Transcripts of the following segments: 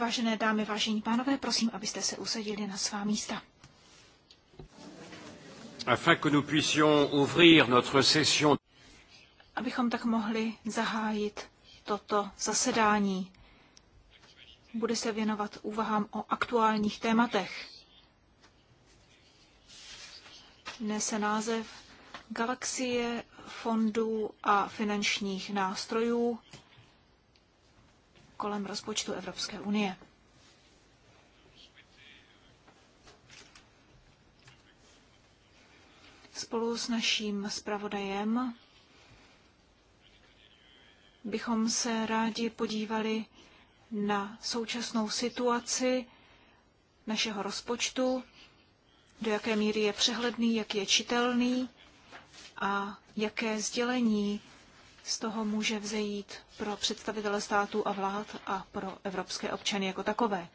Vážené dámy, vážení pánové, prosím, abyste se usadili na svá místa. Afin que nous puissions ouvrir notre session. Abychom tak mohli zahájit toto zasedání. Bude se věnovat úvahám o aktuálních tématech. Nese název Galaxie fondů a finančních nástrojů kolem rozpočtu Evropské unie. Spolu s naším zpravodajem bychom se rádi podívali na současnou situaci našeho rozpočtu, do jaké míry je přehledný, jak je čitelný a jaké sdělení z toho může vzejít pro představitele států a vlád a pro evropské občany jako takové.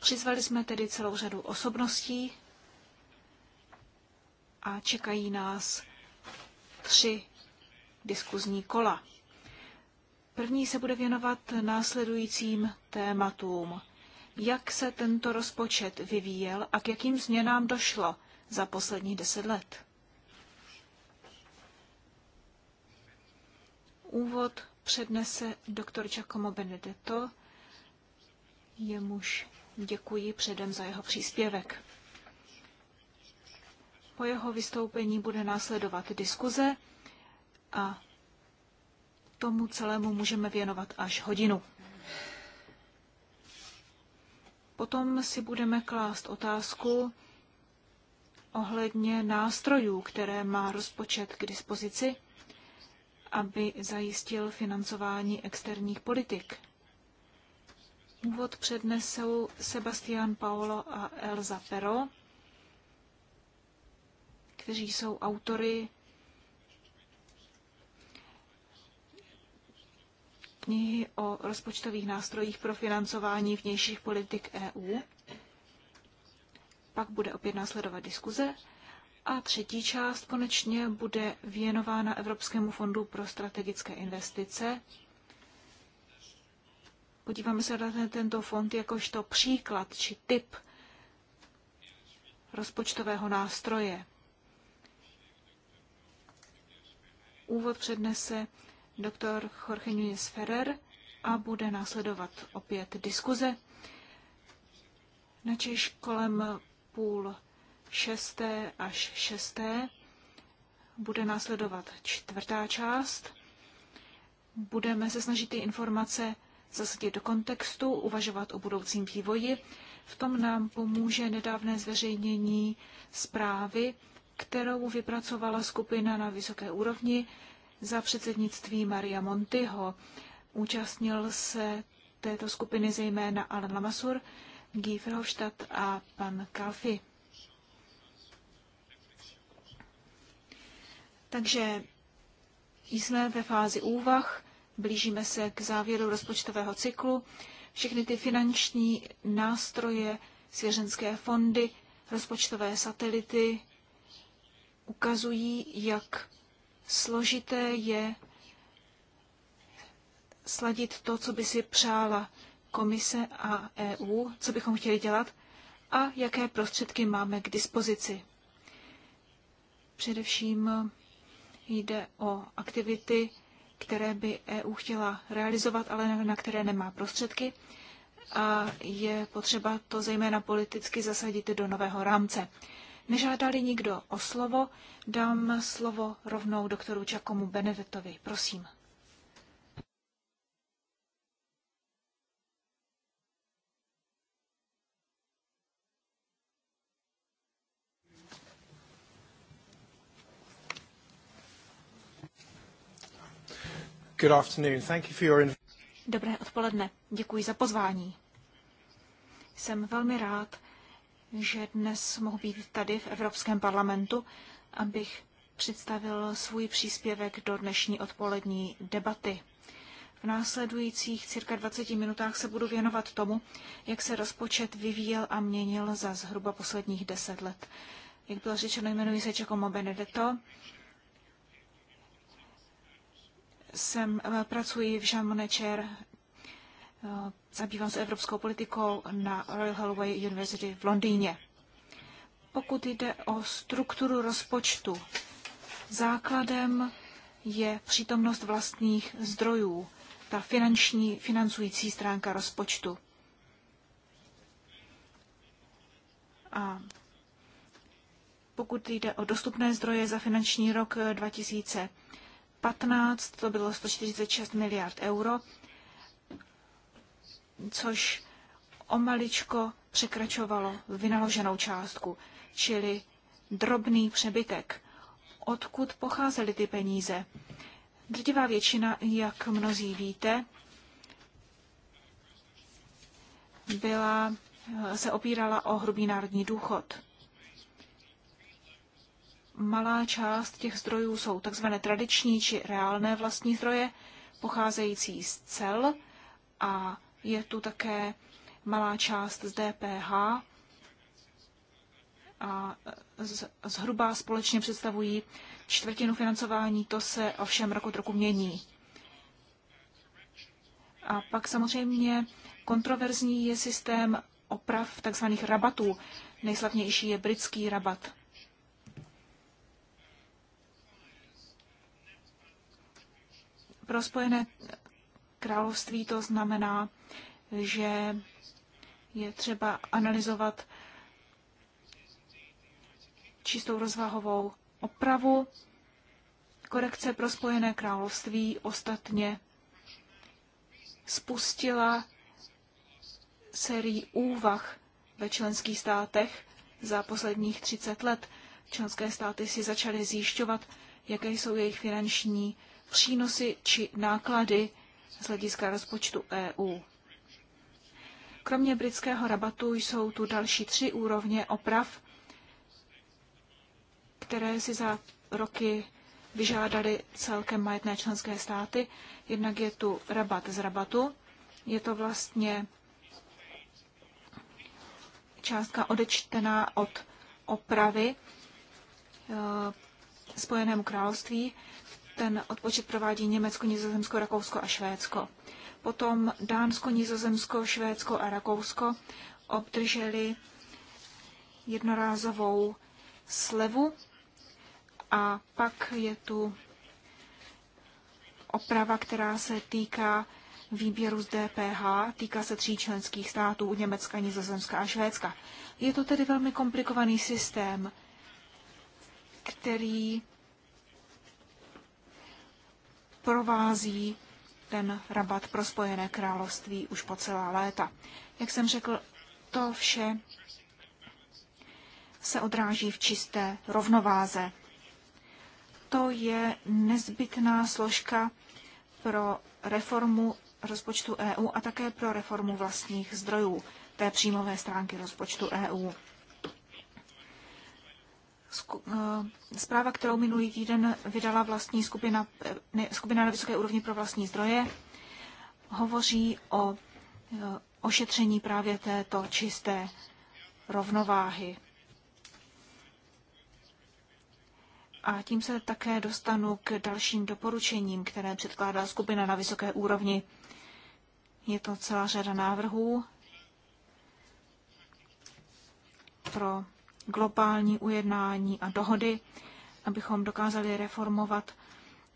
Přizvali jsme tedy celou řadu osobností a čekají nás tři diskuzní kola. První se bude věnovat následujícím tématům. Jak se tento rozpočet vyvíjel a k jakým změnám došlo za posledních deset let? Úvod přednese doktor Giacomo Benedetto, jemuž děkuji předem za jeho příspěvek. Po jeho vystoupení bude následovat diskuze a tomu celému můžeme věnovat až hodinu. Potom si budeme klást otázku ohledně nástrojů, které má rozpočet k dispozici aby zajistil financování externích politik. Úvod přednesou Sebastián Paolo a Elza Pero, kteří jsou autory knihy o rozpočtových nástrojích pro financování vnějších politik EU. Pak bude opět následovat diskuze a třetí část konečně bude věnována Evropskému fondu pro strategické investice. Podíváme se na tento fond jakožto příklad či typ rozpočtového nástroje. Úvod přednese doktor Jorge Núñez Ferrer a bude následovat opět diskuze. Načež kolem půl šesté až šesté. Bude následovat čtvrtá část. Budeme se snažit ty informace zasadit do kontextu, uvažovat o budoucím vývoji. V tom nám pomůže nedávné zveřejnění zprávy, kterou vypracovala skupina na vysoké úrovni za předsednictví Maria Montyho. Účastnil se této skupiny zejména Alan Lamassur, Guy Verhofstadt a pan Kalfi. Takže jsme ve fázi úvah, blížíme se k závěru rozpočtového cyklu. Všechny ty finanční nástroje, svěřenské fondy, rozpočtové satelity ukazují, jak složité je sladit to, co by si přála komise a EU, co bychom chtěli dělat a jaké prostředky máme k dispozici. Především Jde o aktivity, které by EU chtěla realizovat, ale na které nemá prostředky. A je potřeba to zejména politicky zasadit do nového rámce. Nežádali nikdo o slovo, dám slovo rovnou doktoru Čakomu Benedetovi. Prosím. Good afternoon. Thank you for your Dobré odpoledne. Děkuji za pozvání. Jsem velmi rád, že dnes mohu být tady v Evropském parlamentu, abych představil svůj příspěvek do dnešní odpolední debaty. V následujících cirka 20 minutách se budu věnovat tomu, jak se rozpočet vyvíjel a měnil za zhruba posledních 10 let. Jak bylo řečeno, jmenuji se Giacomo Benedetto, jsem, eh, pracuji v Jean Monečer, eh, zabývám se evropskou politikou na Royal Holloway University v Londýně. Pokud jde o strukturu rozpočtu, základem je přítomnost vlastních zdrojů, ta finanční, financující stránka rozpočtu. A pokud jde o dostupné zdroje za finanční rok 2000, eh, 2015 to bylo 146 miliard euro, což o maličko překračovalo vynaloženou částku, čili drobný přebytek. Odkud pocházely ty peníze? Drtivá většina, jak mnozí víte, byla, se opírala o hrubý národní důchod malá část těch zdrojů jsou tzv. tradiční či reálné vlastní zdroje, pocházející z cel a je tu také malá část z DPH a zhruba společně představují čtvrtinu financování, to se ovšem roku roku mění. A pak samozřejmě kontroverzní je systém oprav tzv. rabatů. Nejslavnější je britský rabat. Pro Spojené království to znamená, že je třeba analyzovat čistou rozvahovou opravu. Korekce pro Spojené království ostatně spustila sérii úvah ve členských státech za posledních 30 let. Členské státy si začaly zjišťovat, jaké jsou jejich finanční přínosy či náklady z hlediska rozpočtu EU. Kromě britského rabatu jsou tu další tři úrovně oprav, které si za roky vyžádali celkem majetné členské státy. Jednak je tu rabat z rabatu. Je to vlastně částka odečtená od opravy eh, Spojenému království ten odpočet provádí Německo, Nizozemsko, Rakousko a Švédsko. Potom Dánsko, Nizozemsko, Švédsko a Rakousko obdrželi jednorázovou slevu a pak je tu oprava, která se týká výběru z DPH, týká se tří členských států, Německa, Nizozemska a Švédska. Je to tedy velmi komplikovaný systém, který provází ten rabat pro Spojené království už po celá léta. Jak jsem řekl, to vše se odráží v čisté rovnováze. To je nezbytná složka pro reformu rozpočtu EU a také pro reformu vlastních zdrojů té příjmové stránky rozpočtu EU. Eh, zpráva, kterou minulý týden vydala vlastní skupina, eh, ne, skupina na vysoké úrovni pro vlastní zdroje, hovoří o eh, ošetření právě této čisté rovnováhy. A tím se také dostanu k dalším doporučením, které předkládá skupina na vysoké úrovni. Je to celá řada návrhů pro globální ujednání a dohody, abychom dokázali reformovat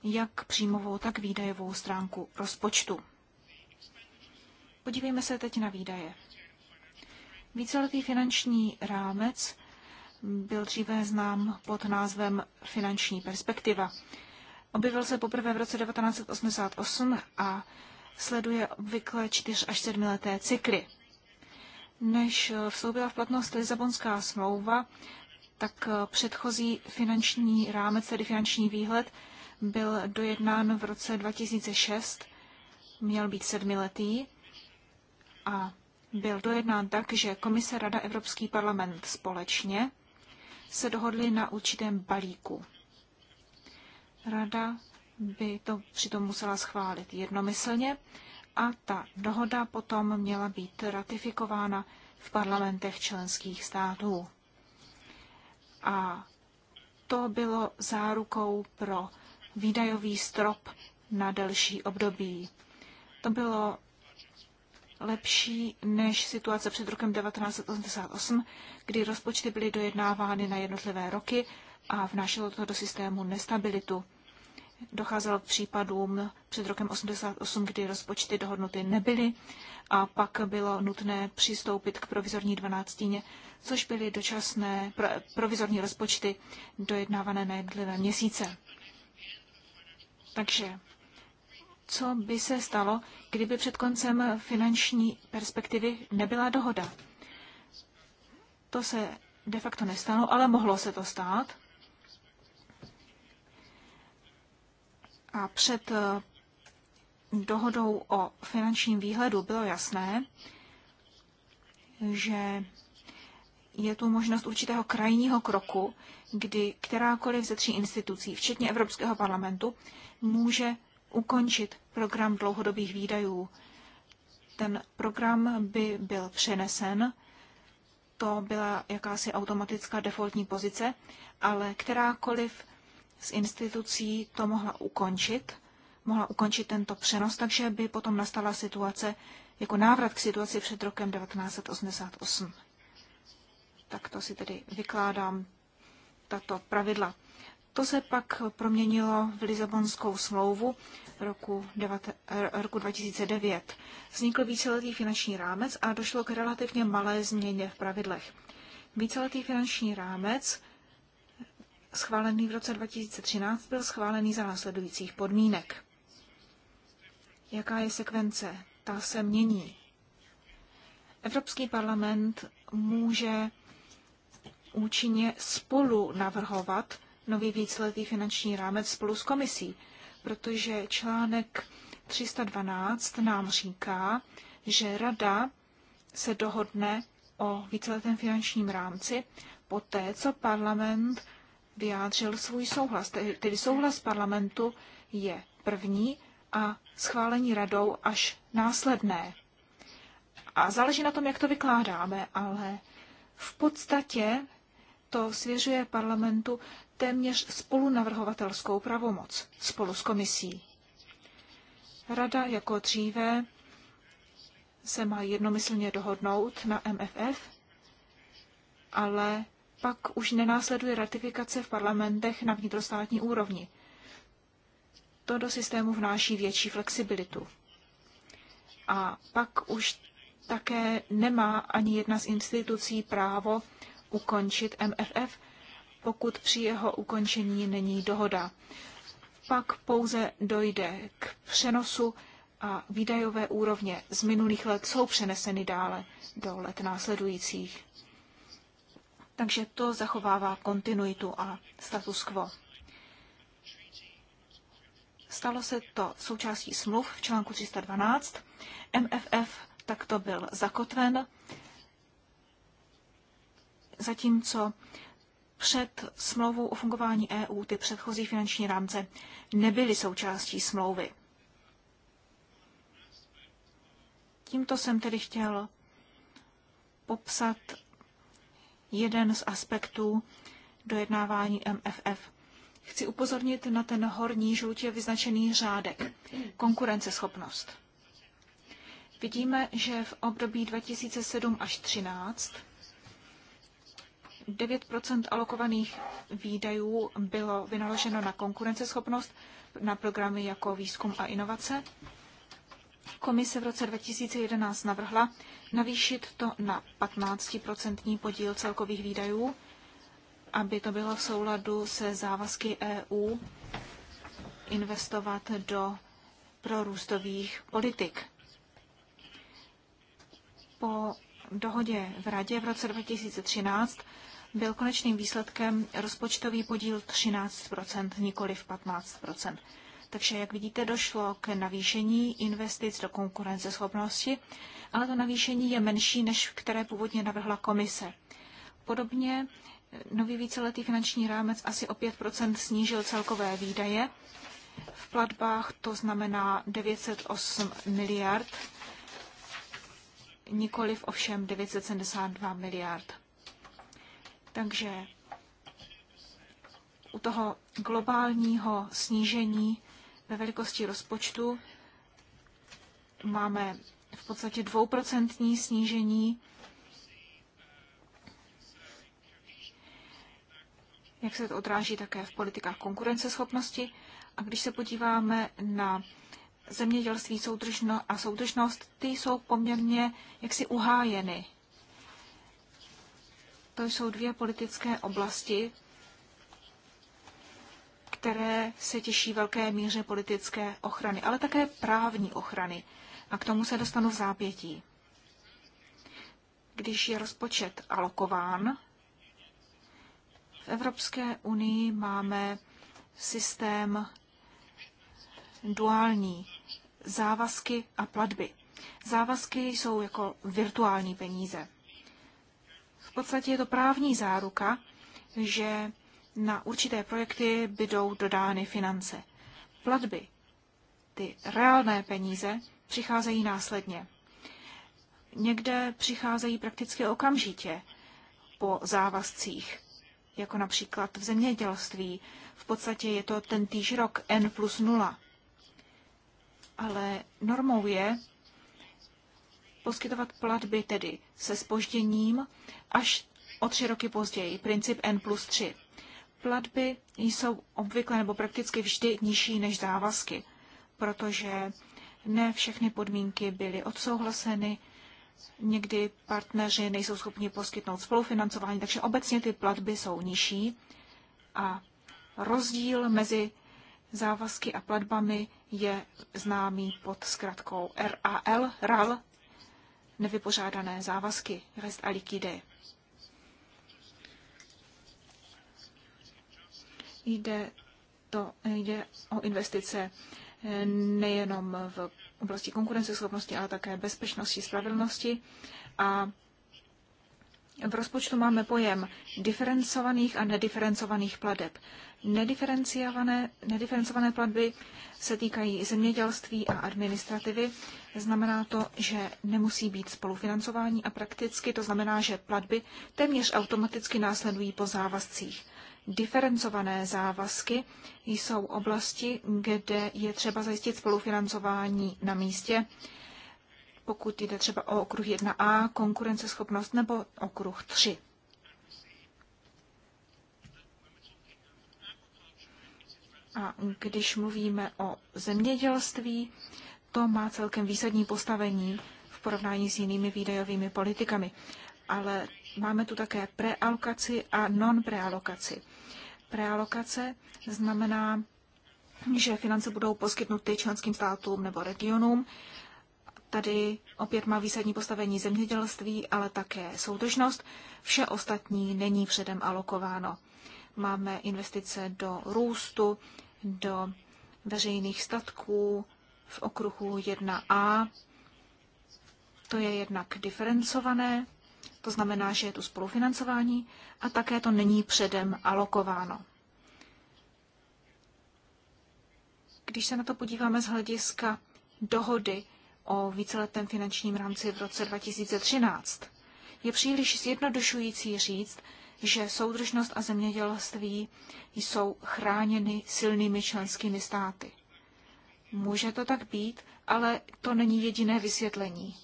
jak příjmovou, tak výdajovou stránku rozpočtu. Podívejme se teď na výdaje. Víceletý finanční rámec byl dříve znám pod názvem Finanční perspektiva. Objevil se poprvé v roce 1988 a sleduje obvykle 4 až 7 leté cykly než eh, vstoupila v platnost Lisabonská smlouva, tak eh, předchozí finanční rámec, tedy finanční výhled, byl dojednán v roce 2006, měl být sedmiletý a byl dojednán tak, že Komise Rada Evropský parlament společně se dohodli na určitém balíku. Rada by to přitom musela schválit jednomyslně a ta dohoda potom měla být ratifikována v parlamentech členských států. A to bylo zárukou pro výdajový strop na delší období. To bylo lepší než situace před rokem 1988, kdy rozpočty byly dojednávány na jednotlivé roky a vnášelo to do systému nestabilitu docházelo k případům před rokem 88, kdy rozpočty dohodnuty nebyly a pak bylo nutné přistoupit k provizorní dvanáctíně, což byly dočasné provizorní rozpočty dojednávané na jednotlivé měsíce. Takže co by se stalo, kdyby před koncem finanční perspektivy nebyla dohoda? To se de facto nestalo, ale mohlo se to stát. A před eh, dohodou o finančním výhledu bylo jasné, že je tu možnost určitého krajního kroku, kdy kterákoliv ze tří institucí, včetně Evropského parlamentu, může ukončit program dlouhodobých výdajů. Ten program by byl přenesen, to byla jakási automatická defaultní pozice, ale kterákoliv z institucí to mohla ukončit, mohla ukončit tento přenos, takže by potom nastala situace jako návrat k situaci před rokem 1988. Tak to si tedy vykládám tato pravidla. To se pak proměnilo v Lizabonskou smlouvu roku, devate, roku 2009. Vznikl víceletý finanční rámec a došlo k relativně malé změně v pravidlech. Víceletý finanční rámec schválený v roce 2013, byl schválený za následujících podmínek. Jaká je sekvence? Ta se mění. Evropský parlament může účinně spolu navrhovat nový víceletý finanční rámec spolu s komisí, protože článek 312 nám říká, že rada se dohodne o víceletém finančním rámci poté, co parlament vyjádřil svůj souhlas. Tedy souhlas parlamentu je první a schválení radou až následné. A záleží na tom, jak to vykládáme, ale v podstatě to svěřuje parlamentu téměř spolunavrhovatelskou pravomoc spolu s komisí. Rada jako dříve se má jednomyslně dohodnout na MFF, ale pak už nenásleduje ratifikace v parlamentech na vnitrostátní úrovni. To do systému vnáší větší flexibilitu. A pak už také nemá ani jedna z institucí právo ukončit MFF, pokud při jeho ukončení není dohoda. Pak pouze dojde k přenosu a výdajové úrovně z minulých let jsou přeneseny dále do let následujících takže to zachovává kontinuitu a status quo. Stalo se to součástí smluv v článku 312. MFF takto byl zakotven, zatímco před smlouvou o fungování EU ty předchozí finanční rámce nebyly součástí smlouvy. Tímto jsem tedy chtěl popsat jeden z aspektů dojednávání MFF. Chci upozornit na ten horní žlutě vyznačený řádek konkurenceschopnost. Vidíme, že v období 2007 až 2013 9 alokovaných výdajů bylo vynaloženo na konkurenceschopnost, na programy jako výzkum a inovace Komise v roce 2011 navrhla navýšit to na 15% podíl celkových výdajů, aby to bylo v souladu se závazky EU investovat do prorůstových politik. Po dohodě v Radě v roce 2013 byl konečným výsledkem rozpočtový podíl 13 nikoli v 15 takže, jak vidíte, došlo k navýšení investic do konkurenceschopnosti, ale to navýšení je menší, než které původně navrhla komise. Podobně eh, nový víceletý finanční rámec asi o 5 snížil celkové výdaje. V platbách to znamená 908 miliard, nikoliv ovšem 972 miliard. Takže u toho globálního snížení ve velikosti rozpočtu máme v podstatě dvouprocentní snížení jak se to odráží také v politikách konkurenceschopnosti. A když se podíváme na zemědělství soudržno a soudržnost, ty jsou poměrně jaksi uhájeny. To jsou dvě politické oblasti, které se těší velké míře politické ochrany, ale také právní ochrany. A k tomu se dostanu v zápětí. Když je rozpočet alokován, v Evropské unii máme systém duální závazky a platby. Závazky jsou jako virtuální peníze. V podstatě je to právní záruka, že na určité projekty bydou dodány finance. Platby, ty reálné peníze, přicházejí následně. Někde přicházejí prakticky okamžitě po závazcích, jako například v zemědělství. V podstatě je to ten týž rok N plus nula, Ale normou je poskytovat platby tedy se spožděním až o tři roky později, princip N plus 3. Platby jsou obvykle nebo prakticky vždy nižší než závazky, protože ne všechny podmínky byly odsouhlaseny, někdy partneři nejsou schopni poskytnout spolufinancování, takže obecně ty platby jsou nižší a rozdíl mezi závazky a platbami je známý pod zkratkou RAL, RAL, nevypořádané závazky, rest a liquide. Jde, to, jde o investice eh, nejenom v oblasti konkurenceschopnosti, ale také bezpečnosti, spravedlnosti. A v rozpočtu máme pojem diferencovaných a nediferencovaných pladeb. Nediferencované, nediferencované platby se týkají zemědělství a administrativy. Znamená to, že nemusí být spolufinancování a prakticky to znamená, že platby téměř automaticky následují po závazcích diferencované závazky jsou oblasti, kde je třeba zajistit spolufinancování na místě, pokud jde třeba o okruh 1a, konkurenceschopnost nebo okruh 3. A když mluvíme o zemědělství, to má celkem výsadní postavení v porovnání s jinými výdajovými politikami. Ale máme tu také prealokaci a non-prealokaci. Realokace znamená, že finance budou poskytnuty členským státům nebo regionům. Tady opět má výsadní postavení zemědělství, ale také soudržnost. Vše ostatní není předem alokováno. Máme investice do růstu, do veřejných statků v okruhu 1a. To je jednak diferencované to znamená, že je tu spolufinancování a také to není předem alokováno. Když se na to podíváme z hlediska dohody o víceletém finančním rámci v roce 2013, je příliš zjednodušující říct, že soudržnost a zemědělství jsou chráněny silnými členskými státy. Může to tak být, ale to není jediné vysvětlení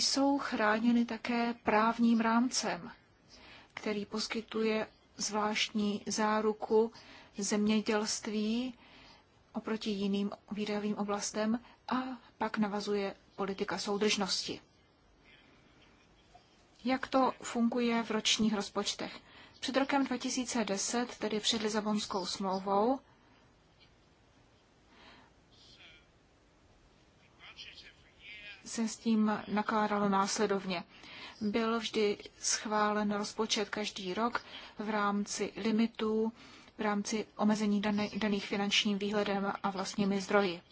jsou chráněny také právním rámcem, který poskytuje zvláštní záruku zemědělství oproti jiným výdajovým oblastem a pak navazuje politika soudržnosti. Jak to funguje v ročních rozpočtech? Před rokem 2010, tedy před Lizabonskou smlouvou, se s tím nakládalo následovně. Byl vždy schválen rozpočet každý rok v rámci limitů, v rámci omezení daných finančním výhledem a vlastními zdroji.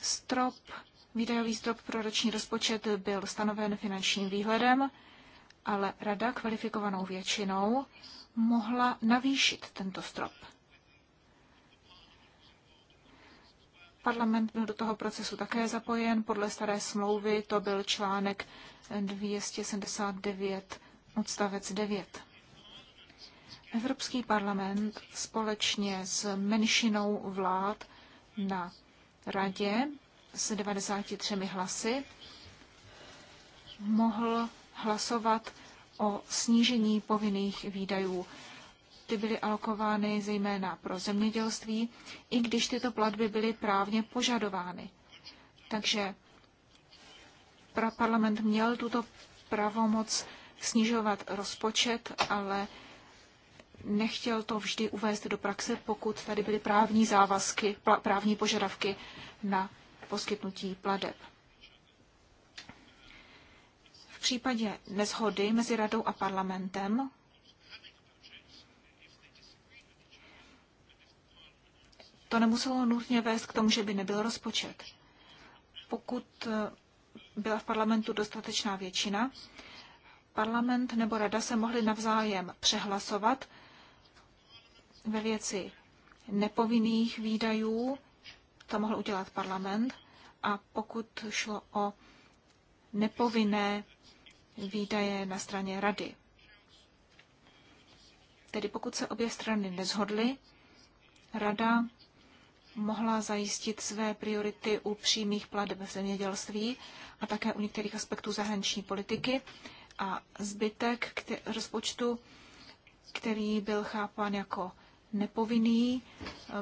Strop, výdajový strop pro roční rozpočet byl stanoven finančním výhledem, ale rada kvalifikovanou většinou mohla navýšit tento strop. Parlament byl do toho procesu také zapojen. Podle staré smlouvy to byl článek 279 odstavec 9. Evropský parlament společně s menšinou vlád na radě s 93 hlasy mohl hlasovat o snížení povinných výdajů ty byly alokovány zejména pro zemědělství, i když tyto platby byly právně požadovány. Takže parlament měl tuto pravomoc snižovat rozpočet, ale nechtěl to vždy uvést do praxe, pokud tady byly právní závazky, právní požadavky na poskytnutí pladeb. V případě neshody mezi radou a parlamentem to nemuselo nutně vést k tomu, že by nebyl rozpočet. Pokud eh, byla v parlamentu dostatečná většina, parlament nebo rada se mohli navzájem přehlasovat ve věci nepovinných výdajů, to mohl udělat parlament, a pokud šlo o nepovinné výdaje na straně rady. Tedy pokud se obě strany nezhodly, rada mohla zajistit své priority u přímých plateb v zemědělství a také u některých aspektů zahraniční politiky a zbytek rozpočtu, který byl chápán jako nepovinný,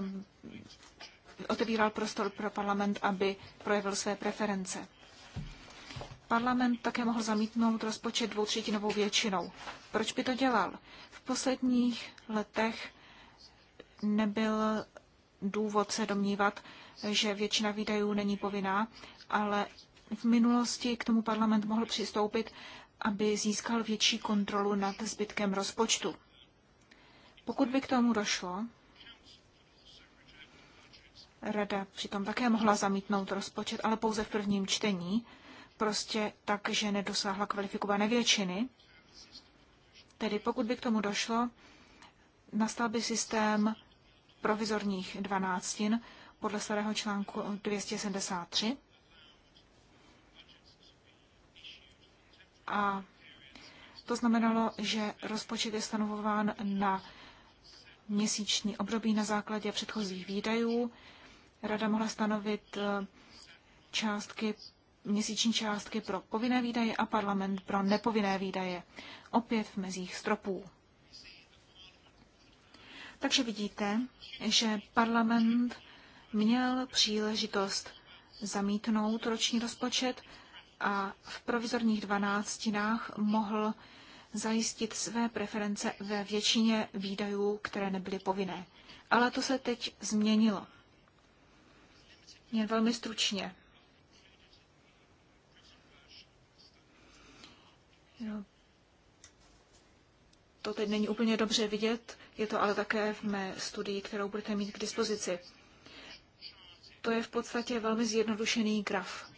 um, otevíral prostor pro parlament, aby projevil své preference. Parlament také mohl zamítnout rozpočet dvoutřetinovou většinou. Proč by to dělal? V posledních letech nebyl důvod se domnívat, že většina výdajů není povinná, ale v minulosti k tomu parlament mohl přistoupit, aby získal větší kontrolu nad zbytkem rozpočtu. Pokud by k tomu došlo, Rada přitom také mohla zamítnout rozpočet, ale pouze v prvním čtení, prostě tak, že nedosáhla kvalifikované většiny. Tedy pokud by k tomu došlo, nastal by systém provizorních dvanáctin podle starého článku 273. A to znamenalo, že rozpočet je stanovován na měsíční období na základě předchozích výdajů. Rada mohla stanovit eh, částky, měsíční částky pro povinné výdaje a parlament pro nepovinné výdaje, opět v mezích stropů. Takže vidíte, že parlament měl příležitost zamítnout roční rozpočet a v provizorních dvanáctinách mohl zajistit své preference ve většině výdajů, které nebyly povinné. Ale to se teď změnilo. Jen velmi stručně. To teď není úplně dobře vidět, je to ale také v mé studii, kterou budete mít k dispozici. To je v podstatě velmi zjednodušený graf.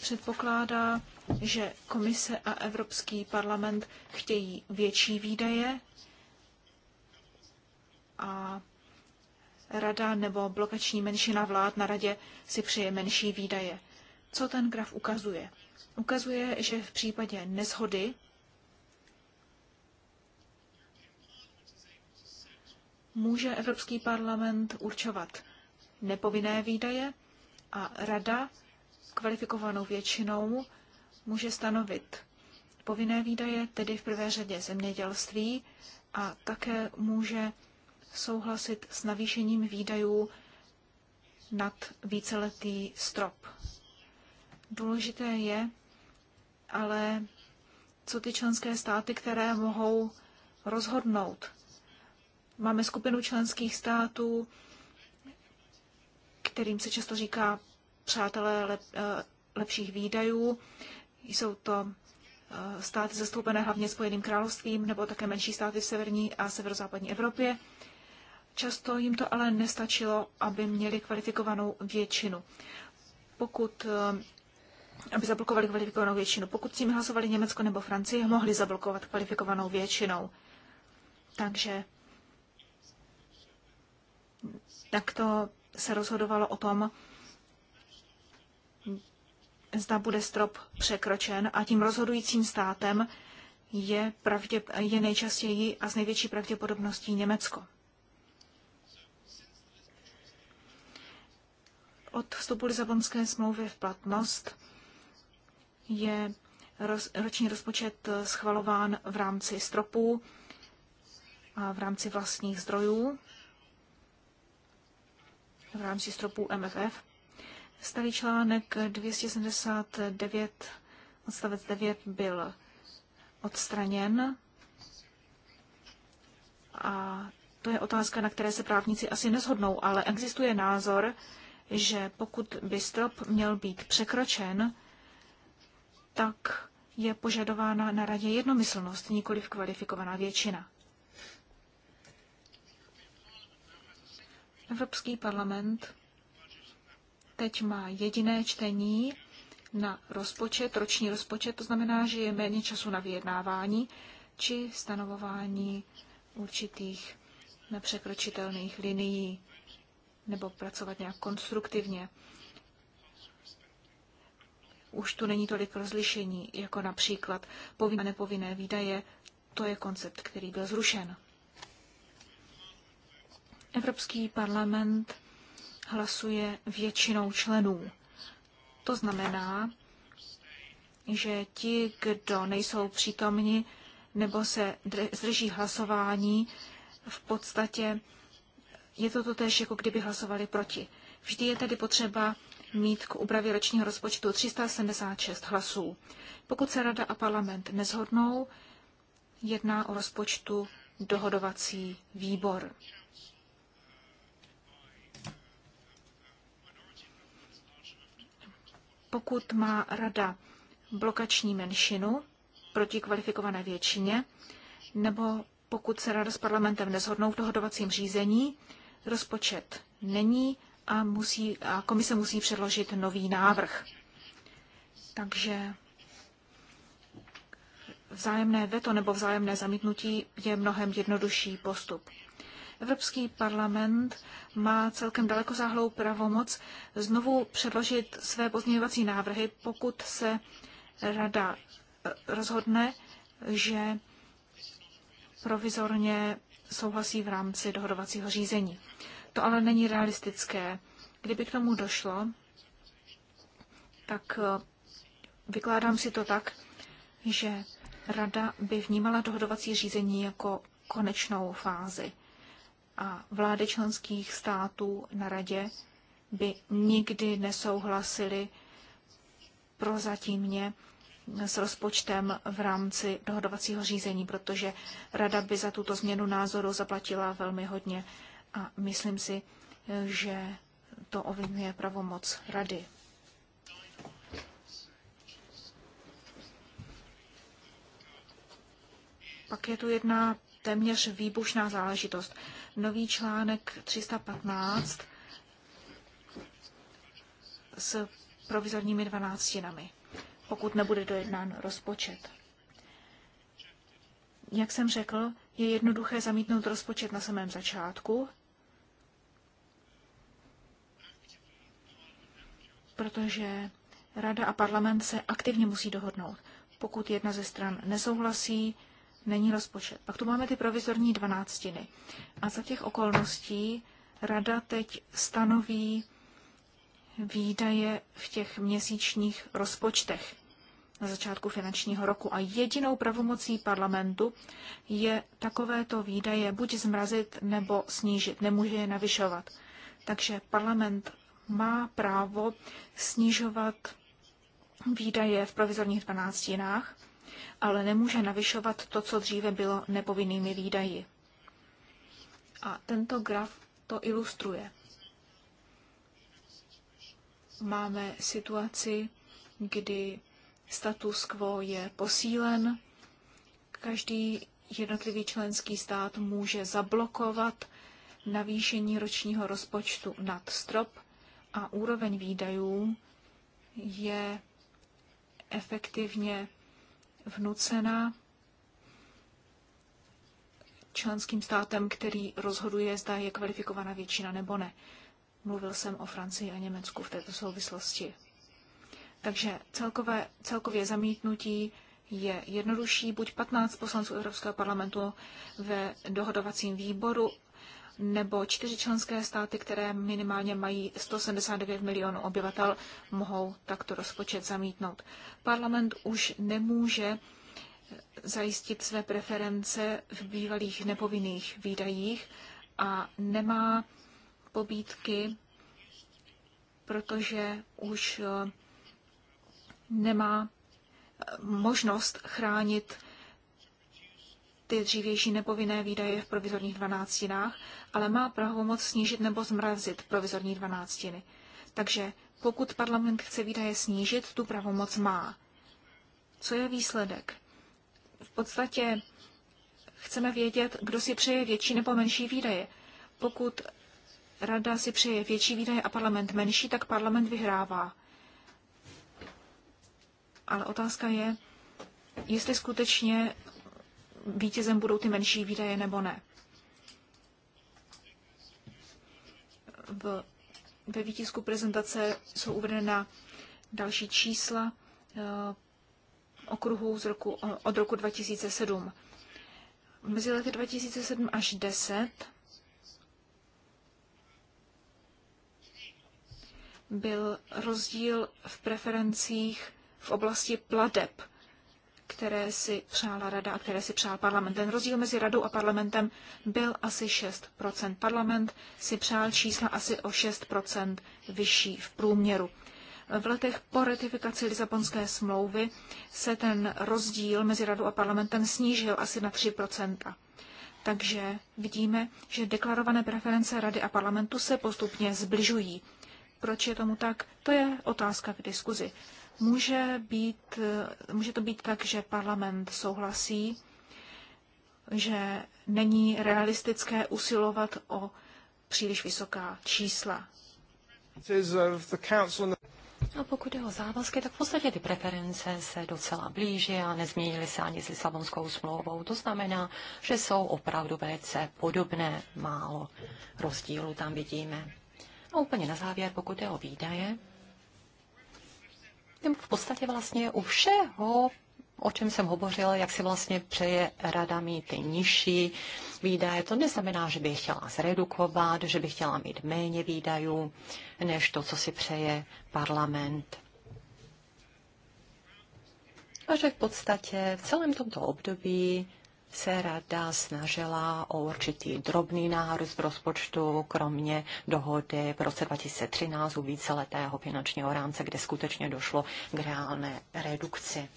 Předpokládá, že komise a Evropský parlament chtějí větší výdaje a rada nebo blokační menšina vlád na radě si přeje menší výdaje. Co ten graf ukazuje? Ukazuje, že v případě nezhody může Evropský parlament určovat nepovinné výdaje a rada kvalifikovanou většinou může stanovit povinné výdaje, tedy v prvé řadě zemědělství, a také může souhlasit s navýšením výdajů nad víceletý strop. Důležité je ale, co ty členské státy, které mohou rozhodnout Máme skupinu členských států, kterým se často říká přátelé lep, eh, lepších výdajů. Jsou to eh, státy zastoupené hlavně Spojeným královstvím nebo také menší státy v severní a severozápadní Evropě. Často jim to ale nestačilo, aby měli kvalifikovanou většinu. Pokud eh, aby zablokovali kvalifikovanou většinu. Pokud s tím hlasovali Německo nebo Francie, mohli zablokovat kvalifikovanou většinou. Takže tak to se rozhodovalo o tom, zda bude strop překročen a tím rozhodujícím státem je, pravdě, je nejčastěji a s největší pravděpodobností Německo. Od vstupu Lizabonské smlouvy v platnost je roz, roční rozpočet schvalován v rámci stropů a v rámci vlastních zdrojů v rámci stropů MFF. Starý článek 279 odstavec 9 byl odstraněn a to je otázka, na které se právníci asi nezhodnou, ale existuje názor, že pokud by strop měl být překročen, tak je požadována na radě jednomyslnost, nikoli kvalifikovaná většina. Evropský parlament teď má jediné čtení na rozpočet, roční rozpočet, to znamená, že je méně času na vyjednávání či stanovování určitých nepřekročitelných linií nebo pracovat nějak konstruktivně. Už tu není tolik rozlišení, jako například povinné a nepovinné výdaje, to je koncept, který byl zrušen. Evropský parlament hlasuje většinou členů. To znamená, že ti, kdo nejsou přítomni nebo se zdrží hlasování, v podstatě je to totéž, jako kdyby hlasovali proti. Vždy je tedy potřeba mít k úpravě ročního rozpočtu 376 hlasů. Pokud se Rada a parlament nezhodnou, jedná o rozpočtu dohodovací výbor. pokud má rada blokační menšinu proti kvalifikované většině, nebo pokud se rada s parlamentem nezhodnou v dohodovacím řízení, rozpočet není a, musí, a komise musí předložit nový návrh. Takže vzájemné veto nebo vzájemné zamítnutí je mnohem jednodušší postup. Evropský parlament má celkem dalekosáhlou pravomoc znovu předložit své pozměňovací návrhy, pokud se rada eh, rozhodne, že provizorně souhlasí v rámci dohodovacího řízení. To ale není realistické. Kdyby k tomu došlo, tak eh, vykládám si to tak, že rada by vnímala dohodovací řízení jako konečnou fázi a vlády členských států na radě by nikdy nesouhlasili prozatímně s rozpočtem v rámci dohodovacího řízení, protože rada by za tuto změnu názoru zaplatila velmi hodně a myslím si, že to ovlivňuje pravomoc rady. Pak je tu jedna téměř výbušná záležitost nový článek 315 s provizorními dvanáctinami, pokud nebude dojednán rozpočet. Jak jsem řekl, je jednoduché zamítnout rozpočet na samém začátku, protože Rada a parlament se aktivně musí dohodnout. Pokud jedna ze stran nesouhlasí, není rozpočet. Pak tu máme ty provizorní dvanáctiny. A za těch okolností rada teď stanoví výdaje v těch měsíčních rozpočtech na začátku finančního roku. A jedinou pravomocí parlamentu je takovéto výdaje buď zmrazit nebo snížit. Nemůže je navyšovat. Takže parlament má právo snižovat výdaje v provizorních dvanáctinách ale nemůže navyšovat to, co dříve bylo nepovinnými výdaji. A tento graf to ilustruje. Máme situaci, kdy status quo je posílen, každý jednotlivý členský stát může zablokovat navýšení ročního rozpočtu nad strop a úroveň výdajů je efektivně vnucena členským státem, který rozhoduje, zda je kvalifikovaná většina nebo ne. Mluvil jsem o Francii a Německu v této souvislosti. Takže celkové, celkově zamítnutí je jednodušší buď 15 poslanců Evropského parlamentu ve dohodovacím výboru nebo čtyři členské státy, které minimálně mají 179 milionů obyvatel, mohou takto rozpočet zamítnout. Parlament už nemůže zajistit své preference v bývalých nepovinných výdajích a nemá pobídky, protože už eh, nemá eh, možnost chránit ty dřívější nepovinné výdaje v provizorních dvanáctinách, ale má pravomoc snížit nebo zmrazit provizorní dvanáctiny. Takže pokud parlament chce výdaje snížit, tu pravomoc má. Co je výsledek? V podstatě chceme vědět, kdo si přeje větší nebo menší výdaje. Pokud rada si přeje větší výdaje a parlament menší, tak parlament vyhrává. Ale otázka je, jestli skutečně vítězem budou ty menší výdaje nebo ne. V, ve výtisku prezentace jsou uvedena další čísla eh, okruhů z roku, eh, od roku 2007. Mezi lety 2007 až 10 byl rozdíl v preferencích v oblasti pladeb které si přála rada a které si přál parlament. Ten rozdíl mezi radou a parlamentem byl asi 6 Parlament si přál čísla asi o 6 vyšší v průměru. V letech po ratifikaci Lisabonské smlouvy se ten rozdíl mezi radou a parlamentem snížil asi na 3 Takže vidíme, že deklarované preference rady a parlamentu se postupně zbližují. Proč je tomu tak? To je otázka k diskuzi. Může, být, může to být tak, že parlament souhlasí, že není realistické usilovat o příliš vysoká čísla. A pokud je o závazky, tak v podstatě ty preference se docela blíží a nezměnily se ani s Lisabonskou smlouvou. To znamená, že jsou opravdu velice podobné, málo rozdílu tam vidíme. A úplně na závěr, pokud je o výdaje, v podstatě vlastně u všeho, o čem jsem hovořila, jak si vlastně přeje rada mít ty nižší výdaje. To neznamená, že bych chtěla zredukovat, že bych chtěla mít méně výdajů, než to, co si přeje parlament. A že v podstatě v celém tomto období se rada snažila o určitý drobný nárůst rozpočtu, kromě dohody v roce 2013 u víceletého finančního rámce, kde skutečně došlo k reálné redukci.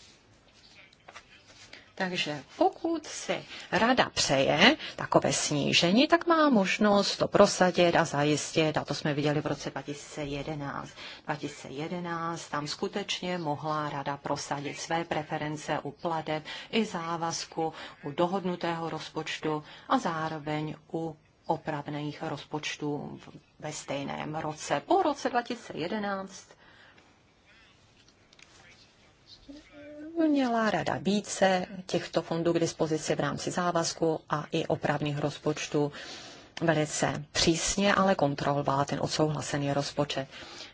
Takže pokud si rada přeje takové snížení, tak má možnost to prosadit a zajistit. A to jsme viděli v roce 2011. 2011 tam skutečně mohla rada prosadit své preference u pladeb i závazku u dohodnutého rozpočtu a zároveň u opravných rozpočtů ve stejném roce. Po roce 2011 měla rada více těchto fondů k dispozici v rámci závazku a i opravných rozpočtů velice přísně, ale kontrolovala ten odsouhlasený rozpočet.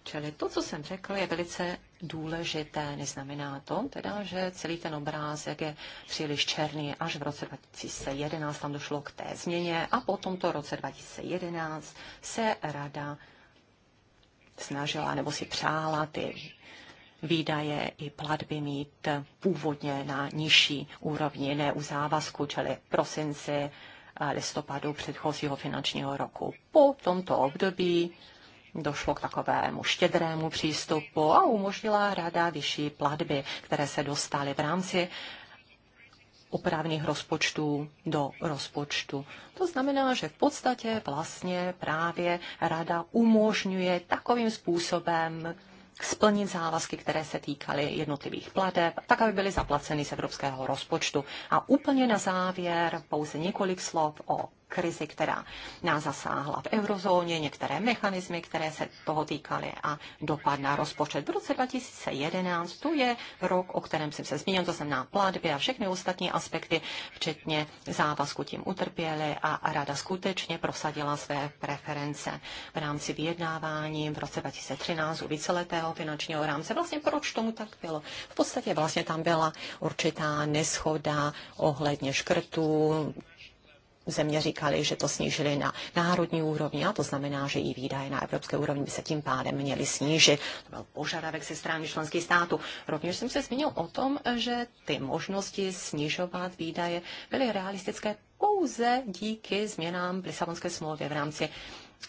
Čili to, co jsem řekl, je velice důležité. Neznamená to teda, že celý ten obrázek je příliš černý. Až v roce 2011 tam došlo k té změně a po tomto roce 2011 se rada snažila nebo si přála ty výdaje i platby mít původně na nižší úrovni, ne u závazku, čili prosinci, listopadu předchozího finančního roku. Po tomto období došlo k takovému štědrému přístupu a umožnila rada vyšší platby, které se dostaly v rámci opravných rozpočtů do rozpočtu. To znamená, že v podstatě vlastně právě rada umožňuje takovým způsobem splnit závazky, které se týkaly jednotlivých plateb, tak, aby byly zaplaceny z evropského rozpočtu. A úplně na závěr pouze několik slov o krizi, která nás zasáhla v eurozóně, některé mechanismy, které se toho týkaly a dopad na rozpočet. V roce 2011 to je rok, o kterém jsem se zmínil, to znamená platby a všechny ostatní aspekty, včetně závazku tím utrpěli a rada skutečně prosadila své preference v rámci vyjednávání v roce 2013 u víceletého finančního rámce. Vlastně proč tomu tak bylo? V podstatě vlastně tam byla určitá neschoda ohledně škrtů, země říkali, že to snížili na národní úrovni a to znamená, že i výdaje na evropské úrovni by se tím pádem měly snížit. To byl požadavek ze strany členských států. Rovněž jsem se zmínil o tom, že ty možnosti snižovat výdaje byly realistické pouze díky změnám v Lisabonské smlouvě v rámci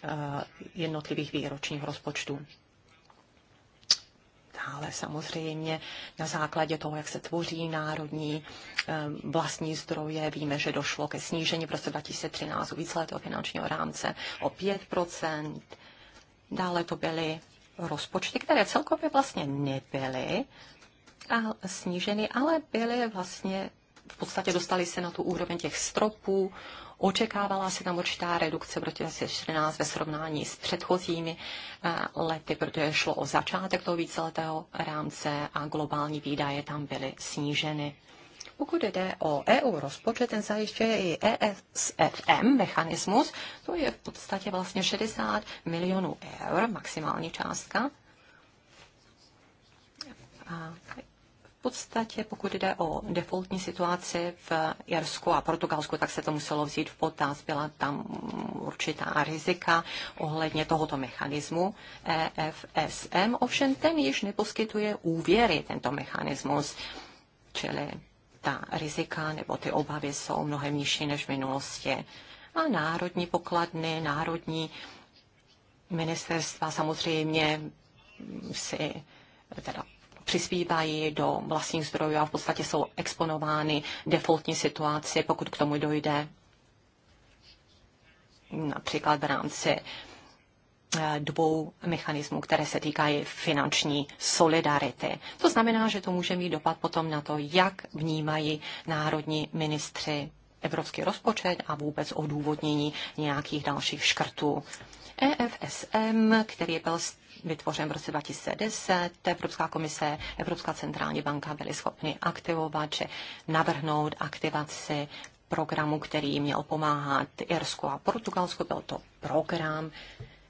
eh, jednotlivých výročních rozpočtů ale samozřejmě na základě toho, jak se tvoří národní eh, vlastní zdroje. Víme, že došlo ke snížení v roce 2013 u víceletého finančního rámce o 5 Dále to byly rozpočty, které celkově vlastně nebyly a sníženy, ale byly vlastně v podstatě dostali se na tu úroveň těch stropů Očekávala se tam určitá redukce v roce 2014 ve srovnání s předchozími eh, lety, protože šlo o začátek toho víceletého rámce a globální výdaje tam byly sníženy. Pokud jde o EU rozpočet, ten zajišťuje i ESFM mechanismus, to je v podstatě vlastně 60 milionů eur, maximální částka. A podstatě, pokud jde o defaultní situaci v Jarsku a Portugalsku, tak se to muselo vzít v potaz. Byla tam určitá rizika ohledně tohoto mechanismu EFSM. Ovšem ten již neposkytuje úvěry, tento mechanismus, čili ta rizika nebo ty obavy jsou mnohem nižší než v minulosti. A národní pokladny, národní ministerstva samozřejmě si teda přispívají do vlastních zdrojů a v podstatě jsou exponovány defaultní situaci, pokud k tomu dojde například v rámci eh, dvou mechanismů, které se týkají finanční solidarity. To znamená, že to může mít dopad potom na to, jak vnímají národní ministři evropský rozpočet a vůbec odůvodnění nějakých dalších škrtů. EFSM, který byl vytvořen v roce 2010. Evropská komise, Evropská centrální banka byly schopny aktivovat že navrhnout aktivaci programu, který měl pomáhat Irsku a Portugalsku. Byl to program,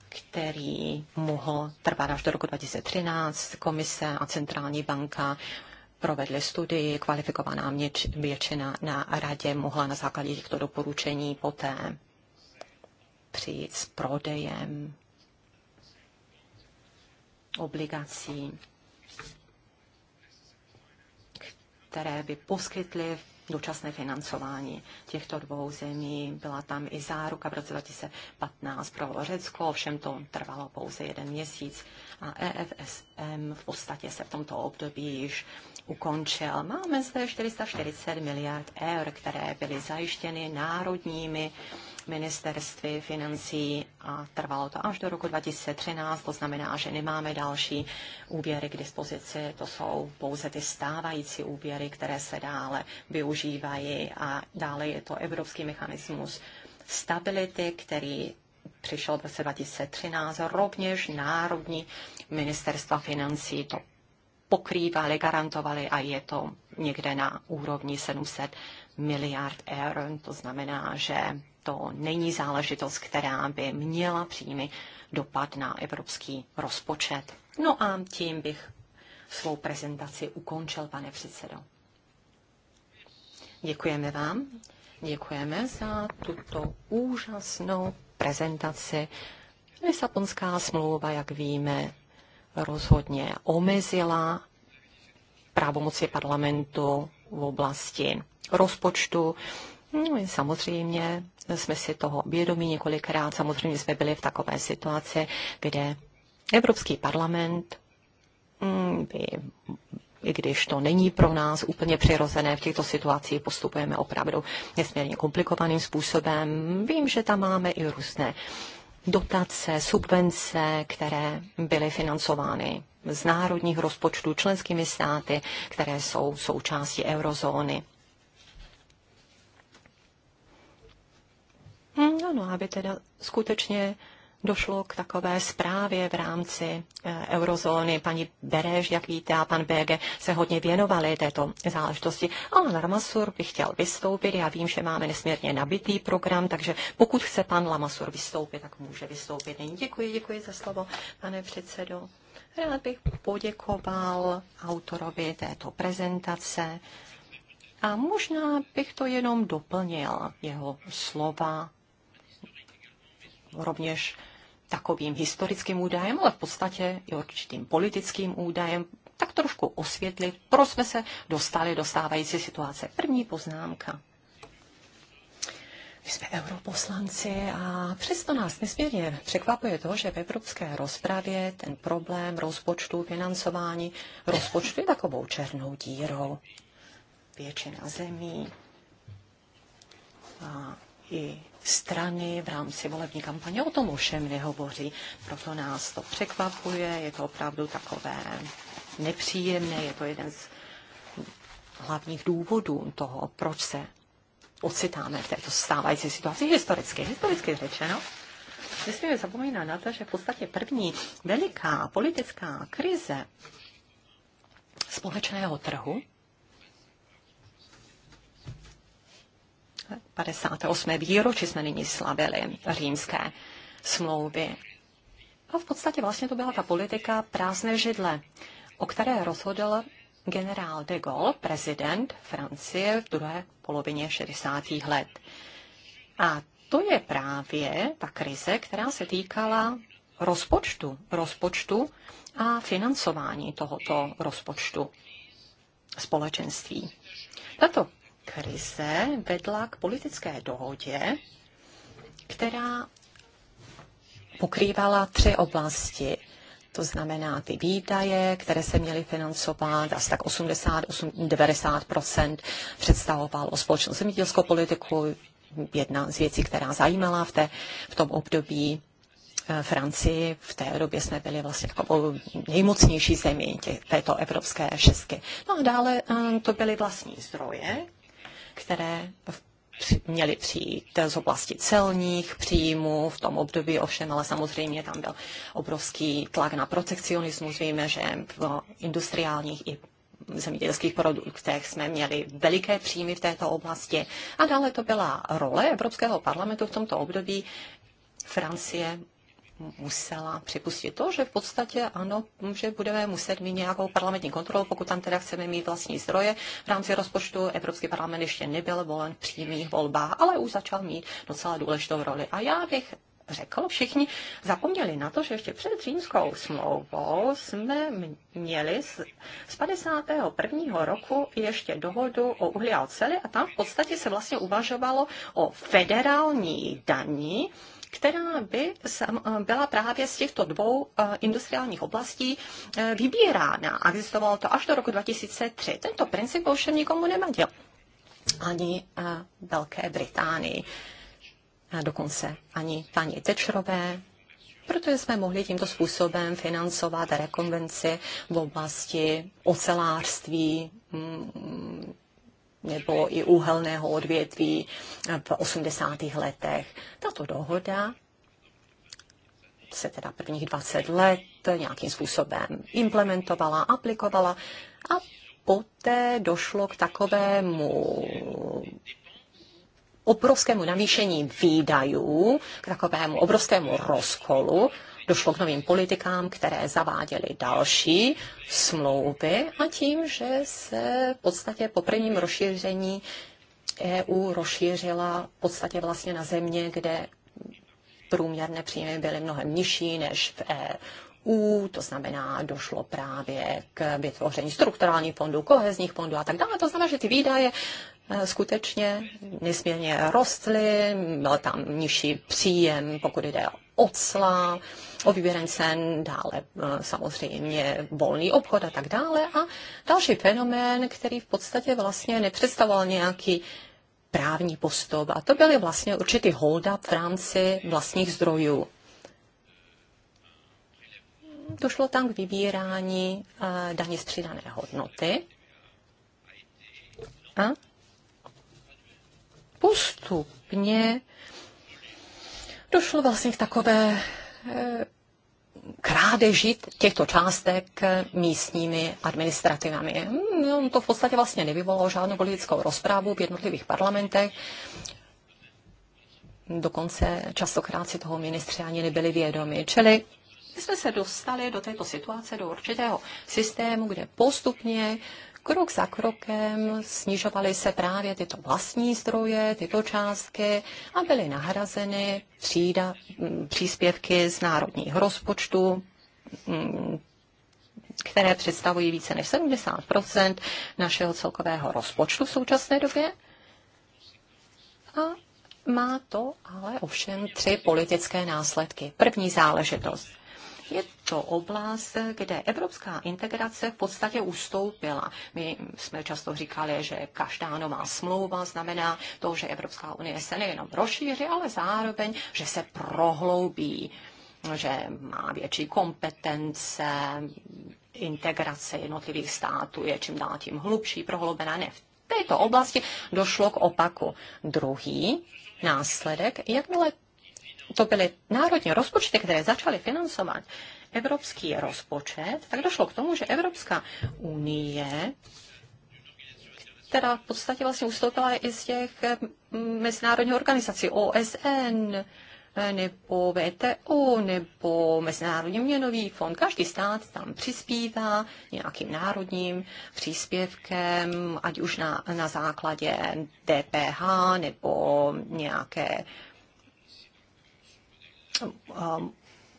který mohl trvat až do roku 2013. Komise a centrální banka provedly studii, kvalifikovaná měč, většina na radě mohla na základě těchto doporučení poté přijít s prodejem obligací, které by poskytly dočasné financování těchto dvou zemí. Byla tam i záruka v roce 2015 pro Řecko, ovšem to trvalo pouze jeden měsíc a EFSM v podstatě se v tomto období již ukončil. Máme zde 440 miliard eur, které byly zajištěny národními uh, ministerství financí a trvalo to až do roku 2013, to znamená, že nemáme další úvěry k dispozici, to jsou pouze ty stávající úvěry, které se dále využívají a dále je to evropský mechanismus stability, který přišel v roce 2013, rovněž národní ministerstva financí to pokrývali, garantovali a je to někde na úrovni 700 miliard eur. To znamená, že to není záležitost, která by měla přímý dopad na evropský rozpočet. No a tím bych svou prezentaci ukončil, pane předsedo. Děkujeme vám. Děkujeme za tuto úžasnou prezentaci. Lisabonská smlouva, jak víme, rozhodně omezila právomoci parlamentu v oblasti rozpočtu. No, samozřejmě jsme si toho vědomí několikrát. Samozřejmě jsme byli v takové situaci, kde Evropský parlament mm, by i když to není pro nás úplně přirozené, v těchto situacích postupujeme opravdu nesmírně komplikovaným způsobem. Vím, že tam máme i různé dotace, subvence, které byly financovány z národních rozpočtů členskými státy, které jsou součástí eurozóny. No, no, aby teda skutečně došlo k takové zprávě v rámci eh, eurozóny. Paní Bereš, jak víte, a pan BG se hodně věnovali této záležitosti. Ale Lamasur by chtěl vystoupit. Já vím, že máme nesmírně nabitý program, takže pokud chce pan Lamasur vystoupit, tak může vystoupit. Nyní děkuji, děkuji za slovo, pane předsedo. Rád bych poděkoval autorovi této prezentace. A možná bych to jenom doplnil, jeho slova, rovněž takovým historickým údajem, ale v podstatě i určitým politickým údajem, tak trošku osvětlit, proč jsme se dostali do stávající situace. První poznámka. My jsme europoslanci a přesto nás nesmírně překvapuje to, že v evropské rozpravě ten problém rozpočtu, financování rozpočtu je takovou černou dírou. Většina zemí a i strany v rámci volební kampaně o tom ovšem nehovoří. Proto nás to překvapuje, je to opravdu takové nepříjemné, je to jeden z hlavních důvodů toho, proč se ocitáme v této stávající situaci historicky. Historicky řečeno, nesmíme zapomínat na to, že v podstatě první veliká politická krize společného trhu 58. výročí jsme nyní slavili římské smlouvy. A v podstatě vlastně to byla ta politika prázdné židle, o které rozhodl generál de Gaulle, prezident Francie v druhé polovině 60. let. A to je právě ta krize, která se týkala rozpočtu, rozpočtu a financování tohoto rozpočtu společenství. Tato krize vedla k politické dohodě, která pokrývala tři oblasti. To znamená ty výdaje, které se měly financovat, asi tak 80-90 představoval o společnou zemědělskou politiku, jedna z věcí, která zajímala v, té, v tom období eh, Francii. V té době jsme byli vlastně takovou nejmocnější zemí tě, této evropské šestky. No a dále eh, to byly vlastní zdroje, které měly přijít z oblasti celních příjmů v tom období, ovšem, ale samozřejmě tam byl obrovský tlak na protekcionismus. Víme, že v industriálních i zemědělských produktech jsme měli veliké příjmy v této oblasti. A dále to byla role Evropského parlamentu v tomto období. Francie musela připustit to, že v podstatě ano, že budeme muset mít nějakou parlamentní kontrolu, pokud tam teda chceme mít vlastní zdroje. V rámci rozpočtu Evropský parlament ještě nebyl volen v přímých volbách, ale už začal mít docela důležitou roli. A já bych řekl, všichni zapomněli na to, že ještě před římskou smlouvou jsme měli z, z 51. roku ještě dohodu o uhlí a oceli a tam v podstatě se vlastně uvažovalo o federální daní, která by eh, byla právě z těchto dvou eh, industriálních oblastí eh, vybírána. A Existovalo to až do roku 2003. Tento princip ovšem nikomu nevadil. Ani Velké Británii. A dokonce ani paní Tečrové, protože jsme mohli tímto způsobem financovat rekonvenci v oblasti ocelářství, mm, nebo i úhelného odvětví v 80. letech. Tato dohoda se teda prvních 20 let nějakým způsobem implementovala, aplikovala a poté došlo k takovému obrovskému navýšení výdajů, k takovému obrovskému rozkolu došlo k novým politikám, které zaváděly další smlouvy a tím, že se v podstatě po prvním rozšíření EU rozšířila v podstatě vlastně na země, kde průměrné příjmy byly mnohem nižší než v EU, to znamená, došlo právě k vytvoření strukturálních fondů, kohezních fondů a tak dále. To znamená, že ty výdaje Eh, skutečně nesmírně rostly, byl tam nižší příjem, pokud jde o ocla, o výběrem cen, dále eh, samozřejmě volný obchod a tak dále. A další fenomén, který v podstatě vlastně nepředstavoval nějaký právní postup. A to byly vlastně určitý hold-up v rámci vlastních zdrojů. Došlo tam k vybírání eh, daně z přidané hodnoty. A postupně došlo vlastně k takové eh, krádeži těchto částek místními administrativami. Hmm, On no, to v podstatě vlastně nevyvolalo žádnou politickou rozprávu v jednotlivých parlamentech. Dokonce častokrát si toho ministři ani nebyli vědomi. Čili my jsme se dostali do této situace, do určitého systému, kde postupně krok za krokem snižovaly se právě tyto vlastní zdroje, tyto částky a byly nahrazeny přída, mm, příspěvky z národních rozpočtů, mm, které představují více než 70 našeho celkového rozpočtu v současné době. A má to ale ovšem tři politické následky. První záležitost – je to oblast, kde evropská integrace v podstatě ustoupila. My jsme často říkali, že každá nová smlouva znamená to, že Evropská unie se nejenom rozšíří, ale zároveň, že se prohloubí že má větší kompetence, integrace jednotlivých států je čím dál tím hlubší, prohloubená. Ne, v této oblasti došlo k opaku. Druhý následek, jakmile to byly národní rozpočty, které začaly financovat evropský rozpočet, tak došlo k tomu, že Evropská unie která v podstatě vlastně ustoupila i z těch eh, mezinárodních organizací OSN, eh, nebo VTO, nebo Mezinárodní měnový fond. Každý stát tam přispívá nějakým národním příspěvkem, ať už na, na základě DPH nebo nějaké um,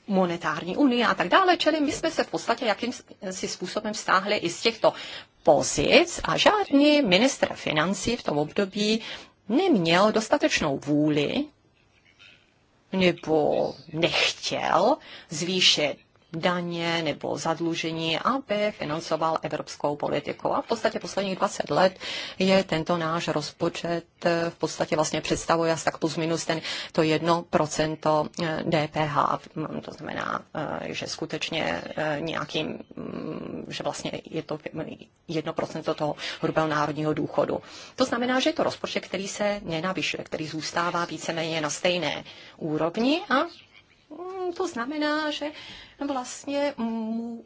monetární unie a tak dále, čili my jsme se v podstatě jakýmsi způsobem stáhli i z těchto pozic a žádný minister financí v tom období neměl dostatečnou vůli nebo nechtěl zvýšit daně nebo zadlužení, aby financoval evropskou politiku. A v podstatě posledních 20 let je tento náš rozpočet eh, v podstatě vlastně představuje asi tak plus minus ten, to 1% eh, DPH. Mm, to znamená, eh, že skutečně nějakým, mm, že vlastně je to 1% toho hrubého národního důchodu. To znamená, že je to rozpočet, který se nenavyšuje, který zůstává víceméně na stejné úrovni a Mm, to znamená, že vlastně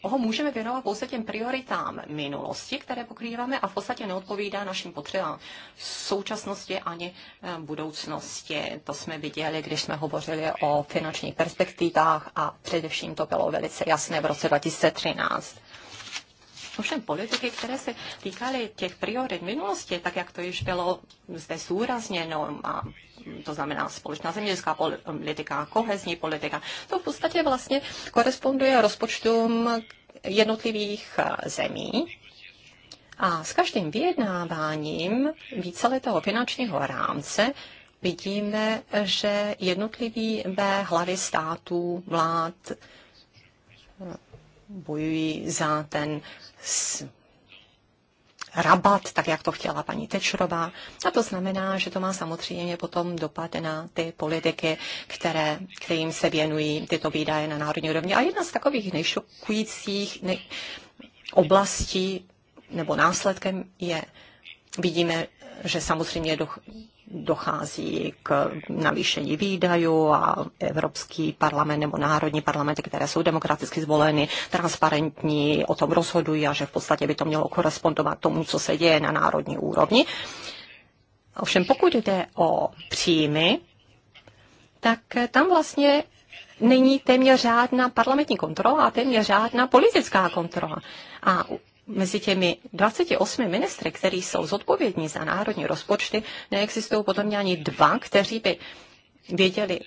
ho můžeme věnovat pouze těm prioritám minulosti, které pokrýváme a v podstatě neodpovídá našim potřebám současnosti ani eh, budoucnosti. To jsme viděli, když jsme hovořili o finančních perspektivách a především to bylo velice jasné v roce 2013. Ovšem politiky, které se týkaly těch priorit minulosti, tak jak to již bylo zde zúrazněno, a to znamená společná zemědělská politika, kohezní politika, to v podstatě vlastně koresponduje rozpočtům jednotlivých eh, zemí, a s každým vyjednáváním víceletého finančního rámce vidíme, že jednotlivé hlavy států, vlád eh, bojují za ten rabat, tak jak to chtěla paní Tečrová. A to znamená, že to má samozřejmě potom dopad na ty politiky, které, kterým se věnují tyto výdaje na národní úrovni. A jedna z takových nejšokujících nej, oblastí nebo následkem je, vidíme, že samozřejmě do, dochází k navýšení výdajů a Evropský parlament nebo národní parlamenty, které jsou demokraticky zvoleny, transparentní, o tom rozhodují a že v podstatě by to mělo korespondovat tomu, co se děje na národní úrovni. Ovšem pokud jde o příjmy, tak tam vlastně není téměř žádná parlamentní kontrola a téměř žádná politická kontrola. A mezi těmi 28 ministry, kteří jsou zodpovědní za národní rozpočty, neexistují potom ani dva, kteří by věděli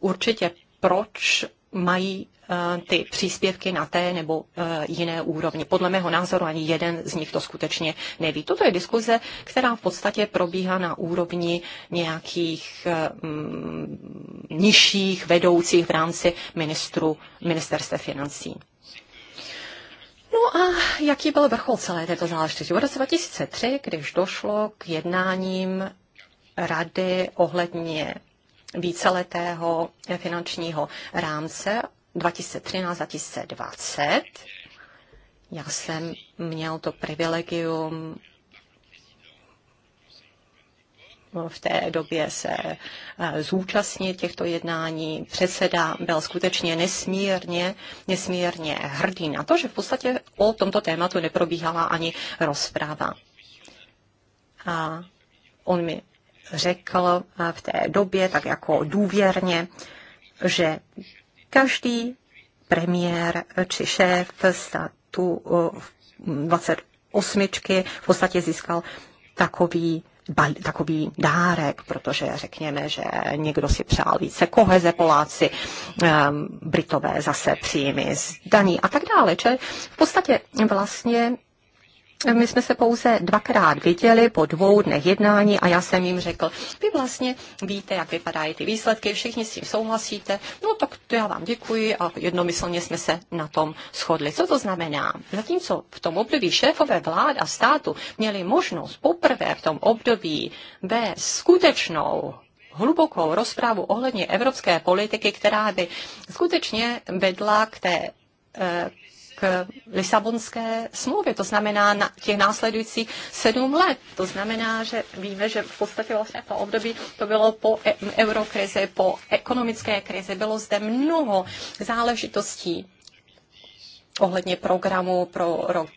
určitě, proč mají eh, ty příspěvky na té nebo eh, jiné úrovni. Podle mého názoru ani jeden z nich to skutečně neví. Toto je diskuze, která v podstatě probíhá na úrovni nějakých eh, mm, nižších vedoucích v rámci ministru, ministerstva financí. No a jaký byl vrchol celé této záležitosti? V roce 2003, když došlo k jednáním rady ohledně víceletého finančního rámce 2013-2020, já jsem měl to privilegium v té době se eh, zúčastnit těchto jednání. Předseda byl skutečně nesmírně, nesmírně hrdý na to, že v podstatě o tomto tématu neprobíhala ani rozpráva. A on mi řekl eh, v té době tak jako důvěrně, že každý premiér či šéf statu 28 eh, v podstatě získal takový takový dárek, protože řekněme, že někdo si přál více koheze Poláci, ehm, Britové zase příjmy z daní a tak dále. Čili v podstatě vlastně my jsme se pouze dvakrát viděli po dvou dnech jednání a já jsem jim řekl, vy vlastně víte, jak vypadají ty výsledky, všichni s tím souhlasíte, no tak to já vám děkuji a jednomyslně jsme se na tom shodli. Co to znamená? Zatímco v tom období šéfové vlád a státu měli možnost poprvé v tom období bez skutečnou hlubokou rozprávu ohledně evropské politiky, která by skutečně vedla k té eh, k Lisabonské smlouvě, to znamená na těch následujících sedm let. To znamená, že víme, že v podstatě vlastně to období to bylo po e- eurokrizi, po ekonomické krizi, bylo zde mnoho záležitostí, ohledně programu pro rok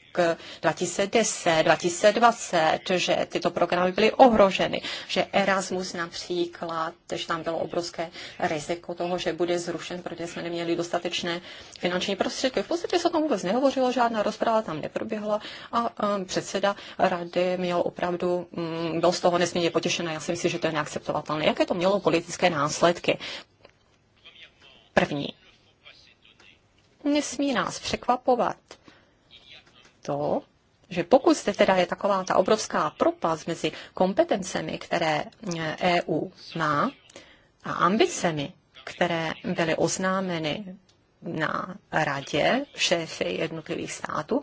2010, 2020, že tyto programy byly ohroženy, že Erasmus například, že tam bylo obrovské riziko toho, že bude zrušen, protože jsme neměli dostatečné finanční prostředky. V podstatě se tom vůbec nehovořilo, žádná rozprava tam neproběhla a um, předseda rady měl opravdu, um, byl z toho nesmírně potěšen a já si myslím, že to je neakceptovatelné. Jaké to mělo politické následky? První, nesmí nás překvapovat to, že pokud zde teda je taková ta obrovská propast mezi kompetencemi, které EU eh, e má, a ambicemi, které byly oznámeny na radě šéfy jednotlivých států,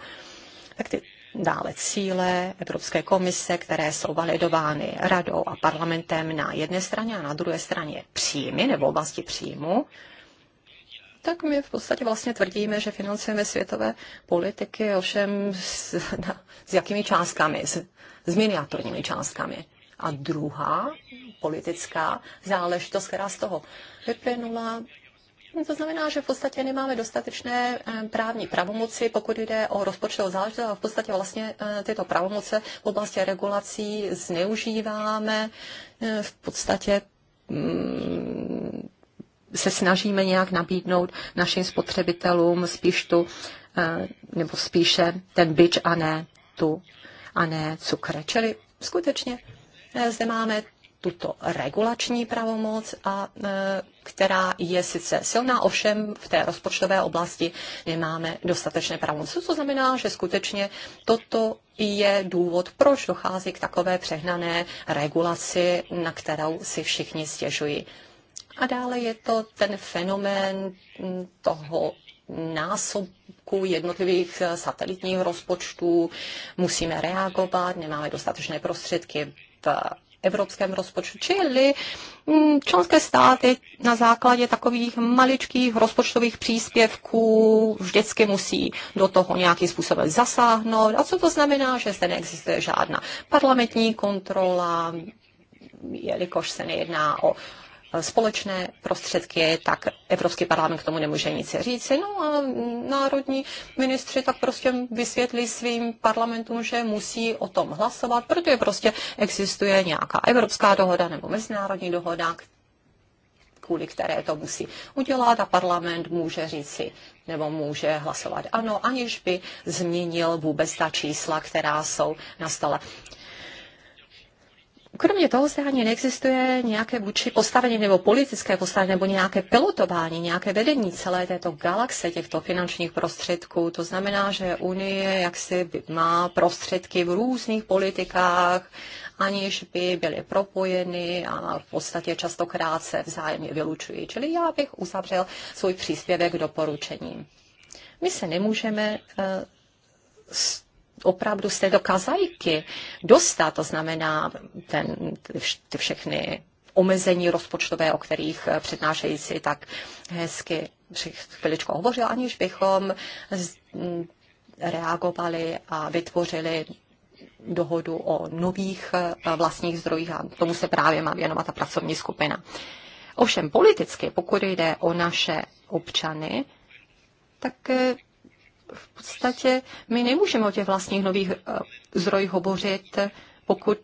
tak ty dále cíle Evropské komise, které jsou validovány radou a parlamentem na jedné straně a na druhé straně příjmy nebo oblasti příjmu, tak my v podstatě vlastně tvrdíme, že financujeme světové politiky, ovšem s, na, s jakými částkami, s, s miniaturními částkami. A druhá politická záležitost, která z toho vyplynula, no, to znamená, že v podstatě nemáme dostatečné eh, právní pravomoci, pokud jde o rozpočtovou záležitost a v podstatě vlastně eh, tyto pravomoce v oblasti regulací zneužíváme. Eh, v podstatě mm, se snažíme nějak nabídnout našim spotřebitelům spíš tu, eh, nebo spíše ten byč a ne tu, a ne cukr. Čili skutečně eh, zde máme tuto regulační pravomoc, a, eh, která je sice silná, ovšem v té rozpočtové oblasti nemáme dostatečné pravomoci. To znamená, že skutečně toto je důvod, proč dochází k takové přehnané regulaci, na kterou si všichni stěžují. A dále je to ten fenomén toho násobku jednotlivých satelitních rozpočtů. Musíme reagovat, nemáme dostatečné prostředky v evropském rozpočtu, čili mm, členské státy na základě takových maličkých rozpočtových příspěvků vždycky musí do toho nějakým způsobem zasáhnout. A co to znamená, že zde neexistuje žádná parlamentní kontrola, jelikož se nejedná o společné prostředky, tak Evropský parlament k tomu nemůže nic říct. No a národní ministři tak prostě vysvětlí svým parlamentům, že musí o tom hlasovat, protože prostě existuje nějaká evropská dohoda nebo mezinárodní dohoda, kvůli které to musí udělat a parlament může říci nebo může hlasovat ano, aniž by změnil vůbec ta čísla, která jsou na stole. Kromě toho se ani neexistuje nějaké vůči postavení nebo politické postavení nebo nějaké pilotování, nějaké vedení celé této galaxie těchto finančních prostředků. To znamená, že Unie jaksi má prostředky v různých politikách, aniž by byly propojeny a v podstatě častokrát se vzájemně vylučují. Čili já bych uzavřel svůj příspěvek doporučením. My se nemůžeme uh, opravdu z do kazajky dostat, to znamená ten, ty všechny omezení rozpočtové, o kterých eh, přednášející tak hezky před hovořil, aniž bychom mm, reagovali a vytvořili dohodu o nových eh, vlastních zdrojích a tomu se právě má věnovat ta pracovní skupina. Ovšem politicky, pokud jde o naše občany, tak eh, v podstatě my nemůžeme o těch vlastních nových eh, zdrojích hovořit, pokud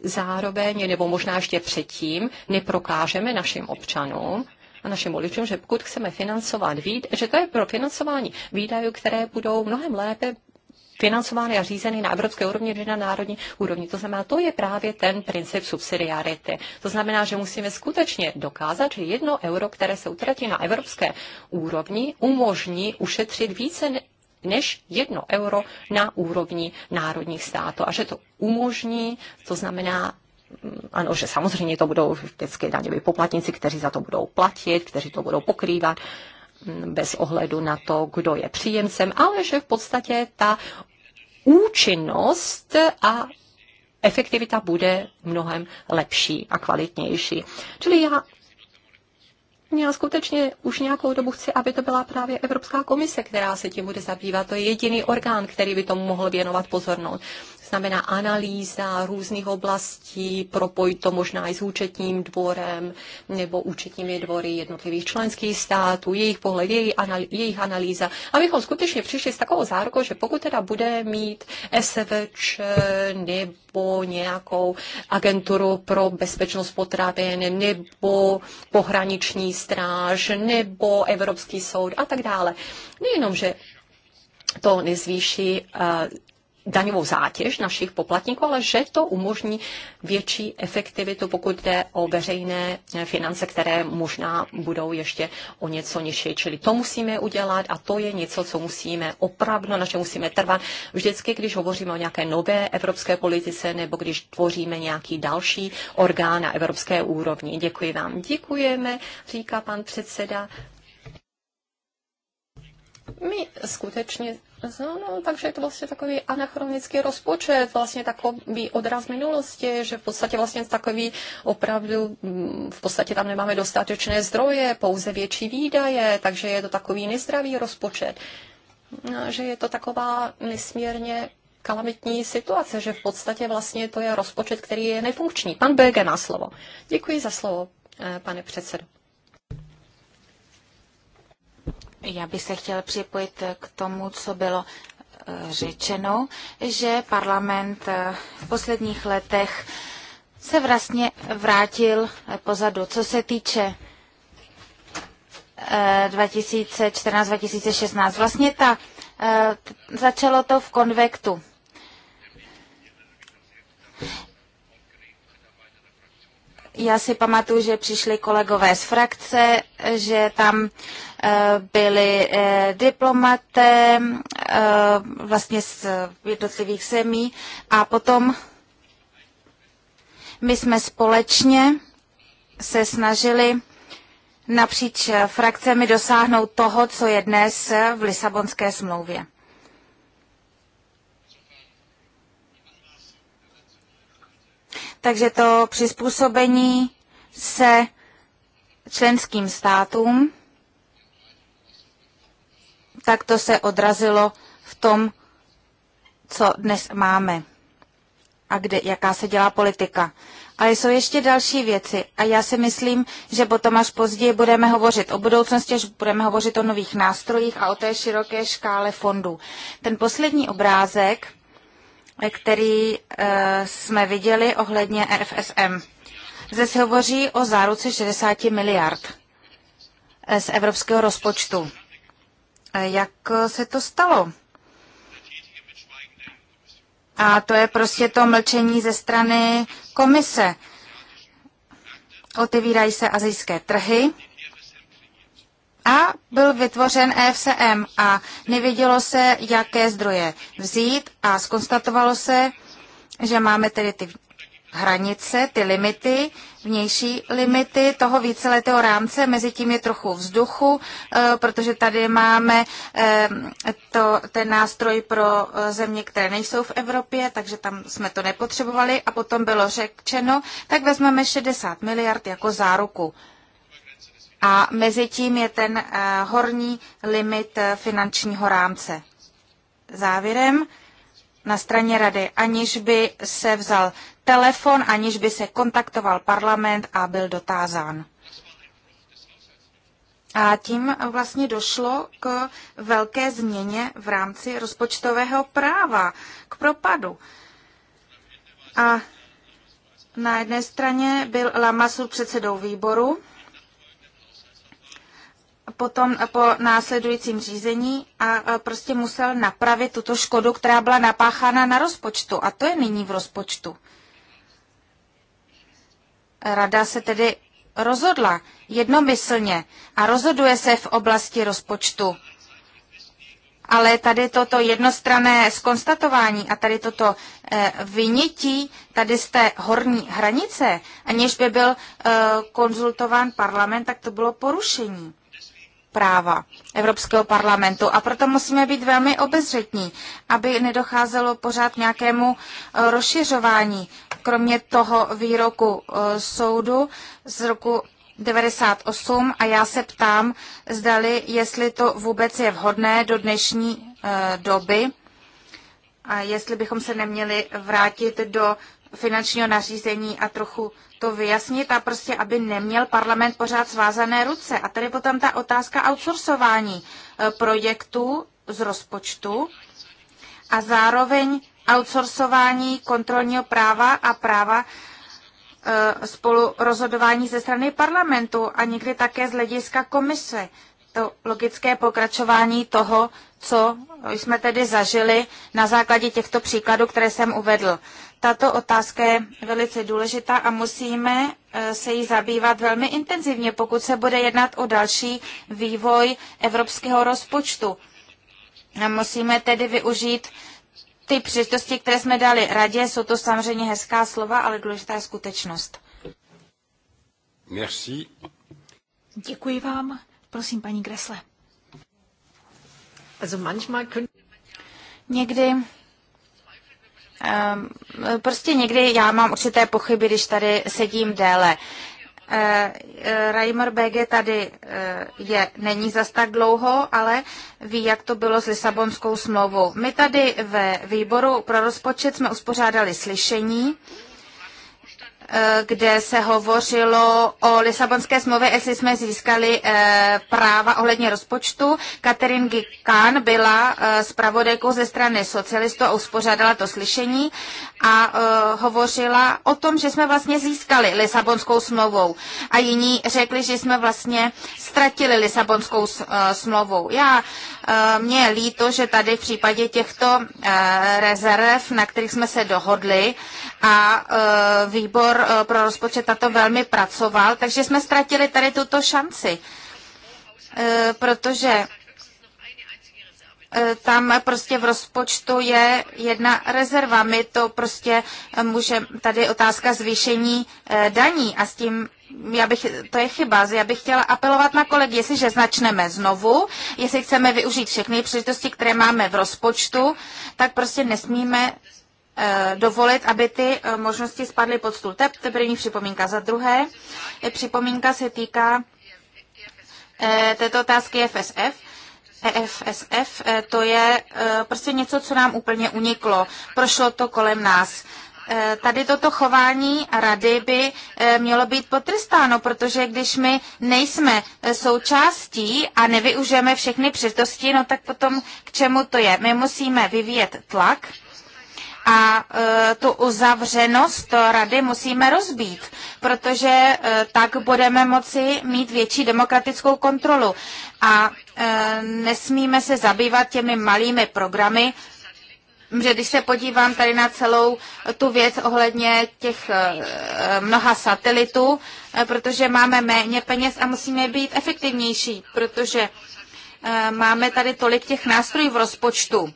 zároveň, nebo možná ještě předtím, neprokážeme našim občanům, a našim voličům, že pokud chceme financovat, výd, že to je pro financování výdajů, které budou mnohem lépe financovány a řízeny na evropské úrovni než na národní úrovni. To znamená, to je právě ten princip subsidiarity. To znamená, že musíme skutečně dokázat, že jedno euro, které se utratí na evropské úrovni, umožní ušetřit více než jedno euro na úrovni národních států a že to umožní, to znamená mm, ano, že samozřejmě to budou vždycky daňoví poplatníci, kteří za to budou platit, kteří to budou pokrývat mm, bez ohledu na to, kdo je příjemcem, ale že v podstatě ta účinnost a efektivita bude mnohem lepší a kvalitnější. Čili já já skutečně už nějakou dobu chci, aby to byla právě Evropská komise, která se tím bude zabývat. To je jediný orgán, který by tomu mohl věnovat pozornost znamená analýza různých oblastí, propojit to možná i s účetním dvorem nebo účetními dvory jednotlivých členských států, jejich pohled, jejich analýza, abychom skutečně přišli s takovou zárukou, že pokud teda bude mít SVČ nebo nějakou agenturu pro bezpečnost potravin nebo pohraniční stráž nebo Evropský soud a tak dále. Nejenom, že to nezvýší eh, daňovou zátěž našich poplatníků, ale že to umožní větší efektivitu, pokud jde o veřejné finance, které možná budou ještě o něco nižší. Čili to musíme udělat a to je něco, co musíme opravdu, na čem musíme trvat. Vždycky, když hovoříme o nějaké nové evropské politice nebo když tvoříme nějaký další orgán na evropské úrovni. Děkuji vám. Děkujeme, říká pan předseda. My skutečně No, no, takže je to vlastně takový anachronický rozpočet, vlastně takový odraz minulosti, že v podstatě vlastně takový opravdu, v podstatě tam nemáme dostatečné zdroje, pouze větší výdaje, takže je to takový nezdravý rozpočet. No, že je to taková nesmírně kalamitní situace, že v podstatě vlastně to je rozpočet, který je nefunkční. Pan Belge má slovo. Děkuji za slovo, eh, pane předsedo. Já bych se chtěl připojit k tomu, co bylo eh, řečeno, že parlament eh, v posledních letech se vlastně vrátil eh, pozadu. Co se týče 2014-2016, vlastně ta, začalo to v konvektu. Já si pamatuju, že přišli kolegové z frakce, že tam eh, byli eh, diplomaté eh, vlastně z jednotlivých zemí a potom my jsme společně se snažili napříč frakcemi dosáhnout toho, co je dnes v Lisabonské smlouvě. Takže to přizpůsobení se členským státům, tak to se odrazilo v tom, co dnes máme a kde, jaká se dělá politika. Ale jsou ještě další věci a já si myslím, že potom až později budeme hovořit o budoucnosti, až budeme hovořit o nových nástrojích a o té široké škále fondů. Ten poslední obrázek který eh, jsme viděli ohledně RFSM. Zde se hovoří o záruce 60 miliard eh, z evropského rozpočtu. Eh, jak se to stalo? A to je prostě to mlčení ze strany komise. Otevírají se azijské trhy a byl vytvořen EFSM a nevědělo se, jaké zdroje vzít a skonstatovalo se, že máme tedy ty hranice, ty limity, vnější limity toho víceletého rámce, mezi tím je trochu vzduchu, e, protože tady máme e, to, ten nástroj pro e, země, které nejsou v Evropě, takže tam jsme to nepotřebovali a potom bylo řekčeno, tak vezmeme 60 miliard jako záruku a mezi tím je ten eh, horní limit eh, finančního rámce. Závěrem, na straně rady, aniž by se vzal telefon, aniž by se kontaktoval parlament a byl dotázán. A tím vlastně došlo k velké změně v rámci rozpočtového práva, k propadu. A na jedné straně byl Lamasu předsedou výboru, potom po následujícím řízení a e, prostě musel napravit tuto škodu, která byla napáchána na rozpočtu. A to je nyní v rozpočtu. Rada se tedy rozhodla jednomyslně a rozhoduje se v oblasti rozpočtu. Ale tady toto jednostrané skonstatování a tady toto e, vynětí, tady z té horní hranice, aniž by byl e, konzultován parlament, tak to bylo porušení práva Evropského parlamentu. A proto musíme být velmi obezřetní, aby nedocházelo pořád nějakému eh, rozšiřování. Kromě toho výroku eh, soudu z roku 98 a já se ptám, zdali, jestli to vůbec je vhodné do dnešní eh, doby a jestli bychom se neměli vrátit do finančního nařízení a trochu to vyjasnit a prostě, aby neměl parlament pořád svázané ruce. A tady potom ta otázka outsourcování eh, projektů z rozpočtu a zároveň outsourcování kontrolního práva a práva eh, spolu rozhodování ze strany parlamentu a někdy také z hlediska komise. To logické pokračování toho, co jsme tedy zažili na základě těchto příkladů, které jsem uvedl. Tato otázka je velice důležitá a musíme eh, se jí zabývat velmi intenzivně, pokud se bude jednat o další vývoj evropského rozpočtu. Musíme tedy využít ty příležitosti, které jsme dali radě. Jsou to samozřejmě hezká slova, ale důležitá je skutečnost. Merci. Děkuji vám. Prosím, paní Gresle. Někdy eh, prostě někdy já mám určité pochyby, když tady sedím déle. Eh, eh, Reimer BG tady je, není zas tak dlouho, ale ví, jak to bylo s Lisabonskou smlouvou. My tady ve výboru pro rozpočet jsme uspořádali slyšení Eh, kde se hovořilo o Lisabonské smlouvě, jestli jsme získali eh, práva ohledně rozpočtu. Katerin Gikán byla eh, zpravodajkou ze strany socialistů a uspořádala to slyšení a uh, hovořila o tom, že jsme vlastně získali Lisabonskou smlouvou a jiní řekli, že jsme vlastně ztratili Lisabonskou uh, smlouvou. Já uh, mě líto, že tady v případě těchto uh, rezerv, na kterých jsme se dohodli a uh, výbor uh, pro rozpočet tato velmi pracoval, takže jsme ztratili tady tuto šanci, uh, protože E, tam prostě v rozpočtu je jedna rezerva. My to prostě e, můžeme, tady otázka zvýšení e, daní a s tím já bych, to je chyba, já bych chtěla apelovat na kolegy, jestliže začneme znovu, jestli chceme využít všechny příležitosti, které máme v rozpočtu, tak prostě nesmíme dovolit, aby ty možnosti spadly pod stůl. To je první připomínka. Za druhé, připomínka se týká této otázky FSF EFSF, eh, to je eh, prostě něco, co nám úplně uniklo. Prošlo to kolem nás. Eh, tady toto chování rady by mělo být potrestáno, protože když my nejsme součástí a nevyužijeme všechny přitosti, no tak potom k čemu to je? My musíme vyvíjet tlak a e, tu uzavřenost rady musíme rozbít, protože e, tak budeme moci mít větší demokratickou kontrolu a e, nesmíme se zabývat těmi malými programy, že když se podívám tady na celou tu věc ohledně těch mnoha satelitů, protože máme méně peněz a musíme být efektivnější, protože máme tady tolik těch nástrojů v rozpočtu.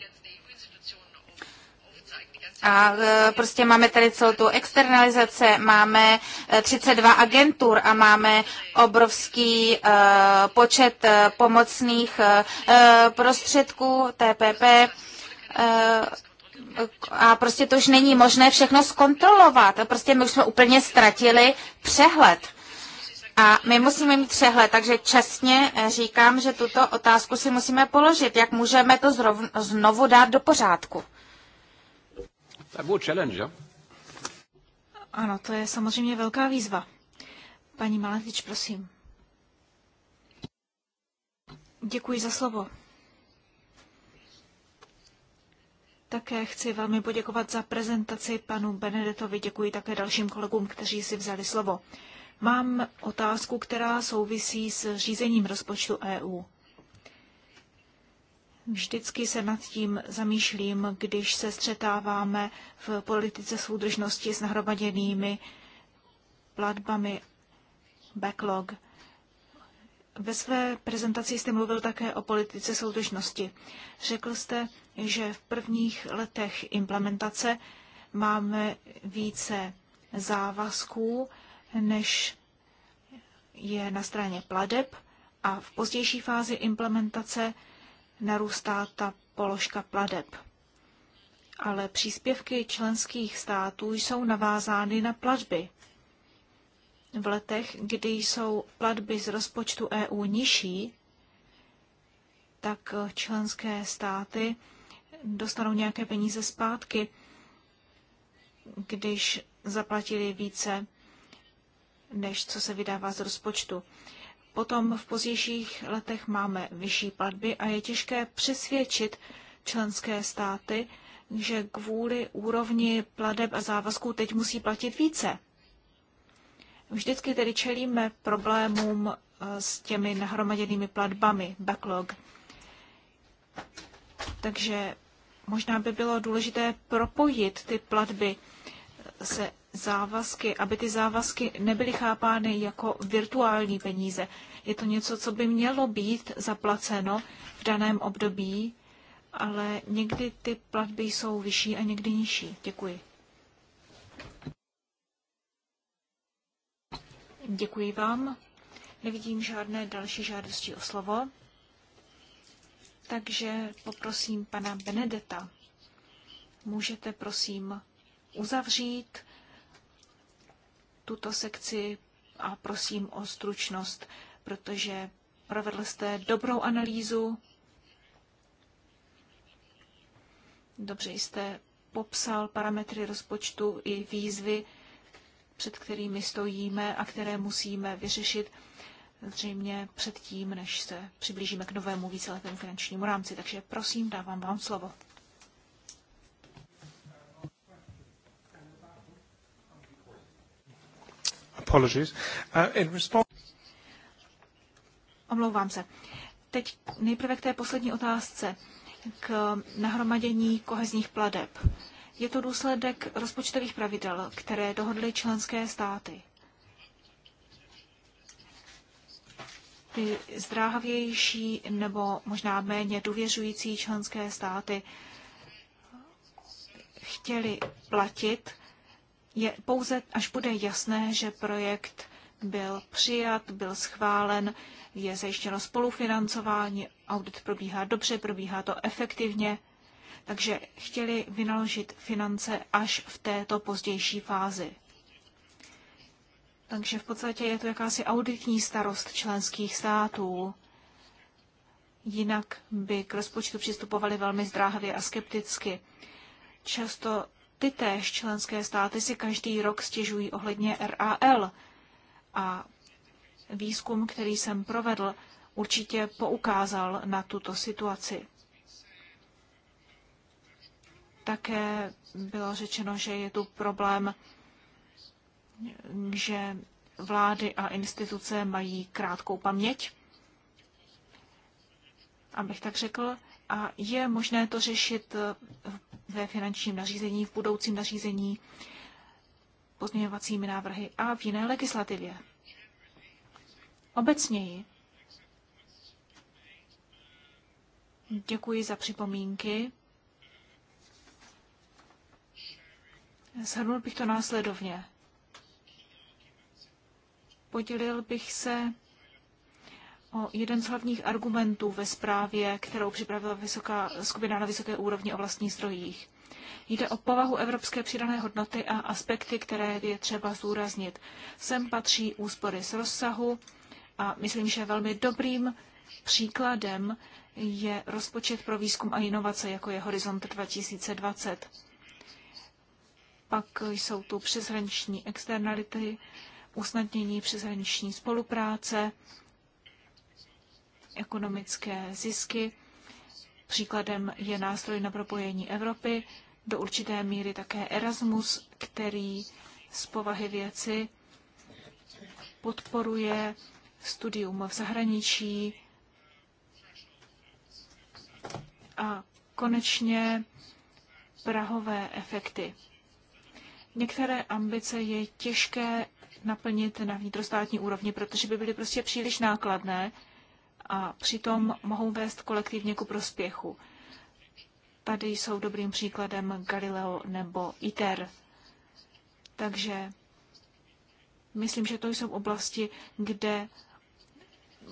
A e, prostě máme tady celou tu externalizace, máme 32 e, agentur a máme obrovský e, počet pomocných prostředků TPP a prostě to už není možné všechno zkontrolovat. Prostě my už jsme úplně ztratili přehled. A my musíme mít přehled, takže čestně říkám, že tuto otázku si musíme položit, jak můžeme to znovu dát do pořádku good challenge, Ano, to je samozřejmě velká výzva. Paní Maletič, prosím. Děkuji za slovo. Také chci velmi poděkovat za prezentaci panu Benedetovi, děkuji také dalším kolegům, kteří si vzali slovo. Mám otázku, která souvisí s řízením rozpočtu EU. Vždycky se nad tím zamýšlím, když se střetáváme v politice soudržnosti s nahromaděnými platbami backlog. Ve své prezentaci jste mluvil také o politice soudržnosti. Řekl jste, že v prvních letech implementace máme více závazků, než je na straně pladeb a v pozdější fázi implementace narůstá ta položka pladeb. Ale příspěvky členských států jsou navázány na platby. V letech, kdy jsou platby z rozpočtu EU nižší, tak členské státy dostanou nějaké peníze zpátky, když zaplatili více, než co se vydává z rozpočtu. Potom v pozdějších letech máme vyšší platby a je těžké přesvědčit členské státy, že kvůli úrovni pladeb a závazků teď musí platit více. Vždycky tedy čelíme problémům eh, s těmi nahromaděnými platbami, backlog. Takže možná by bylo důležité propojit ty platby eh, se závazky, aby ty závazky nebyly chápány jako virtuální peníze. Je to něco, co by mělo být zaplaceno v daném období, ale někdy ty platby jsou vyšší a někdy nižší. Děkuji. Děkuji vám. Nevidím žádné další žádosti o slovo. Takže poprosím pana Benedeta. Můžete prosím uzavřít tuto sekci a prosím o stručnost, protože provedl jste dobrou analýzu, dobře jste popsal parametry rozpočtu i výzvy, před kterými stojíme a které musíme vyřešit zřejmě předtím, než se přiblížíme k novému víceletému finančnímu rámci. Takže prosím, dávám vám slovo. Apologies. Uh, in response... Omlouvám se. Teď nejprve k té poslední otázce, k nahromadění kohezních pladeb. Je to důsledek rozpočtových pravidel, které dohodly členské státy. Ty zdráhavější nebo možná méně důvěřující členské státy chtěli platit je pouze, až bude jasné, že projekt byl přijat, byl schválen, je zajištěno spolufinancování, audit probíhá dobře, probíhá to efektivně, takže chtěli vynaložit finance až v této pozdější fázi. Takže v podstatě je to jakási auditní starost členských států. Jinak by k rozpočtu přistupovali velmi zdráhavě a skepticky. Často ty též členské státy si každý rok stěžují ohledně RAL. A výzkum, který jsem provedl, určitě poukázal na tuto situaci. Také bylo řečeno, že je tu problém, že vlády a instituce mají krátkou paměť, abych tak řekl, a je možné to řešit ve finančním nařízení, v budoucím nařízení, pozměňovacími návrhy a v jiné legislativě. Obecněji děkuji za připomínky. Shrnul bych to následovně. Podělil bych se o jeden z hlavních argumentů ve zprávě, kterou připravila vysoká, skupina na vysoké úrovni o vlastních zdrojích. Jde o povahu evropské přidané hodnoty a aspekty, které je třeba zúraznit. Sem patří úspory z rozsahu a myslím, že velmi dobrým příkladem je rozpočet pro výzkum a inovace, jako je Horizont 2020. Pak jsou tu přeshraniční externality, usnadnění přeshraniční spolupráce, ekonomické zisky. Příkladem je nástroj na propojení Evropy, do určité míry také Erasmus, který z povahy věci podporuje studium v zahraničí a konečně prahové efekty. Některé ambice je těžké naplnit na vnitrostátní úrovni, protože by byly prostě příliš nákladné a přitom mohou vést kolektivně ku prospěchu. Tady jsou dobrým příkladem Galileo nebo ITER. Takže myslím, že to jsou oblasti, kde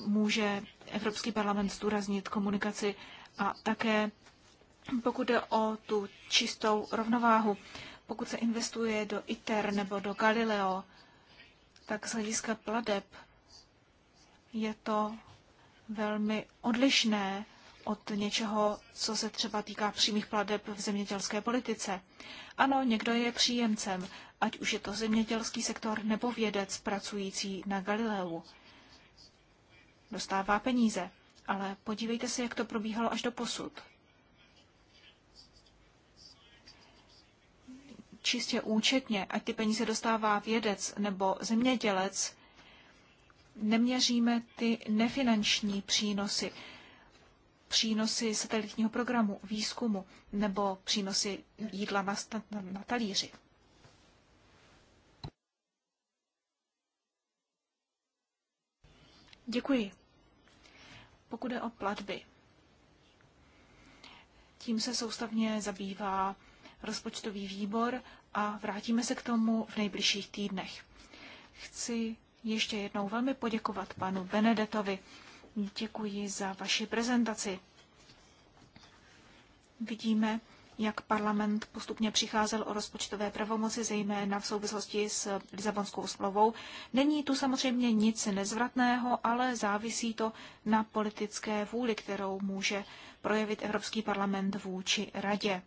může Evropský parlament zdůraznit komunikaci a také pokud jde o tu čistou rovnováhu, pokud se investuje do ITER nebo do Galileo, tak z hlediska pladeb je to velmi odlišné od něčeho, co se třeba týká přímých pladeb v zemědělské politice. Ano, někdo je příjemcem, ať už je to zemědělský sektor nebo vědec pracující na Galileu. Dostává peníze, ale podívejte se, jak to probíhalo až do posud. Čistě účetně, ať ty peníze dostává vědec nebo zemědělec, neměříme ty nefinanční přínosy, přínosy satelitního programu, výzkumu nebo přínosy jídla na, na, na talíři. Děkuji. Pokud je o platby, tím se soustavně zabývá rozpočtový výbor a vrátíme se k tomu v nejbližších týdnech. Chci ještě jednou velmi poděkovat panu Benedetovi. Děkuji za vaši prezentaci. Vidíme, jak parlament postupně přicházel o rozpočtové pravomoci, zejména v souvislosti s Lisabonskou smlouvou. Není tu samozřejmě nic nezvratného, ale závisí to na politické vůli, kterou může projevit Evropský parlament vůči radě.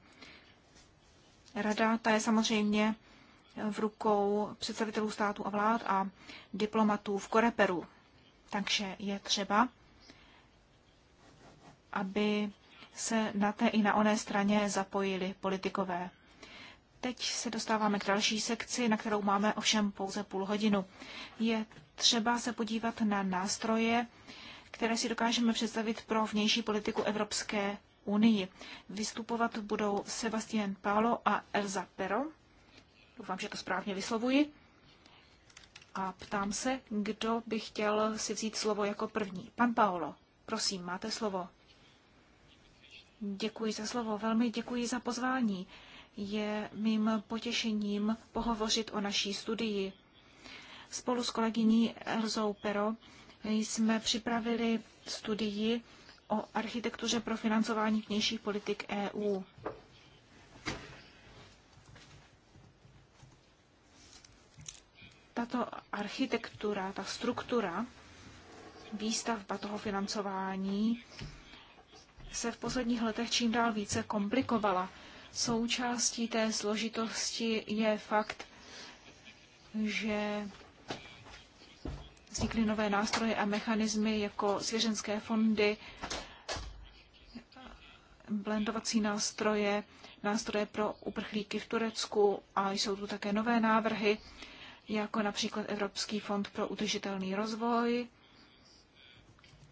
Rada ta je samozřejmě v rukou představitelů států a vlád a diplomatů v Koreperu. Takže je třeba, aby se na té i na oné straně zapojili politikové. Teď se dostáváme k další sekci, na kterou máme ovšem pouze půl hodinu. Je třeba se podívat na nástroje, které si dokážeme představit pro vnější politiku Evropské unii. Vystupovat budou Sebastian Paolo a Elza Pero. Doufám, že to správně vyslovuji. A ptám se, kdo by chtěl si vzít slovo jako první. Pan Paolo, prosím, máte slovo. Děkuji za slovo, velmi děkuji za pozvání. Je mým potěšením pohovořit o naší studii. Spolu s kolegyní Elzou Pero jsme připravili studii o architektuře pro financování vnějších politik EU. Tato architektura, ta struktura výstavba toho financování se v posledních letech čím dál více komplikovala. Součástí té složitosti je fakt, že vznikly nové nástroje a mechanismy jako svěřenské fondy, blendovací nástroje, nástroje pro uprchlíky v Turecku a jsou tu také nové návrhy, jako například Evropský fond pro udržitelný rozvoj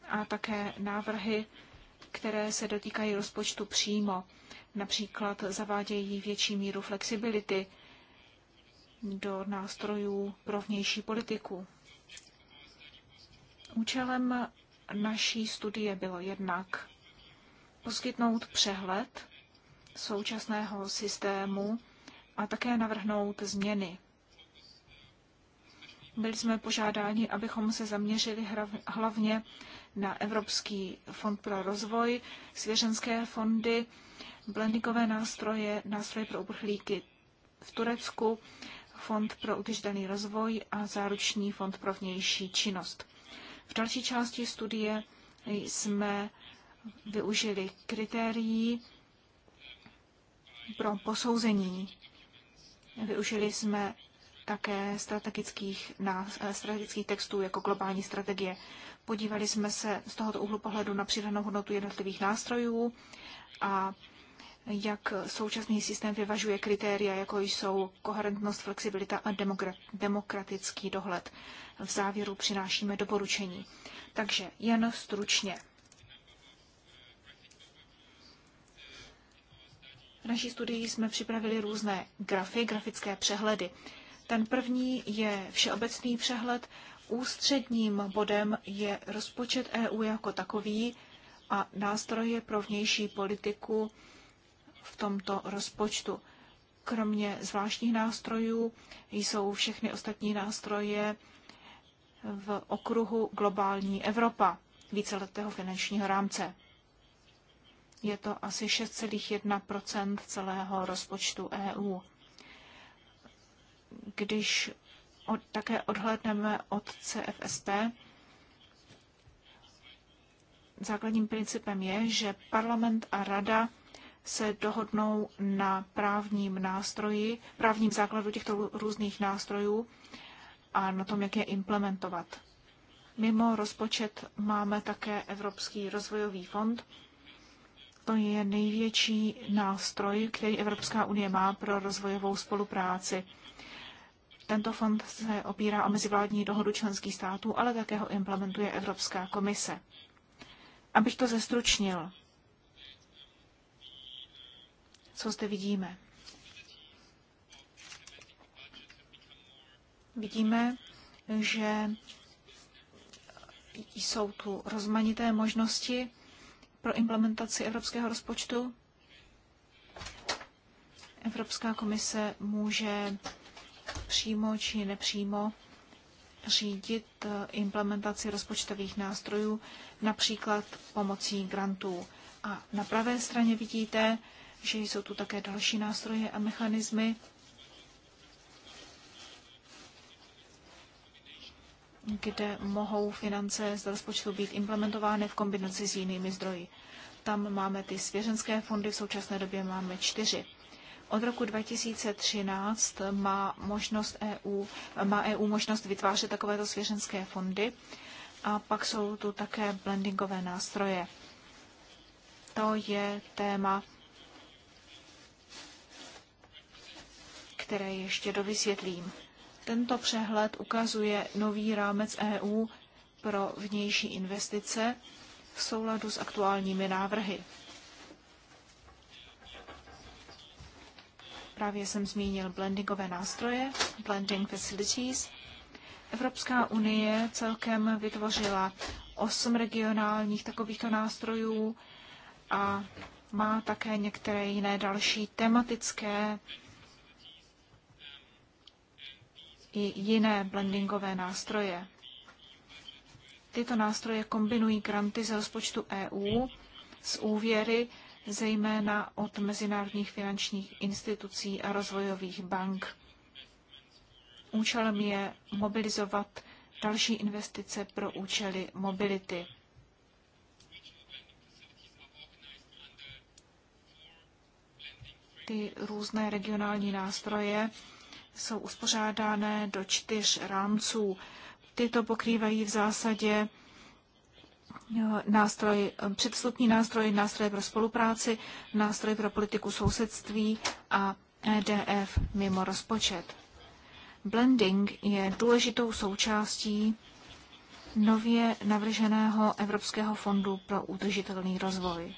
a také návrhy, které se dotýkají rozpočtu přímo. Například zavádějí větší míru flexibility do nástrojů pro vnější politiku. Účelem naší studie bylo jednak poskytnout přehled současného systému a také navrhnout změny. Byli jsme požádáni, abychom se zaměřili hlavně na Evropský fond pro rozvoj, svěřenské fondy, blendingové nástroje, nástroje pro uprchlíky v Turecku, fond pro udržitelný rozvoj a záruční fond pro vnější činnost. V další části studie jsme využili kritérií pro posouzení. Využili jsme také strategických, na, eh, strategických textů jako globální strategie. Podívali jsme se z tohoto úhlu pohledu na přidanou hodnotu jednotlivých nástrojů a jak současný systém vyvažuje kritéria, jako jsou koherentnost, flexibilita a demokratický dohled. V závěru přinášíme doporučení. Takže jen stručně. V naší studii jsme připravili různé grafy, grafické přehledy. Ten první je všeobecný přehled. Ústředním bodem je rozpočet EU jako takový a nástroje pro vnější politiku v tomto rozpočtu. Kromě zvláštních nástrojů jsou všechny ostatní nástroje v okruhu Globální Evropa víceletého finančního rámce. Je to asi 6,1 celého rozpočtu EU když od, také odhledneme od CFSP, základním principem je, že parlament a rada se dohodnou na právním nástroji, právním základu těchto různých nástrojů a na tom, jak je implementovat. Mimo rozpočet máme také Evropský rozvojový fond. To je největší nástroj, který Evropská unie má pro rozvojovou spolupráci. Tento fond se opírá o mezivládní dohodu členských států, ale také ho implementuje Evropská komise. Abych to zestručnil, co zde vidíme? Vidíme, že jsou tu rozmanité možnosti pro implementaci evropského rozpočtu. Evropská komise může přímo či nepřímo řídit eh, implementaci rozpočtových nástrojů, například pomocí grantů. A na pravé straně vidíte, že jsou tu také další nástroje a mechanismy, kde mohou finance z rozpočtu být implementovány v kombinaci s jinými zdroji. Tam máme ty svěřenské fondy, v současné době máme čtyři. Od roku 2013 má, možnost EU, má EU možnost vytvářet takovéto svěřenské fondy a pak jsou tu také blendingové nástroje. To je téma, které ještě dovysvětlím. Tento přehled ukazuje nový rámec EU pro vnější investice v souladu s aktuálními návrhy. Právě jsem zmínil blendingové nástroje, blending facilities. Evropská unie celkem vytvořila osm regionálních takovýchto nástrojů a má také některé jiné další tematické i jiné blendingové nástroje. Tyto nástroje kombinují granty z rozpočtu EU s úvěry zejména od mezinárodních finančních institucí a rozvojových bank. Účelem je mobilizovat další investice pro účely mobility. Ty různé regionální nástroje jsou uspořádány do čtyř rámců. Tyto pokrývají v zásadě nástroj, předstupní nástroj, nástroj pro spolupráci, nástroj pro politiku sousedství a EDF mimo rozpočet. Blending je důležitou součástí nově navrženého Evropského fondu pro udržitelný rozvoj.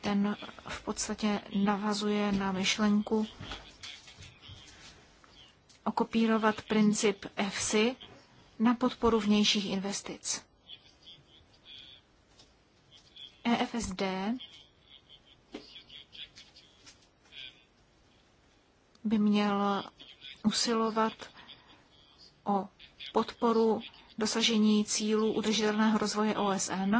Ten v podstatě navazuje na myšlenku okopírovat princip EFSI, na podporu vnějších investic. EFSD by měl usilovat o podporu dosažení cílů udržitelného rozvoje OSN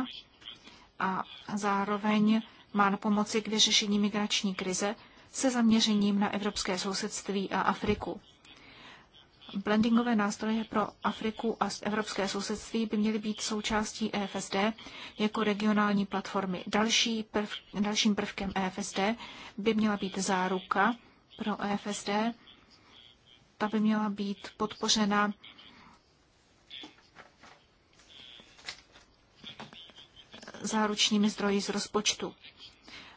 a zároveň má na pomoci k vyřešení migrační krize se zaměřením na evropské sousedství a Afriku. Blendingové nástroje pro Afriku a evropské sousedství by měly být součástí EFSD jako regionální platformy. Další prv, dalším prvkem EFSD by měla být záruka pro EFSD. Ta by měla být podpořena záručními zdroji z rozpočtu.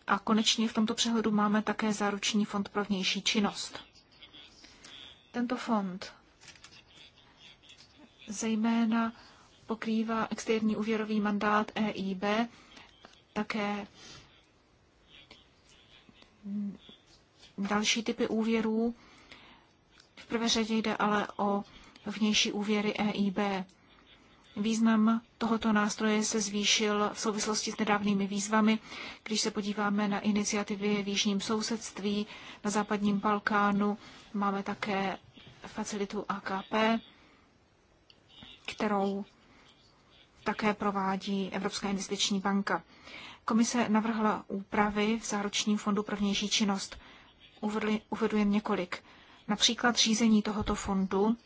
A konečně v tomto přehledu máme také záruční fond pro vnější činnost. Tento fond zejména pokrývá externí úvěrový mandát EIB, také další typy úvěrů. V prvé řadě jde ale o vnější úvěry EIB. Význam tohoto nástroje se zvýšil v souvislosti s nedávnými výzvami, když se podíváme na iniciativy v jižním sousedství, na západním Balkánu, máme také facilitu AKP kterou také provádí Evropská investiční banka. Komise navrhla úpravy v záručním fondu pro vnější činnost. Uvedli, uvedu jen několik. Například řízení tohoto fondu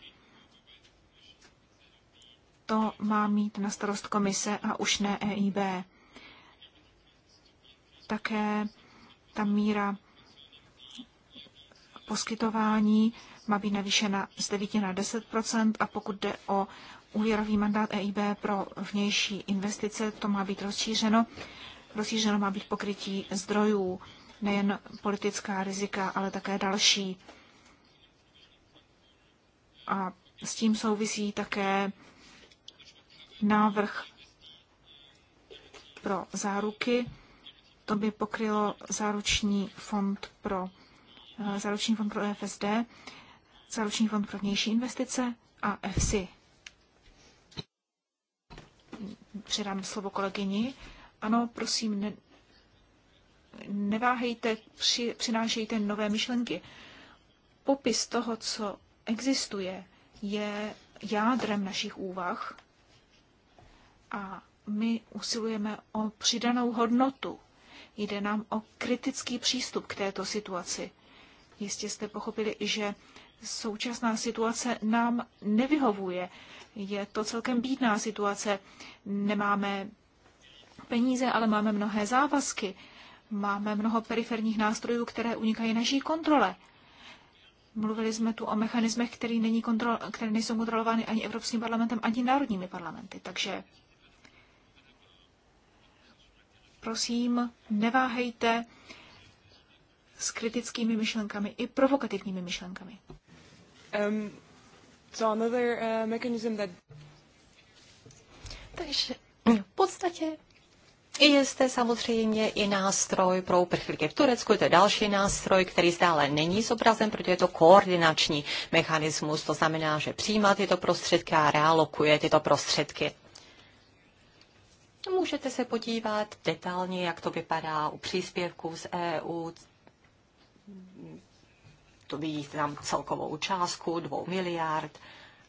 to má mít na starost komise a už ne EIB. Také ta míra poskytování má být navýšena z 9 na 10 a pokud jde o úvěrový mandát EIB pro vnější investice, to má být rozšířeno. Rozšířeno má být pokrytí zdrojů, nejen politická rizika, ale také další. A s tím souvisí také návrh pro záruky. To by pokrylo záruční fond pro, eh, záruční fond pro EFSD, záruční fond pro vnější investice a EFSI. Předám slovo kolegyni. Ano, prosím, ne, neváhejte, při, přinášejte nové myšlenky. Popis toho, co existuje, je jádrem našich úvah a my usilujeme o přidanou hodnotu. Jde nám o kritický přístup k této situaci. Jistě jste pochopili, že současná situace nám nevyhovuje. Je to celkem bídná situace. Nemáme peníze, ale máme mnohé závazky. Máme mnoho periferních nástrojů, které unikají naší kontrole. Mluvili jsme tu o mechanismech, které, není kontrol, které nejsou kontrolovány ani Evropským parlamentem, ani národními parlamenty. Takže prosím, neváhejte s kritickými myšlenkami i provokativními myšlenkami. Um, so another uh, mechanism that... Takže v podstatě je zde samozřejmě i nástroj pro uprchlíky v Turecku, to je další nástroj, který stále není zobrazen, protože je to koordinační mechanismus, to znamená, že přijímá tyto prostředky a realokuje tyto prostředky. Můžete se podívat detailně, jak to vypadá u příspěvků z EU, to vidíte tam celkovou částku 2 miliard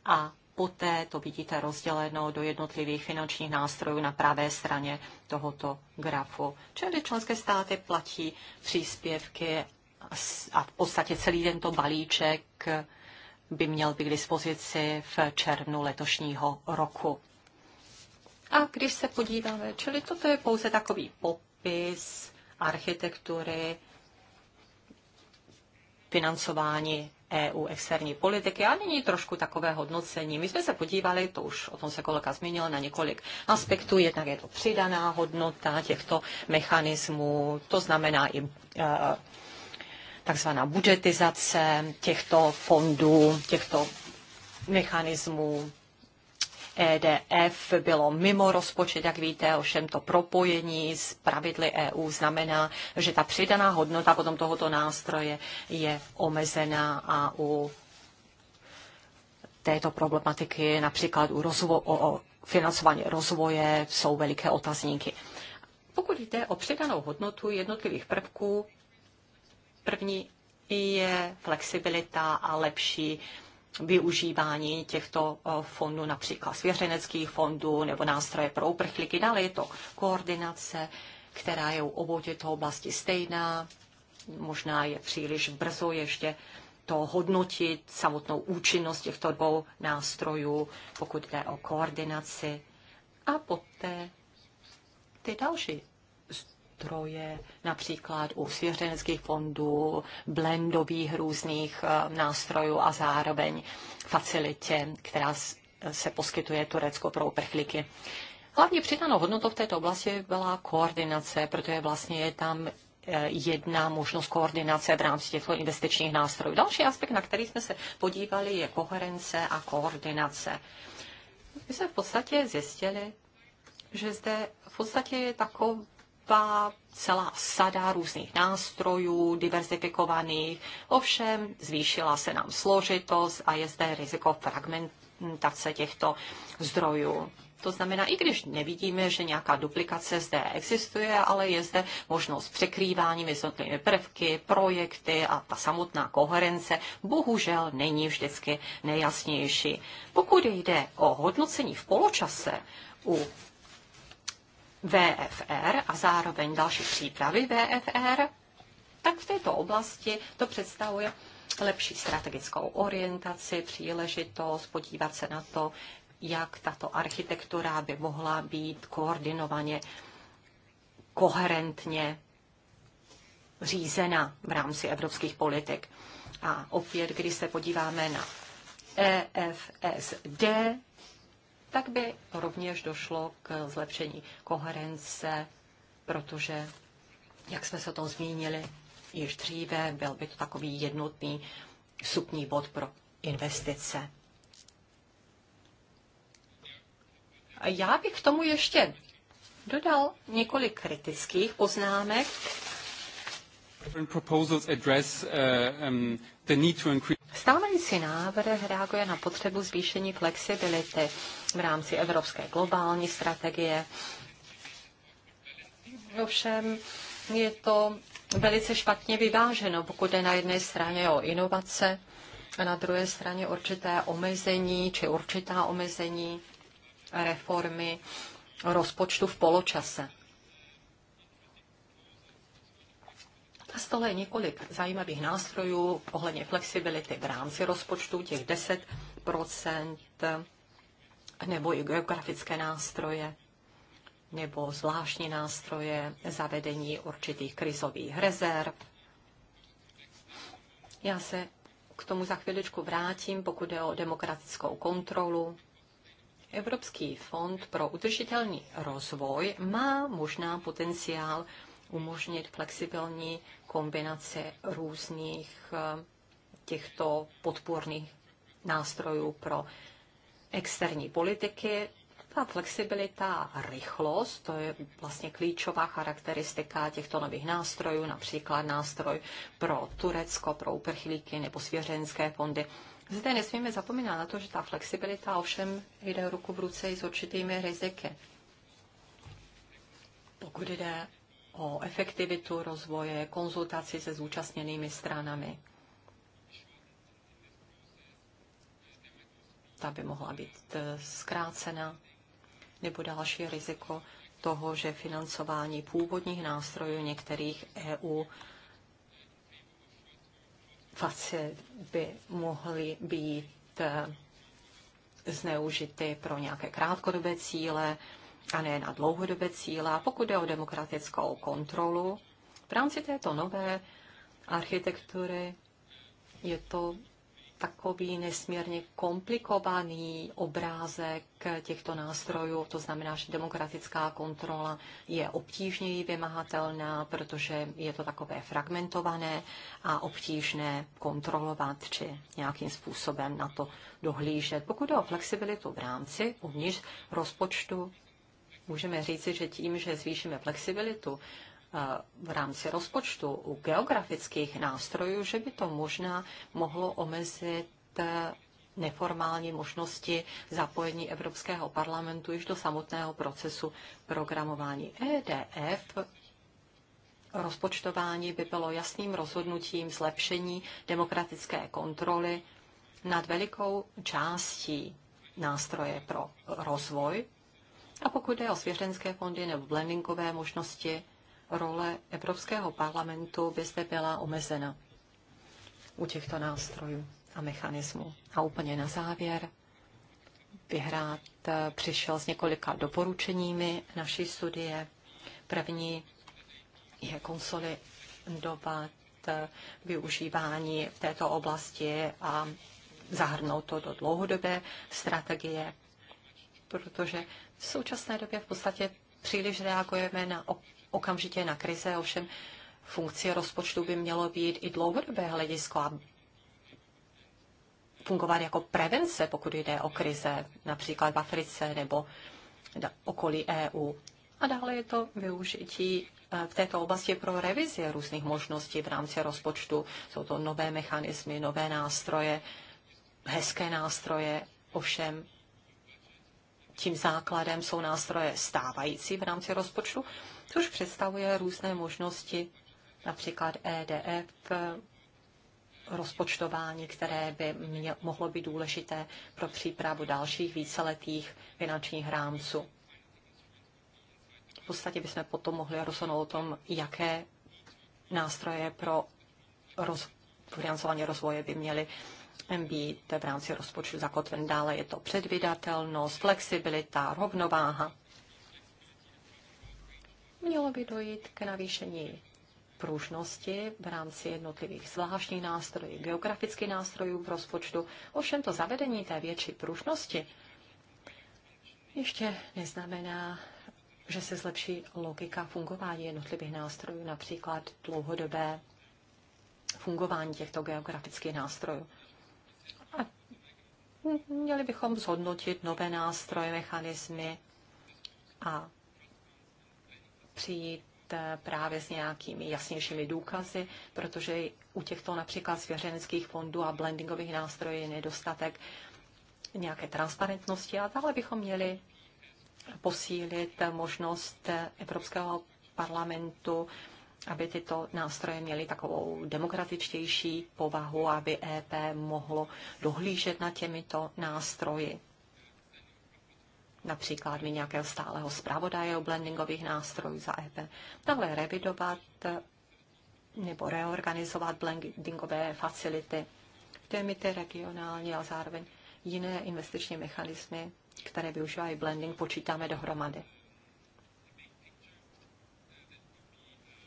a poté to vidíte rozděleno do jednotlivých finančních nástrojů na pravé straně tohoto grafu. Čili členské státy platí příspěvky a v podstatě celý tento balíček by měl být k dispozici v červnu letošního roku. A když se podíváme, čili toto je pouze takový popis architektury financování EU externí politiky a nyní trošku takové hodnocení. My jsme se podívali, to už o tom se kolega zmínil, na několik aspektů. Jednak je to přidaná hodnota těchto mechanismů, to znamená i e, takzvaná budžetizace těchto fondů, těchto mechanismů, EDF bylo mimo rozpočet, jak víte, ovšem to propojení s pravidly EU znamená, že ta přidaná hodnota potom tohoto nástroje je omezená a u této problematiky, například u rozvo- o financování rozvoje, jsou veliké otazníky. Pokud jde o přidanou hodnotu jednotlivých prvků, první je flexibilita a lepší využívání těchto eh, fondů, například svěřeneckých fondů nebo nástroje pro uprchlíky. Dále je to koordinace, která je u obou těchto oblastí stejná. Možná je příliš brzo ještě to hodnotit, samotnou účinnost těchto dvou nástrojů, pokud jde o koordinaci. A poté ty další zdroje, například u svěřenských fondů, blendových různých eh, nástrojů a zároveň facilitě, která se poskytuje Turecko pro uprchlíky. Hlavně přidanou hodnotou v této oblasti byla koordinace, protože vlastně je tam eh, jedna možnost koordinace v rámci těchto investičních nástrojů. Další aspekt, na který jsme se podívali, je koherence a koordinace. My jsme v podstatě zjistili, že zde v podstatě je takový celá, celá sada různých nástrojů, diverzifikovaných, ovšem zvýšila se nám složitost a je zde riziko fragmentace těchto zdrojů. To znamená, i když nevidíme, že nějaká duplikace zde existuje, ale je zde možnost překrývání jednotlivými prvky, projekty a ta samotná koherence bohužel není vždycky nejasnější. Pokud jde o hodnocení v poločase u VFR a zároveň další přípravy VFR, tak v této oblasti to představuje lepší strategickou orientaci, příležitost podívat se na to, jak tato architektura by mohla být koordinovaně, koherentně řízena v rámci evropských politik. A opět, když se podíváme na EFSD, tak by rovněž došlo k zlepšení koherence, protože, jak jsme se o tom zmínili již dříve, byl by to takový jednotný supní bod pro investice. A já bych k tomu ještě dodal několik kritických poznámek, Uh, um, Stávající návrh reaguje na potřebu zvýšení flexibility v rámci evropské globální strategie. Ovšem je to velice špatně vyváženo, pokud je na jedné straně o inovace a na druhé straně určité omezení či určitá omezení reformy rozpočtu v poločase. Na stole je několik zajímavých nástrojů ohledně flexibility v rámci rozpočtu, těch 10 nebo i geografické nástroje, nebo zvláštní nástroje zavedení určitých krizových rezerv. Já se k tomu za chviličku vrátím, pokud jde o demokratickou kontrolu. Evropský fond pro udržitelný rozvoj má možná potenciál umožnit flexibilní kombinaci různých eh, těchto podpůrných nástrojů pro externí politiky. Ta flexibilita a rychlost, to je vlastně klíčová charakteristika těchto nových nástrojů, například nástroj pro Turecko, pro uprchlíky nebo svěřenské fondy. Zde nesmíme zapomínat na to, že ta flexibilita ovšem jde ruku v ruce i s určitými riziky. Pokud jde o efektivitu rozvoje, konzultaci se zúčastněnými stranami. Ta by mohla být eh, zkrácena, nebo další riziko toho, že financování původních nástrojů některých EU facil by mohly být eh, zneužity pro nějaké krátkodobé cíle, a ne na dlouhodobé cíle. A pokud jde o demokratickou kontrolu, v rámci této nové architektury je to takový nesmírně komplikovaný obrázek těchto nástrojů. To znamená, že demokratická kontrola je obtížněji vymahatelná, protože je to takové fragmentované a obtížné kontrolovat či nějakým způsobem na to dohlížet. Pokud jde o flexibilitu v rámci uvnitř rozpočtu, můžeme říci, že tím, že zvýšíme flexibilitu eh, v rámci rozpočtu u geografických nástrojů, že by to možná mohlo omezit eh, neformální možnosti zapojení Evropského parlamentu již do samotného procesu programování. EDF rozpočtování by bylo jasným rozhodnutím zlepšení demokratické kontroly nad velikou částí nástroje pro rozvoj a pokud jde o svěřenské fondy nebo blendingové možnosti, role Evropského parlamentu by zde byla omezena u těchto nástrojů a mechanismů. A úplně na závěr, Vyhrát eh, přišel s několika doporučeními naší studie. První je konsolidovat eh, využívání v této oblasti a zahrnout to do dlouhodobé strategie, protože v současné době v podstatě příliš reagujeme na okamžitě na krize, ovšem funkce rozpočtu by mělo být i dlouhodobé hledisko a fungovat jako prevence, pokud jde o krize, například v Africe nebo okolí EU. A dále je to využití e, v této oblasti pro revizi různých možností v rámci rozpočtu. Jsou to nové mechanismy, nové nástroje, hezké nástroje, ovšem tím základem jsou nástroje stávající v rámci rozpočtu, což představuje různé možnosti, například EDF, rozpočtování, které by mě, mohlo být důležité pro přípravu dalších víceletých finančních rámců. V podstatě bychom potom mohli rozhodnout o tom, jaké nástroje pro roz, financování rozvoje by měly být v rámci rozpočtu zakotven. Dále je to předvydatelnost, flexibilita, rovnováha. Mělo by dojít k navýšení pružnosti v rámci jednotlivých zvláštních nástrojů, geografických nástrojů v rozpočtu. Ovšem to zavedení té větší pružnosti ještě neznamená, že se zlepší logika fungování jednotlivých nástrojů, například dlouhodobé fungování těchto geografických nástrojů měli bychom zhodnotit nové nástroje, mechanismy a přijít eh, právě s nějakými jasnějšími důkazy, protože u těchto například svěřenských fondů a blendingových nástrojů je nedostatek nějaké transparentnosti a dále bychom měli posílit možnost Evropského parlamentu aby tyto nástroje měly takovou demokratičtější povahu, aby EP mohlo dohlížet na těmito nástroji. Například mi nějakého stáleho zpravodaje o blendingových nástrojů za EP. Takhle revidovat nebo reorganizovat blendingové facility, limity regionální a zároveň jiné investiční mechanismy, které využívají blending, počítáme dohromady.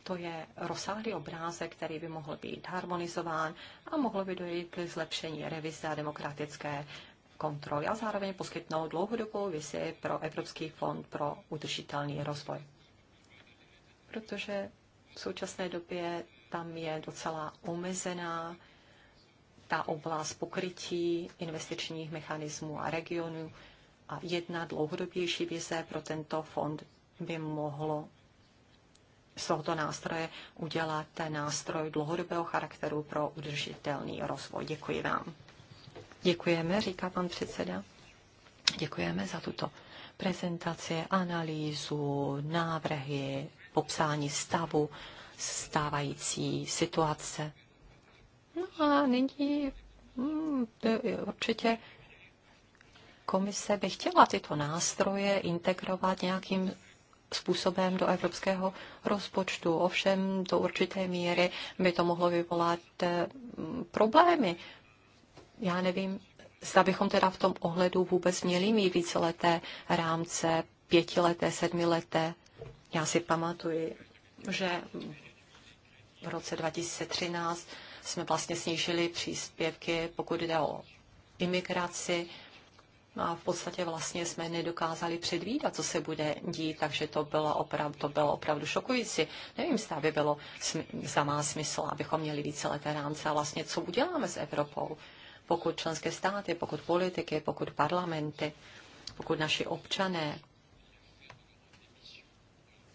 To je rozsáhlý obrázek, který by mohl být harmonizován a mohlo by dojít k zlepšení revize a demokratické kontroly a zároveň poskytnout dlouhodobou vizi pro Evropský fond pro udržitelný rozvoj. Protože v současné době tam je docela omezená ta oblast pokrytí investičních mechanismů a regionů a jedna dlouhodobější vize pro tento fond by mohlo z tohoto nástroje udělat nástroj dlouhodobého charakteru pro udržitelný rozvoj. Děkuji vám. Děkujeme, říká pan předseda. Děkujeme za tuto prezentaci, analýzu, návrhy, popsání stavu, stávající situace. No a nyní hmm, určitě komise by chtěla tyto nástroje integrovat nějakým způsobem do evropského rozpočtu. Ovšem do určité míry by to mohlo vyvolat eh, problémy. Já nevím, zda bychom teda v tom ohledu vůbec měli mít víceleté rámce, pětileté, sedmileté. Já si pamatuji, že v roce 2013 jsme vlastně snížili příspěvky, pokud jde o imigraci, No a v podstatě vlastně jsme nedokázali předvídat, co se bude dít, takže to bylo opravdu, to bylo opravdu šokující. Nevím, zda by bylo, za má smysl, abychom měli víceleté rámce a vlastně co uděláme s Evropou, pokud členské státy, pokud politiky, pokud parlamenty, pokud naši občané,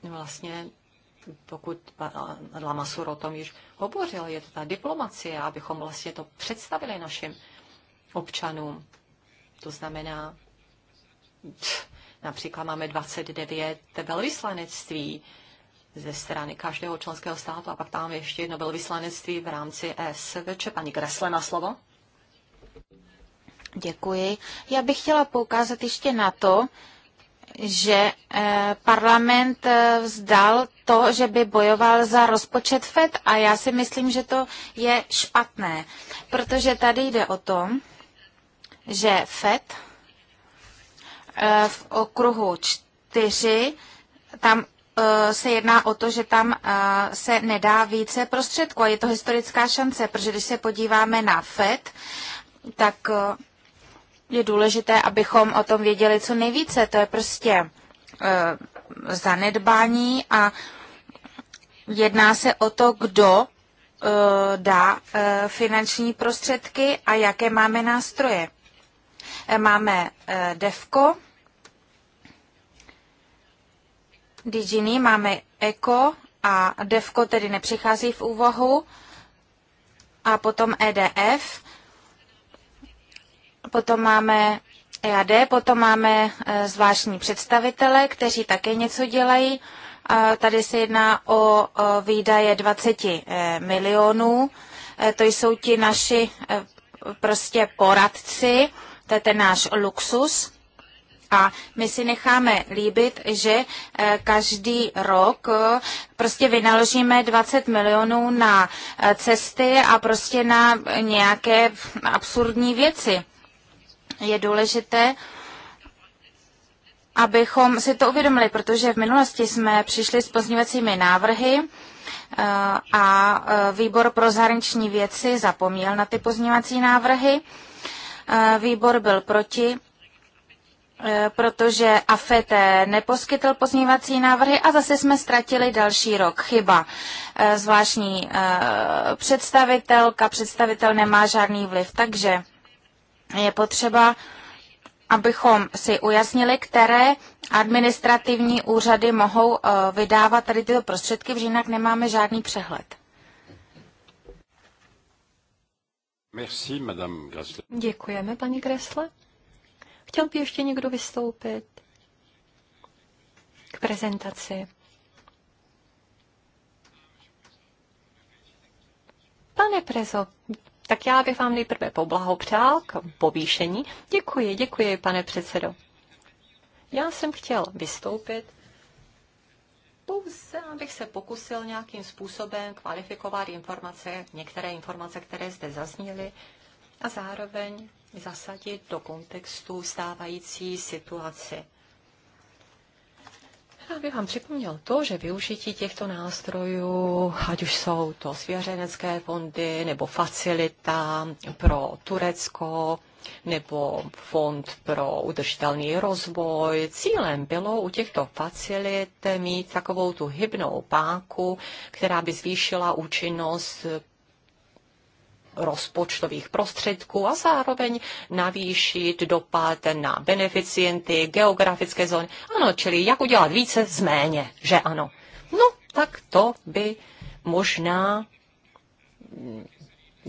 vlastně pokud Lamasur o tom již hovořil, je to ta diplomacie, abychom vlastně to představili našim občanům. To znamená, například máme 29 velvyslanectví ze strany každého členského státu a pak tam ještě jedno velvyslanectví v rámci SVČ. Paní Kresle na slovo. Děkuji. Já bych chtěla poukázat ještě na to, že eh, parlament eh, vzdal to, že by bojoval za rozpočet FED a já si myslím, že to je špatné, protože tady jde o tom, že FED eh, v okruhu 4, tam eh, se jedná o to, že tam eh, se nedá více prostředků a je to historická šance, protože když se podíváme na FED, tak je důležité, abychom o tom věděli co nejvíce. To je prostě zanedbání a jedná se o to, kdo dá finanční prostředky a jaké máme nástroje. Eh, máme eh, DEVKO, Digini, máme ECO a DEVKO tedy nepřichází v úvahu a potom EDF, potom máme EAD, potom máme eh, zvláštní představitele, kteří také něco dělají. Tady se jedná o výdaje 20 milionů. To jsou ti naši prostě poradci, to je ten náš luxus. A my si necháme líbit, že eh, každý rok eh, prostě vynaložíme 20 milionů na eh, cesty a prostě na nějaké absurdní věci. Je důležité, abychom si to uvědomili, protože v minulosti jsme přišli s pozněvacími návrhy a výbor pro zahraniční věci zapomněl na ty pozněvací návrhy. Výbor byl proti, e, protože AFET neposkytl pozměňovací návrhy a zase jsme ztratili další rok. Chyba. E, zvláštní e, představitelka, představitel nemá žádný vliv, takže je potřeba abychom si ujasnili, které administrativní úřady mohou vydávat tady tyto prostředky, protože jinak nemáme žádný přehled. Merci, Madame Děkujeme, paní Gressle. Chtěl by ještě někdo vystoupit k prezentaci? Pane Prezo, tak já bych vám nejprve poblahopřál k povýšení. Děkuji, děkuji, pane předsedo. Já jsem chtěl vystoupit pouze abych se pokusil nějakým způsobem kvalifikovat informace, některé informace, které zde zazněly, a zároveň zasadit do kontextu stávající situaci. Já bych vám připomněl to, že využití těchto nástrojů, ať už jsou to svěřenecké fondy nebo facilita pro Turecko, nebo Fond pro udržitelný rozvoj. Cílem bylo u těchto facilit mít takovou tu hybnou páku, která by zvýšila účinnost rozpočtových prostředků a zároveň navýšit dopad na beneficienty, geografické zóny. Ano, čili jak udělat více z méně, že ano. No, tak to by možná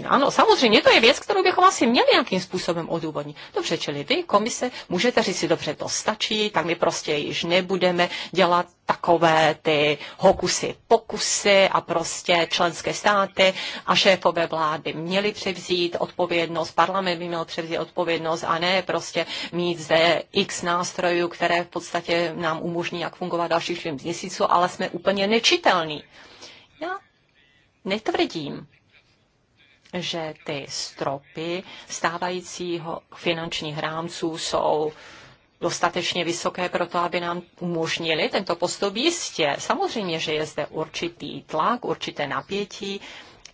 ano, samozřejmě, to je věc, kterou bychom asi měli nějakým způsobem odůvodnit. Dobře, čili vy, komise, můžete říct si, dobře, to stačí, tak my prostě již nebudeme dělat takové ty hokusy, pokusy a prostě členské státy a šéfové vlády měli převzít odpovědnost, parlament by měl převzít odpovědnost a ne prostě mít zde x nástrojů, které v podstatě nám umožní, jak fungovat dalších 4 měsíců, ale jsme úplně nečitelní. Já netvrdím, že ty stropy stávajícího finančních rámců jsou dostatečně vysoké pro to, aby nám umožnili tento postup jistě. Samozřejmě, že je zde určitý tlak, určité napětí,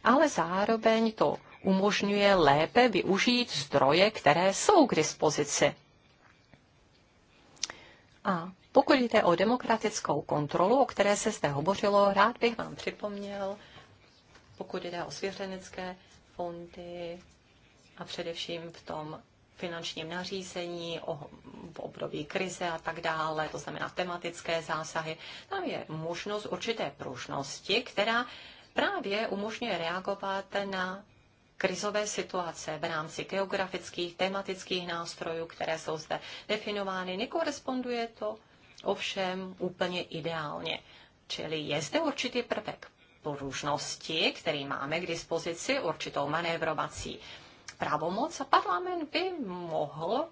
ale zároveň to umožňuje lépe využít zdroje, které jsou k dispozici. A pokud jde o demokratickou kontrolu, o které se zde hovořilo, rád bych vám připomněl, pokud jde o svěřenecké fondy a především v tom finančním nařízení, o, v období krize a tak dále, to znamená tematické zásahy. Tam je možnost určité pružnosti, která právě umožňuje reagovat na krizové situace v rámci geografických, tematických nástrojů, které jsou zde definovány. Nekoresponduje to ovšem úplně ideálně. Čili je zde určitý prvek pružnosti, který máme k dispozici, určitou manévrovací pravomoc a parlament by mohl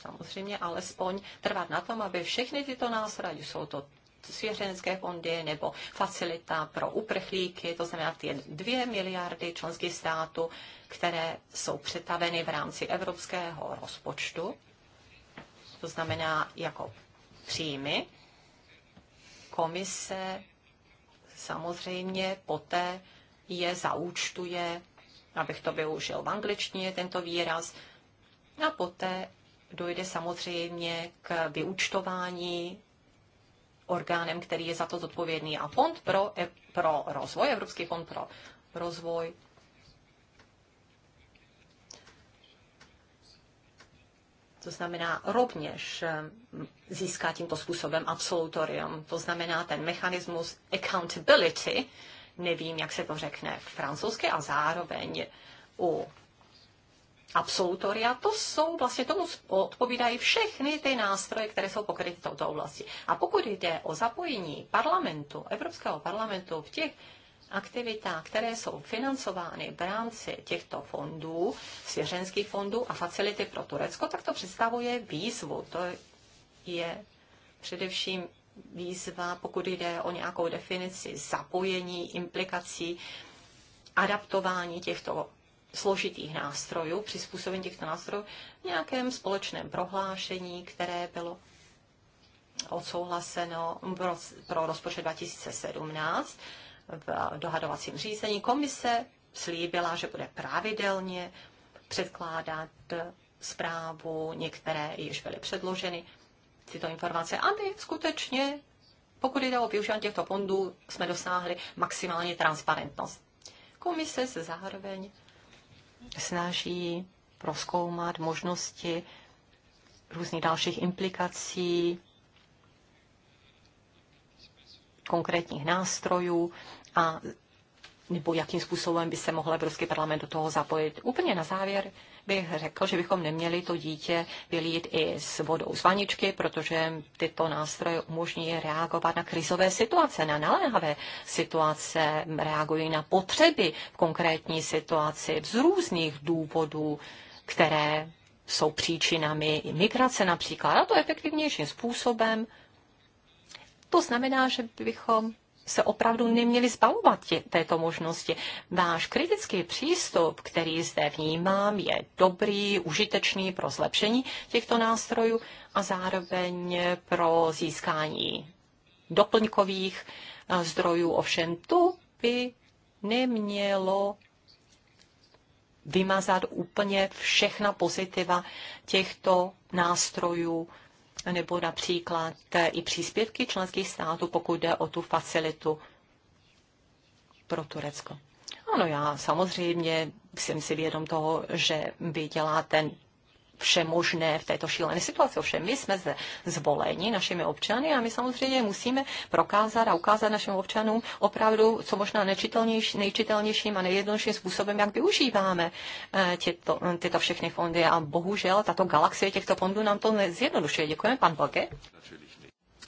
samozřejmě alespoň trvat na tom, aby všechny tyto nástroje, jsou to svěřenské fondy nebo facilita pro uprchlíky, to znamená ty dvě miliardy členských států, které jsou přetaveny v rámci evropského rozpočtu, to znamená jako příjmy, komise samozřejmě poté je zaúčtuje, abych to využil v angličtině, tento výraz, a poté dojde samozřejmě k vyúčtování orgánem, který je za to zodpovědný. A fond pro, e- pro rozvoj, Evropský fond pro rozvoj, to znamená rovněž eh, získá tímto způsobem absolutorium. To znamená ten mechanismus accountability, nevím, jak se to řekne v francouzsky, a zároveň u absolutoria, to jsou vlastně tomu odpovídají všechny ty nástroje, které jsou pokryty touto oblasti. A pokud jde o zapojení parlamentu, Evropského parlamentu v těch aktivita, které jsou financovány v rámci těchto fondů, svěřenských fondů a facility pro Turecko, tak to představuje výzvu. To je především výzva, pokud jde o nějakou definici zapojení, implikací, adaptování těchto složitých nástrojů, přizpůsobení těchto nástrojů v nějakém společném prohlášení, které bylo odsouhlaseno pro rozpočet 2017 v dohadovacím řízení. Komise slíbila, že bude pravidelně předkládat zprávu, některé již byly předloženy, tyto informace, aby skutečně, pokud jde o využívání těchto fondů, jsme dosáhli maximální transparentnost. Komise se zároveň snaží proskoumat možnosti různých dalších implikací konkrétních nástrojů a nebo jakým způsobem by se mohl Evropský parlament do toho zapojit. Úplně na závěr bych řekl, že bychom neměli to dítě vylít i s vodou z vaničky, protože tyto nástroje umožní reagovat na krizové situace, na naléhavé situace, reagují na potřeby v konkrétní situaci z různých důvodů, které jsou příčinami migrace například, a to efektivnějším způsobem to znamená, že bychom se opravdu neměli zbavovat tě, této možnosti. Váš kritický přístup, který zde vnímám, je dobrý, užitečný pro zlepšení těchto nástrojů a zároveň pro získání doplňkových eh, zdrojů. Ovšem tu by nemělo vymazat úplně všechna pozitiva těchto nástrojů nebo například i příspěvky členských států, pokud jde o tu facilitu pro Turecko. Ano, já samozřejmě jsem si vědom toho, že vy děláte všemožné v této šílené situaci. Ovšem my jsme zde zvoleni našimi občany a my samozřejmě musíme prokázat a ukázat našim občanům opravdu co možná nejčitelnějším a nejjednodušším způsobem, jak využíváme eh, těto, tyto všechny fondy. A bohužel tato galaxie těchto fondů nám to nezjednodušuje. Děkujeme, pan Boge.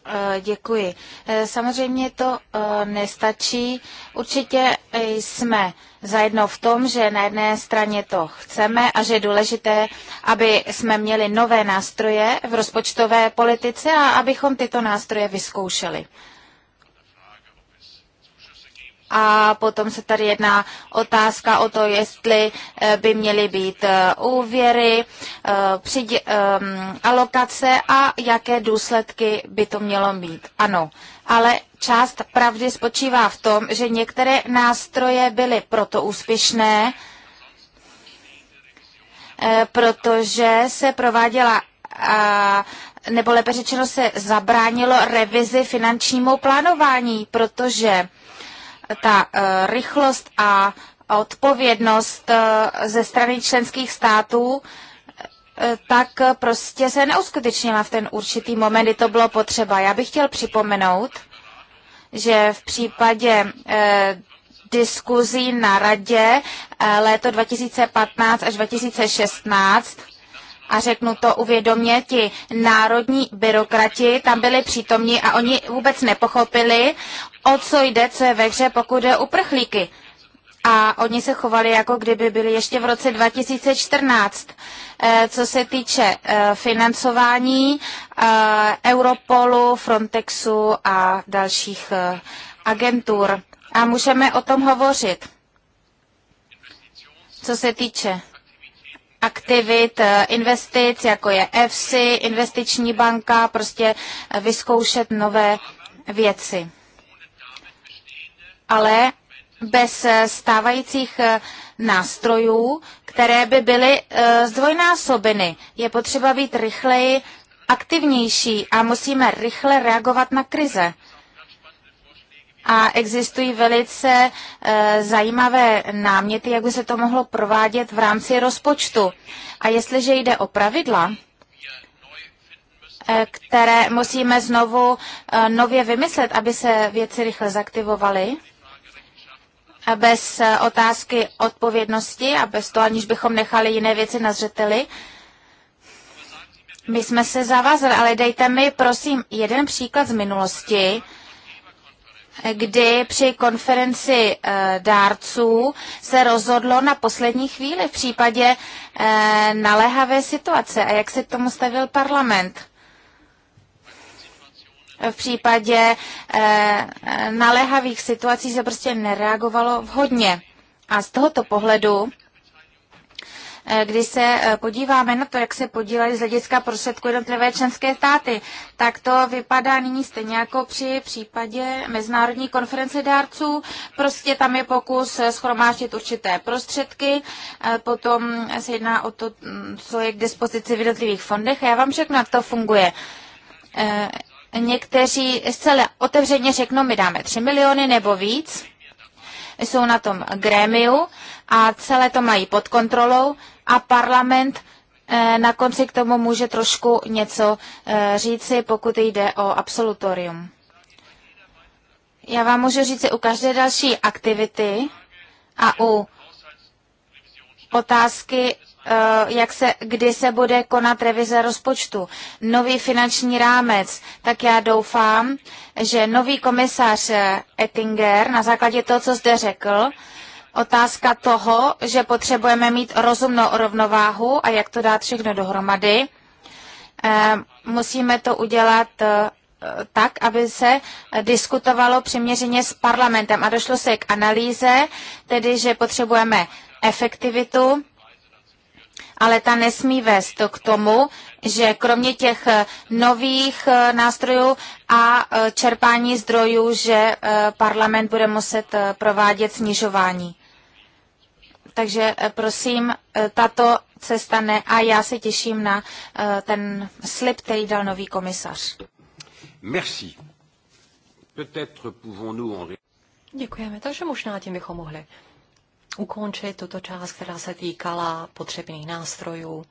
Eh, děkuji. Eh, samozřejmě to eh, nestačí. Určitě jsme zajedno v tom, že na jedné straně to chceme a že je důležité, aby jsme měli nové nástroje v rozpočtové politice a abychom tyto nástroje vyzkoušeli. A potom se tady jedná otázka o to, jestli eh, by měly být eh, úvěry, eh, přidě, ehm, alokace a jaké důsledky by to mělo mít. Ano, ale část pravdy spočívá v tom, že některé nástroje byly proto úspěšné, protože se prováděla nebo lépe řečeno se zabránilo revizi finančnímu plánování, protože ta eh, rychlost a odpovědnost eh, ze strany členských států eh, tak prostě se neuskutečnila v ten určitý moment, kdy to bylo potřeba. Já bych chtěl připomenout, že v případě diskuzí na radě léto 2015 až 2016 a řeknu to uvědomě, ti národní byrokrati tam byli přítomní a oni vůbec nepochopili, o co jde, co je ve hře, pokud jde uprchlíky. A oni se chovali, jako kdyby byli ještě v roce 2014. Eh, co se týče eh, financování eh, Europolu, Frontexu a dalších agentur. A můžeme o tom hovořit. Co se týče aktivit, eh, investic, jako je EFSI, investiční banka, prostě eh, vyzkoušet nové věci. Ale bez eh, stávajících nástrojů, které by byly zdvojnásobeny, je potřeba být rychleji aktivnější a musíme rychle reagovat na krize a existují velice e, zajímavé náměty, jak by se to mohlo provádět v rámci rozpočtu. A jestliže jde o pravidla, e, které musíme znovu e, nově vymyslet, aby se věci rychle zaktivovaly, bez otázky odpovědnosti a bez toho, aniž bychom nechali jiné věci na zřeteli, my jsme se zavazili, ale dejte mi prosím jeden příklad z minulosti, kdy při konferenci eh, dárců se rozhodlo na poslední chvíli v případě eh, naléhavé situace a jak se k tomu stavil parlament v případě eh, naléhavých situací se prostě nereagovalo vhodně. A z tohoto pohledu Eh, když se eh, podíváme na to, jak se podílejí z hlediska prostředku jednotlivé členské státy, tak to vypadá nyní stejně jako při případě Mezinárodní konference dárců. Prostě tam je pokus eh, schromáždit určité prostředky, potom se jedná o to, mm, co je k dispozici v jednotlivých fondech. A já vám řeknu, jak to funguje. Někteří zcela otevřeně řeknou, my dáme 3 miliony nebo víc, jsou na tom grémiu a celé to mají pod kontrolou a parlament eh, na konci k tomu může trošku něco eh, říci, pokud jde o absolutorium. Já vám můžu říci u každé další aktivity a u otázky, eh, jak se, kdy se bude konat revize rozpočtu, nový finanční rámec, tak já doufám, že nový komisař Ettinger na základě toho, co zde řekl, otázka toho, že potřebujeme mít rozumnou rovnováhu a jak to dát všechno dohromady. Eh, musíme to udělat eh, tak, aby se diskutovalo přiměřeně s parlamentem a došlo se k analýze, tedy že potřebujeme efektivitu, ale ta nesmí vést k tomu, že kromě těch eh, nových nástrojů a čerpání zdrojů, že parlament bude muset provádět snižování. Takže eh, prosím, eh, tato cesta ne a já se těším na eh, ten slib, který dal nový komisař. Merci. Děkujeme, takže možná tím bychom mohli ukončit tuto část, která se týkala potřebných nástrojů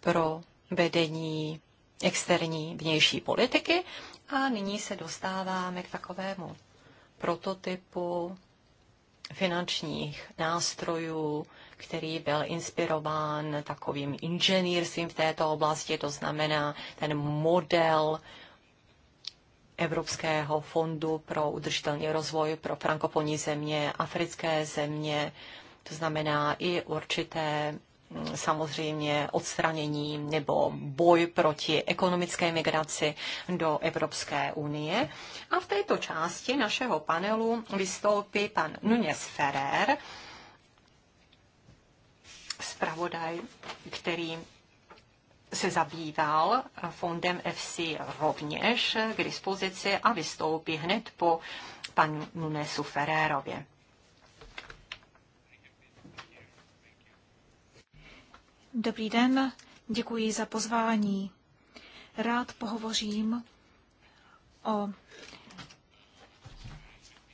pro vedení externí vnější politiky. A nyní se dostáváme k takovému prototypu finančních nástrojů, který byl inspirován takovým inženýrstvím v této oblasti, to znamená ten model Evropského fondu pro udržitelný rozvoj pro frankofonní země, africké země, to znamená i určité samozřejmě odstranění nebo boj proti ekonomické migraci do Evropské unie. A v této části našeho panelu vystoupí pan Nunes Ferrer, zpravodaj, který se zabýval fondem FC rovněž k dispozici a vystoupí hned po panu Nunesu Ferrerovi. Dobrý den, děkuji za pozvání. Rád pohovořím o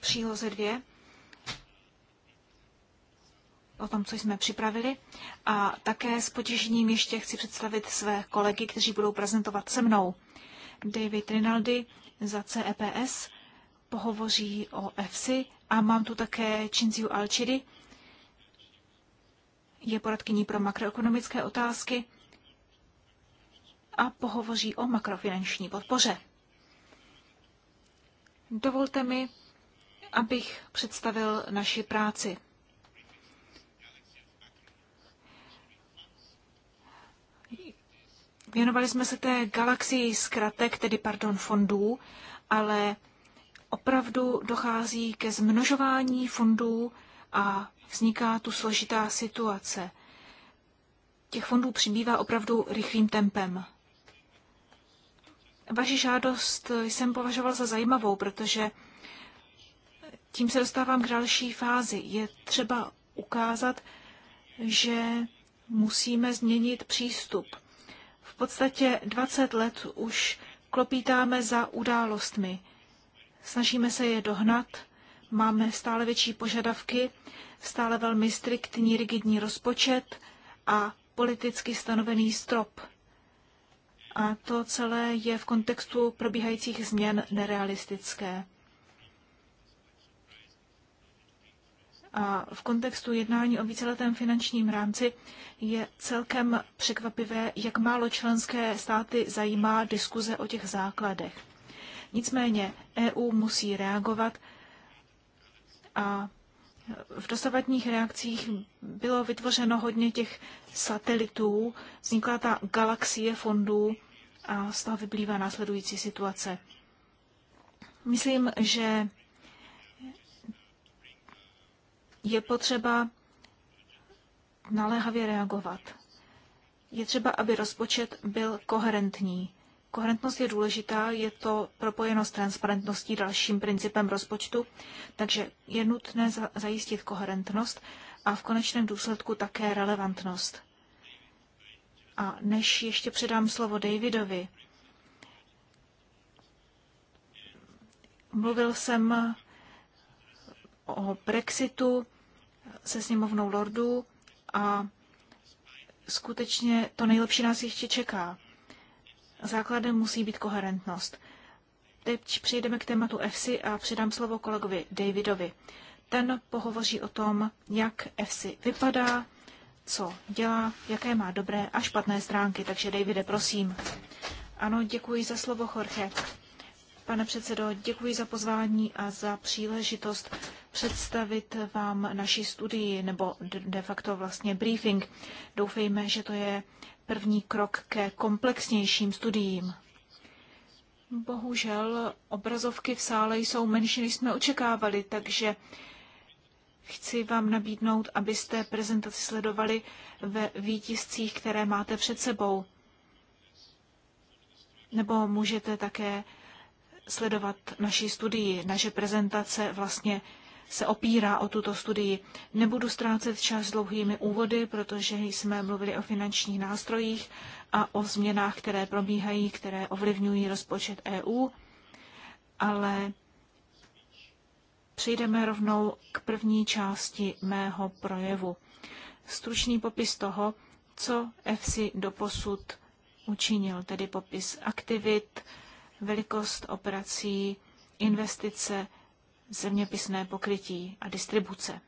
příloze dvě, o tom, co jsme připravili. A také s potěšením ještě chci představit své kolegy, kteří budou prezentovat se mnou. David Rinaldi za CEPS pohovoří o EFSI a mám tu také Chinziu Alchidi, je poradkyní pro makroekonomické otázky a pohovoří o makrofinanční podpoře. Dovolte mi, abych představil naši práci. Věnovali jsme se té galaxii zkratek, tedy pardon, fondů, ale opravdu dochází ke zmnožování fondů a vzniká tu složitá situace. Těch fondů přibývá opravdu rychlým tempem. Vaši žádost jsem považoval za zajímavou, protože tím se dostávám k další fázi. Je třeba ukázat, že musíme změnit přístup. V podstatě 20 let už klopítáme za událostmi. Snažíme se je dohnat Máme stále větší požadavky, stále velmi striktní, rigidní rozpočet a politicky stanovený strop. A to celé je v kontextu probíhajících změn nerealistické. A v kontextu jednání o víceletém finančním rámci je celkem překvapivé, jak málo členské státy zajímá diskuze o těch základech. Nicméně EU musí reagovat a v dosavadních reakcích bylo vytvořeno hodně těch satelitů, vznikla ta galaxie fondů a z toho vyplývá následující situace. Myslím, že je potřeba naléhavě reagovat. Je třeba, aby rozpočet byl koherentní. Koherentnost je důležitá, je to propojeno s transparentností dalším principem rozpočtu, takže je nutné zajistit koherentnost a v konečném důsledku také relevantnost. A než ještě předám slovo Davidovi, mluvil jsem o Brexitu se sněmovnou lordů a skutečně to nejlepší nás ještě čeká základem musí být koherentnost. Teď přejdeme k tématu EFSI a předám slovo kolegovi Davidovi. Ten pohovoří o tom, jak EFSI vypadá, co dělá, jaké má dobré a špatné stránky. Takže Davide, prosím. Ano, děkuji za slovo, Jorge. Pane předsedo, děkuji za pozvání a za příležitost představit vám naši studii, nebo de facto vlastně briefing. Doufejme, že to je první krok ke komplexnějším studiím. Bohužel obrazovky v sále jsou menší, než jsme očekávali, takže chci vám nabídnout, abyste prezentaci sledovali ve výtiscích, které máte před sebou. Nebo můžete také sledovat naši studii. Naše prezentace vlastně se opírá o tuto studii. Nebudu ztrácet čas dlouhými úvody, protože jsme mluvili o finančních nástrojích a o změnách, které probíhají, které ovlivňují rozpočet EU, ale přejdeme rovnou k první části mého projevu. Stručný popis toho, co EFSI doposud učinil, tedy popis aktivit, velikost operací, investice, zeměpisné pokrytí a distribuce.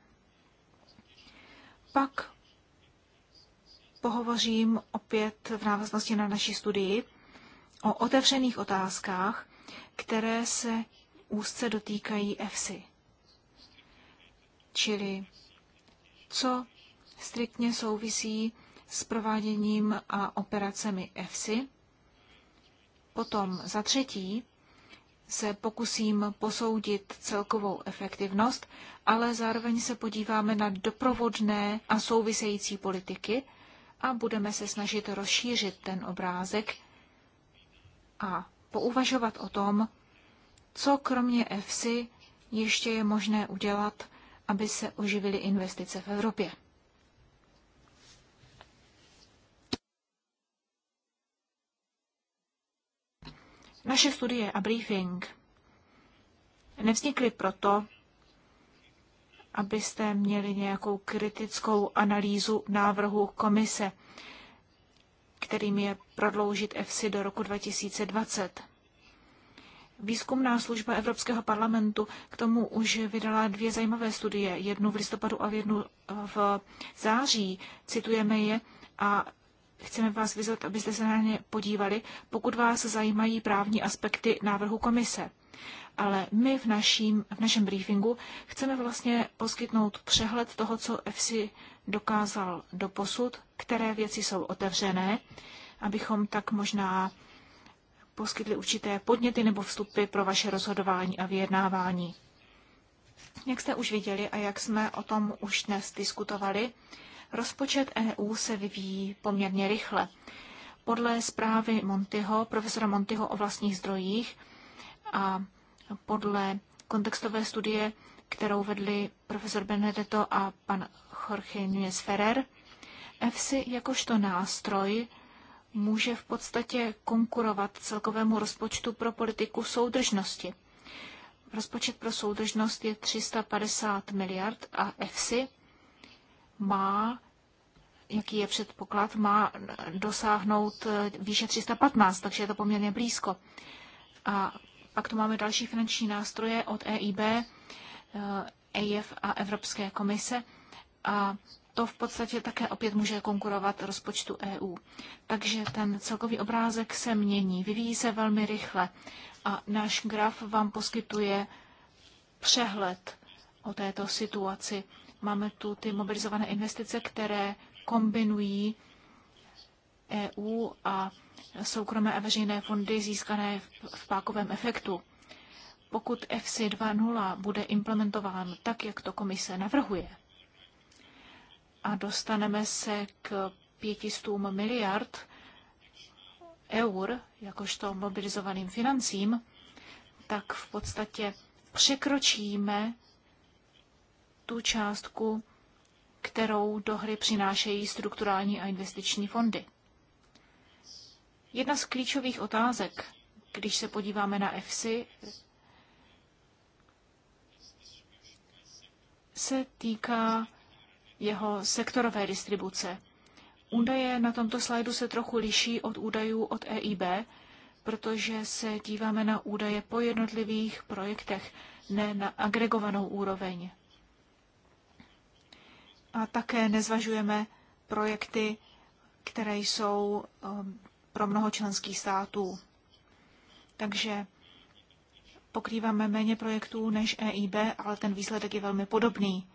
Pak pohovořím opět v návaznosti na naší studii o otevřených otázkách, které se úzce dotýkají EFSI. Čili co striktně souvisí s prováděním a operacemi EFSI. Potom za třetí se pokusím posoudit celkovou efektivnost, ale zároveň se podíváme na doprovodné a související politiky a budeme se snažit rozšířit ten obrázek a pouvažovat o tom, co kromě EFSI ještě je možné udělat, aby se oživily investice v Evropě. Naše studie a briefing nevznikly proto, abyste měli nějakou kritickou analýzu návrhu komise, kterým je prodloužit EFSI do roku 2020. Výzkumná služba Evropského parlamentu k tomu už vydala dvě zajímavé studie, jednu v listopadu a jednu v září. Citujeme je a Chceme vás vyzvat, abyste se na ně podívali, pokud vás zajímají právní aspekty návrhu komise. Ale my v, naším, v našem briefingu chceme vlastně poskytnout přehled toho, co EFSI dokázal do posud, které věci jsou otevřené, abychom tak možná poskytli určité podněty nebo vstupy pro vaše rozhodování a vyjednávání. Jak jste už viděli a jak jsme o tom už dnes diskutovali, Rozpočet EU se vyvíjí poměrně rychle. Podle zprávy Montyho, profesora Montyho o vlastních zdrojích a podle kontextové studie, kterou vedli profesor Benedetto a pan Jorge Núñez Ferrer, EFSI jakožto nástroj může v podstatě konkurovat celkovému rozpočtu pro politiku soudržnosti. Rozpočet pro soudržnost je 350 miliard a EFSI má, jaký je předpoklad, má dosáhnout eh, výše 315, takže je to poměrně blízko. A pak tu máme další finanční nástroje od EIB, EIF eh, e a Evropské komise. A to v podstatě také opět může konkurovat rozpočtu EU. Takže ten celkový obrázek se mění, vyvíjí se velmi rychle a náš graf vám poskytuje přehled o této situaci Máme tu ty mobilizované investice, které kombinují EU a soukromé a veřejné fondy získané v pákovém efektu. Pokud FC 2.0 bude implementován tak, jak to komise navrhuje, a dostaneme se k 500 miliard eur, jakožto mobilizovaným financím, tak v podstatě překročíme tu částku, kterou do hry přinášejí strukturální a investiční fondy. Jedna z klíčových otázek, když se podíváme na EFSI, se týká jeho sektorové distribuce. Údaje na tomto slajdu se trochu liší od údajů od EIB, protože se díváme na údaje po jednotlivých projektech, ne na agregovanou úroveň také nezvažujeme projekty, které jsou um, pro mnoho členských států. Takže pokrýváme méně projektů než EIB, ale ten výsledek je velmi podobný.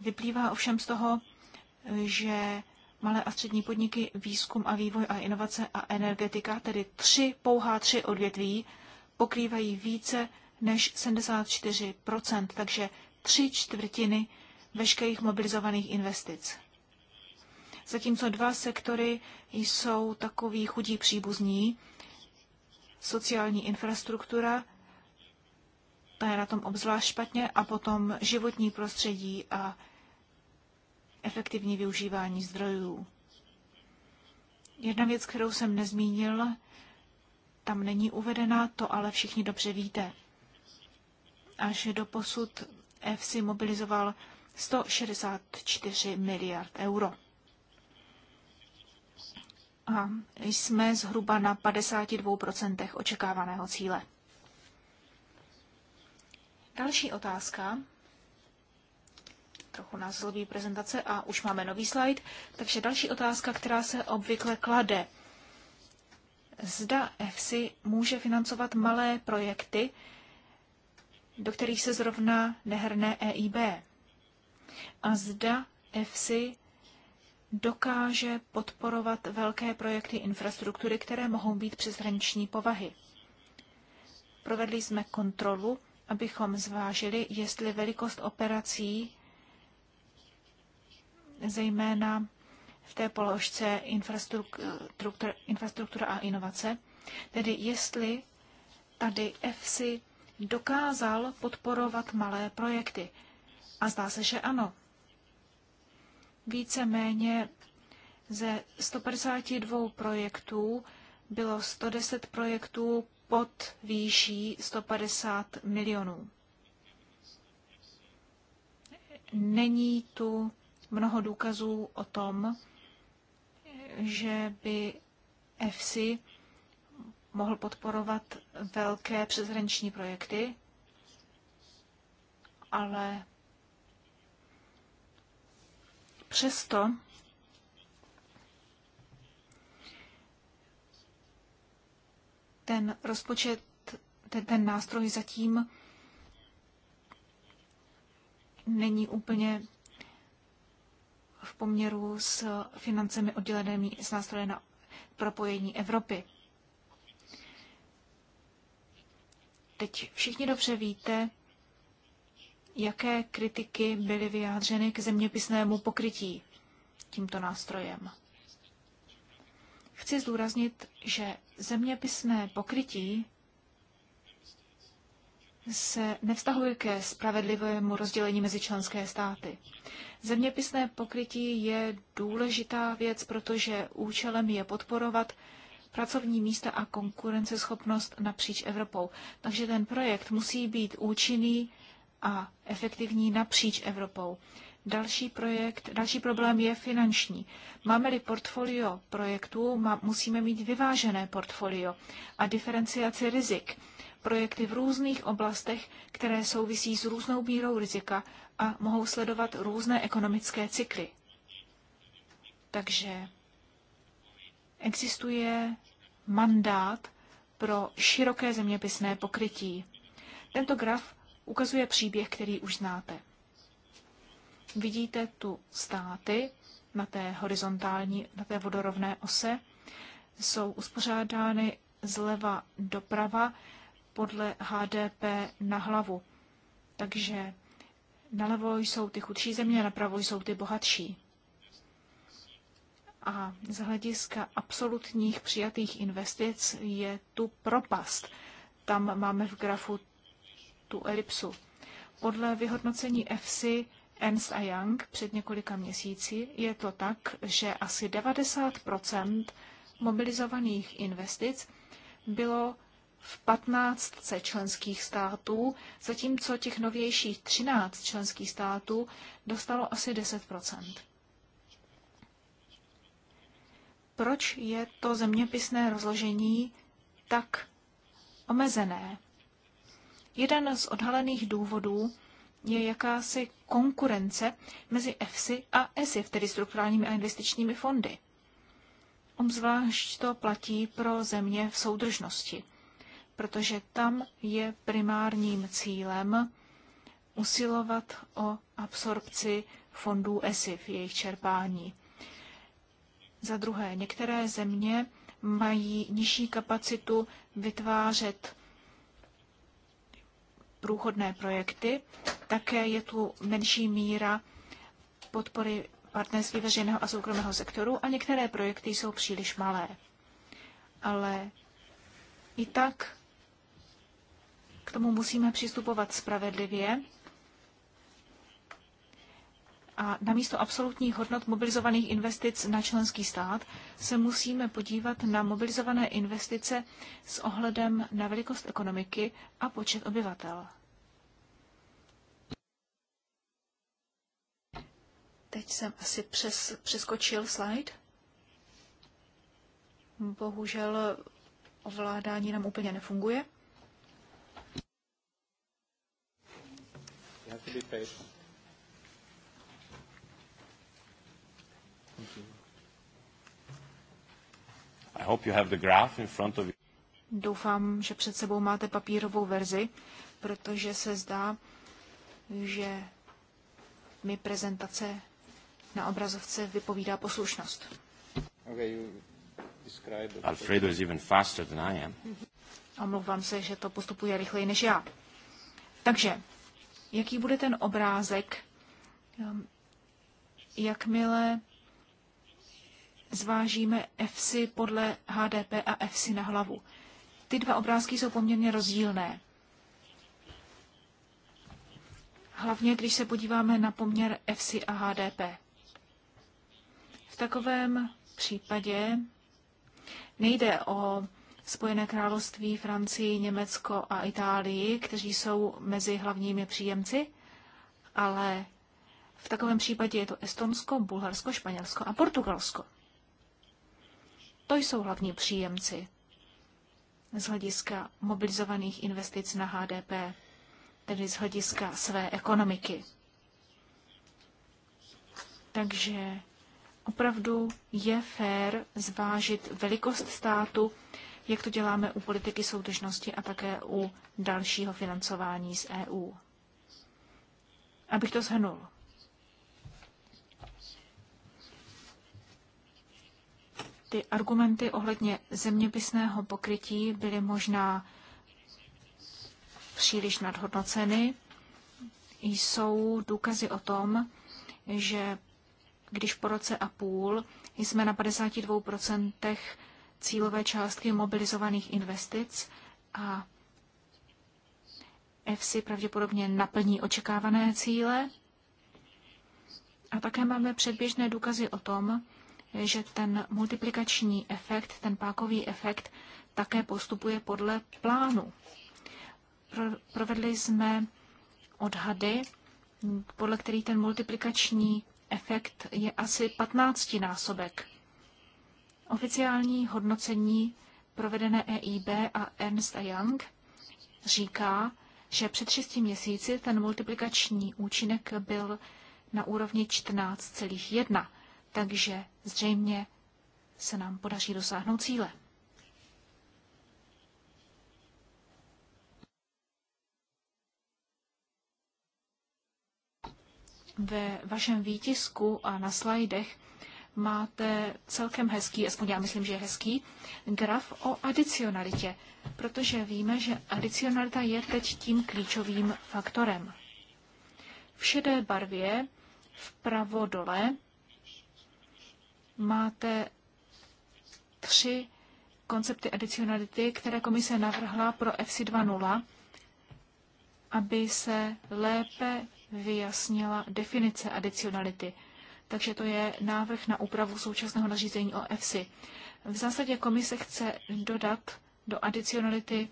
Vyplývá ovšem z toho, že malé a střední podniky, výzkum a vývoj a inovace a energetika, tedy tři pouhá tři odvětví, pokrývají více než 74 takže tři čtvrtiny veškerých mobilizovaných investic. Zatímco dva sektory jsou takový chudí příbuzní, sociální infrastruktura, ta je na tom obzvlášť špatně, a potom životní prostředí a efektivní využívání zdrojů. Jedna věc, kterou jsem nezmínil, tam není uvedena, to ale všichni dobře víte. Až do posud EFSI mobilizoval 164 miliard euro. A jsme zhruba na 52% očekávaného cíle. Další otázka. Trochu nás zlobí prezentace a už máme nový slide. Takže další otázka, která se obvykle klade. Zda EFSI může financovat malé projekty, do kterých se zrovna nehrne EIB a zda EFSI dokáže podporovat velké projekty infrastruktury, které mohou být přeshraniční povahy. Provedli jsme kontrolu, abychom zvážili, jestli velikost operací, zejména v té položce infrastruktura, infrastruktura a inovace, tedy jestli tady EFSI dokázal podporovat malé projekty. A zdá se, že ano. Víceméně ze 152 projektů bylo 110 projektů pod výší 150 milionů. Není tu mnoho důkazů o tom, že by EFSI mohl podporovat velké přeshraniční projekty, ale Přesto ten rozpočet, ten, ten nástroj zatím není úplně v poměru s financemi oddělenými z nástroje na propojení Evropy. Teď všichni dobře víte, jaké kritiky byly vyjádřeny k zeměpisnému pokrytí tímto nástrojem. Chci zdůraznit, že zeměpisné pokrytí se nevztahuje ke spravedlivému rozdělení mezi členské státy. Zeměpisné pokrytí je důležitá věc, protože účelem je podporovat pracovní místa a konkurenceschopnost napříč Evropou. Takže ten projekt musí být účinný a efektivní napříč Evropou. Další, projekt, další problém je finanční. Máme-li portfolio projektů, má, musíme mít vyvážené portfolio a diferenciaci rizik. Projekty v různých oblastech, které souvisí s různou mírou rizika a mohou sledovat různé ekonomické cykly. Takže existuje mandát pro široké zeměpisné pokrytí. Tento graf ukazuje příběh, který už znáte. Vidíte tu státy na té horizontální, na té vodorovné ose. Jsou uspořádány zleva doprava podle HDP na hlavu. Takže nalevo jsou ty chudší země, napravo jsou ty bohatší. A z hlediska absolutních přijatých investic je tu propast. Tam máme v grafu tu elipsu. Podle vyhodnocení EFSI Ernst a Young před několika měsíci je to tak, že asi 90 mobilizovaných investic bylo v 15 členských států, zatímco těch novějších 13 členských států dostalo asi 10 Proč je to zeměpisné rozložení tak omezené? Jeden z odhalených důvodů je jakási konkurence mezi EFSI a ESIF, tedy strukturálními a investičními fondy. Obzvlášť to platí pro země v soudržnosti, protože tam je primárním cílem usilovat o absorpci fondů ESIF, jejich čerpání. Za druhé, některé země mají nižší kapacitu vytvářet průchodné projekty. Také je tu menší míra podpory partnerství veřejného a soukromého sektoru a některé projekty jsou příliš malé. Ale i tak k tomu musíme přistupovat spravedlivě a namísto absolutních hodnot mobilizovaných investic na členský stát se musíme podívat na mobilizované investice s ohledem na velikost ekonomiky a počet obyvatel. Teď jsem asi přes, přeskočil slide. Bohužel ovládání nám úplně nefunguje. You have to be patient. I hope you have the graph in front of you. Doufám, že před sebou máte papírovou verzi, protože se zdá, že mi prezentace na obrazovce vypovídá poslušnost. Okay, you describe... Alfredo is even faster than I am. Omlouvám se, že to postupuje rychleji než já. Takže, jaký bude ten obrázek, ehm, jakmile zvážíme FC podle HDP a FC na hlavu. Ty dva obrázky jsou poměrně rozdílné. Hlavně, když se podíváme na poměr FC a HDP. V takovém případě nejde o Spojené království, Francii, Německo a Itálii, kteří jsou mezi hlavními příjemci, ale v takovém případě je to Estonsko, Bulharsko, Španělsko a Portugalsko. To jsou hlavní příjemci z hlediska mobilizovaných investic na HDP, tedy z hlediska své ekonomiky. Takže opravdu je fér zvážit velikost státu, jak to děláme u politiky soudržnosti a také u dalšího financování z EU. Abych to shrnul. Ty argumenty ohledně zeměpisného pokrytí byly možná příliš nadhodnoceny. Jsou důkazy o tom, že když po roce a půl jsme na 52% cílové částky mobilizovaných investic a EFSI pravděpodobně naplní očekávané cíle. A také máme předběžné důkazy o tom, že ten multiplikační efekt, ten pákový efekt, také postupuje podle plánu. Provedli jsme odhady, podle kterých ten multiplikační efekt je asi 15 násobek. Oficiální hodnocení provedené EIB a Ernst Young říká, že před 6 měsíci ten multiplikační účinek byl na úrovni 14,1 takže zřejmě se nám podaří dosáhnout cíle. Ve vašem výtisku a na slajdech máte celkem hezký, aspoň já myslím, že je hezký, graf o adicionalitě, protože víme, že adicionalita je teď tím klíčovým faktorem. V šedé barvě vpravo dole máte tři koncepty adicionality, které komise navrhla pro FC 2.0, aby se lépe vyjasnila definice adicionality. Takže to je návrh na úpravu současného nařízení o EFSI. V zásadě komise chce dodat do adicionality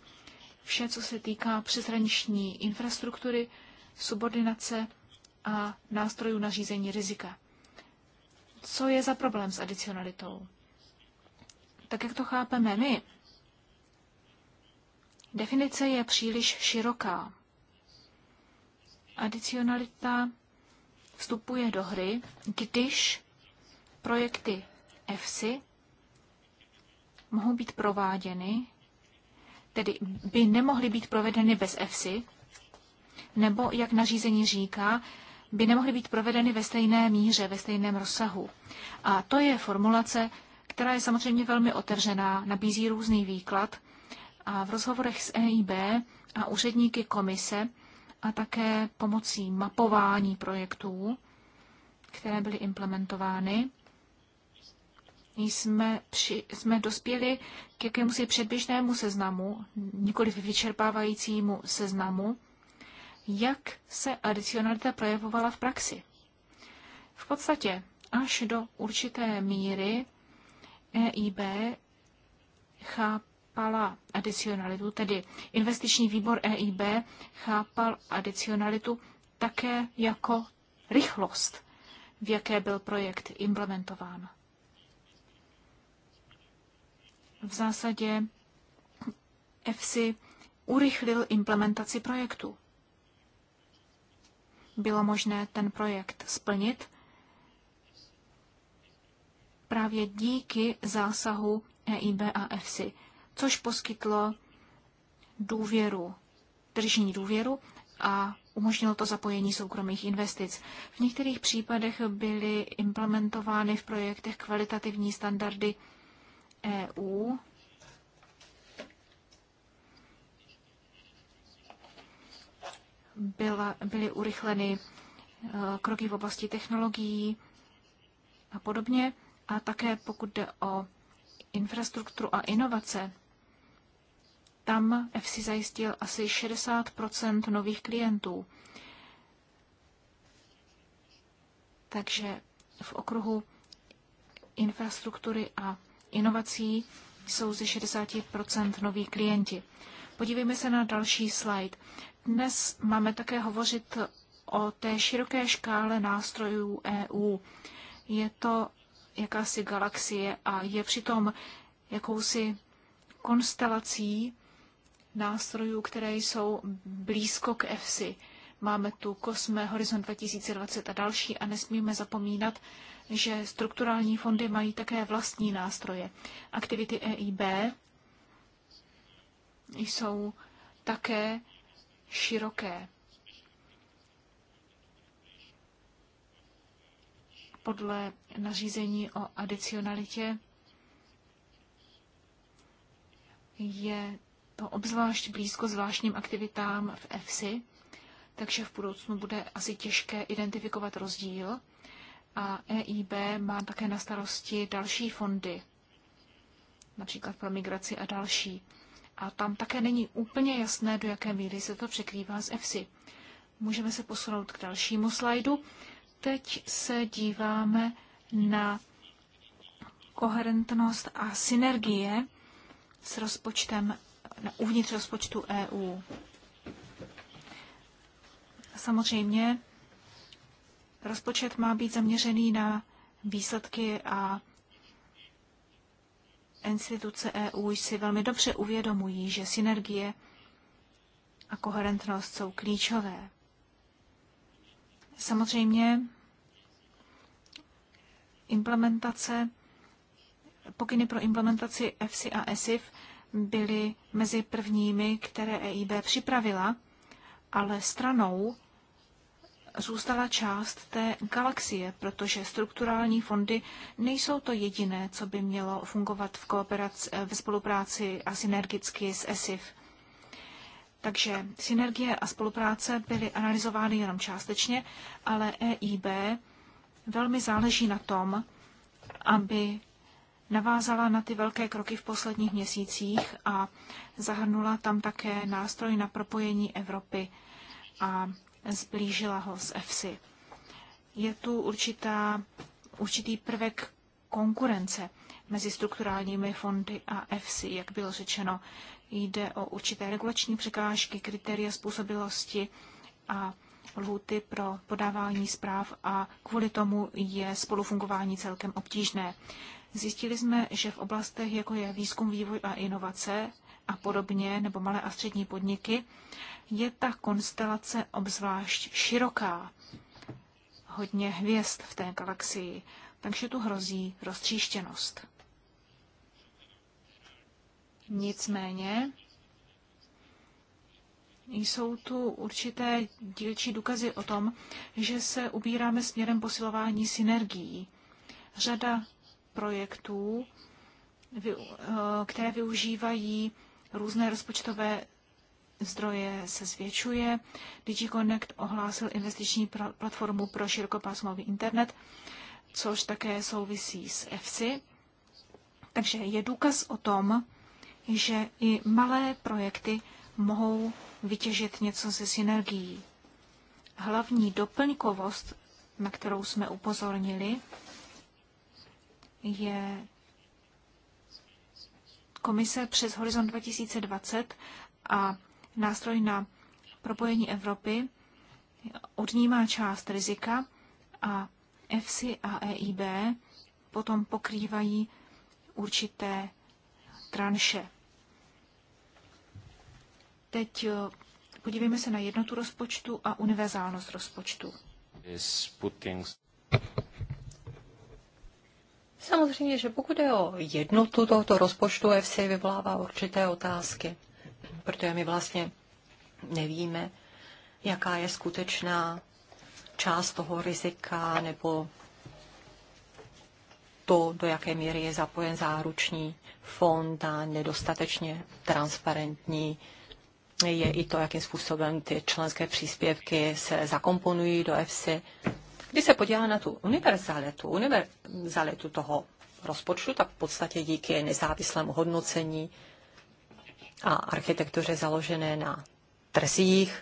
vše, co se týká přeshraniční infrastruktury, subordinace a nástrojů nařízení rizika co je za problém s adicionalitou. Tak jak to chápeme my, definice je příliš široká. Adicionalita vstupuje do hry, když projekty EFSI mohou být prováděny, tedy by nemohly být provedeny bez EFSI, nebo, jak nařízení říká, by nemohly být provedeny ve stejné míře, ve stejném rozsahu. A to je formulace, která je samozřejmě velmi otevřená, nabízí různý výklad. A v rozhovorech s EIB a úředníky komise a také pomocí mapování projektů, které byly implementovány, jsme, při, jsme dospěli k jakémusi předběžnému seznamu, nikoli vyčerpávajícímu seznamu, jak se adicionalita projevovala v praxi. V podstatě až do určité míry EIB chápala adicionalitu, tedy investiční výbor EIB chápal adicionalitu také jako rychlost, v jaké byl projekt implementován. V zásadě EFSI urychlil implementaci projektu bylo možné ten projekt splnit právě díky zásahu EIB a EFSI, což poskytlo důvěru, držení důvěru a umožnilo to zapojení soukromých investic. V některých případech byly implementovány v projektech kvalitativní standardy EU byla, byly urychleny eh, kroky v oblasti technologií a podobně. A také pokud jde o infrastrukturu a inovace, tam FC zajistil asi 60 nových klientů. Takže v okruhu infrastruktury a inovací jsou ze 60 noví klienti. Podívejme se na další slide. Dnes máme také hovořit o té široké škále nástrojů EU. Je to jakási galaxie a je přitom jakousi konstelací nástrojů, které jsou blízko k EFSI. Máme tu Kosme, Horizont 2020 a další a nesmíme zapomínat, že strukturální fondy mají také vlastní nástroje. Aktivity EIB jsou také široké. Podle nařízení o adicionalitě je to obzvlášť blízko zvláštním aktivitám v EFSI, takže v budoucnu bude asi těžké identifikovat rozdíl. A EIB má také na starosti další fondy, například pro migraci a další. A tam také není úplně jasné, do jaké míry se to překrývá s EFSI. Můžeme se posunout k dalšímu slajdu. Teď se díváme na koherentnost a synergie s rozpočtem na uvnitř rozpočtu EU. Samozřejmě rozpočet má být zaměřený na výsledky a instituce EU si velmi dobře uvědomují, že synergie a koherentnost jsou klíčové. Samozřejmě implementace, pokyny pro implementaci EFSI a ESIF byly mezi prvními, které EIB připravila, ale stranou zůstala část té galaxie, protože strukturální fondy nejsou to jediné, co by mělo fungovat v kooperaci, eh, ve spolupráci a synergicky s ESIF. Takže synergie a spolupráce byly analyzovány jenom částečně, ale EIB velmi záleží na tom, aby navázala na ty velké kroky v posledních měsících a zahrnula tam také nástroj na propojení Evropy a zblížila ho s EFSI. Je tu určitá, určitý prvek konkurence mezi strukturálními fondy a EFSI, jak bylo řečeno. Jde o určité regulační překážky, kritéria způsobilosti a lhuty pro podávání zpráv a kvůli tomu je spolufungování celkem obtížné. Zjistili jsme, že v oblastech, jako je výzkum, vývoj a inovace, a podobně, nebo malé a střední podniky, je ta konstelace obzvlášť široká. Hodně hvězd v té galaxii, takže tu hrozí roztříštěnost. Nicméně jsou tu určité dílčí důkazy o tom, že se ubíráme směrem posilování synergií. Řada projektů, eh, které využívají různé rozpočtové zdroje se zvětšuje. DigiConnect ohlásil investiční platformu pro širokopásmový internet, což také souvisí s EFSI. Takže je důkaz o tom, že i malé projekty mohou vytěžit něco ze synergií. Hlavní doplňkovost, na kterou jsme upozornili, je komise přes Horizon 2020 a nástroj na propojení Evropy odnímá část rizika a EFSI a EIB potom pokrývají určité tranše. Teď eh, podívejme se na jednotu rozpočtu a univerzálnost rozpočtu. Samozřejmě, že pokud je o jednotu tohoto rozpočtu, FC vyvolává určité otázky, protože my vlastně nevíme, jaká je skutečná část toho rizika nebo to, do jaké míry je zapojen záruční fond a nedostatečně transparentní je i to, jakým způsobem ty členské příspěvky se zakomponují do EFSI. Když se podívá na tu univerzalitu, univerzalitu toho rozpočtu, tak v podstatě díky nezávislému hodnocení a architektuře založené na trzích,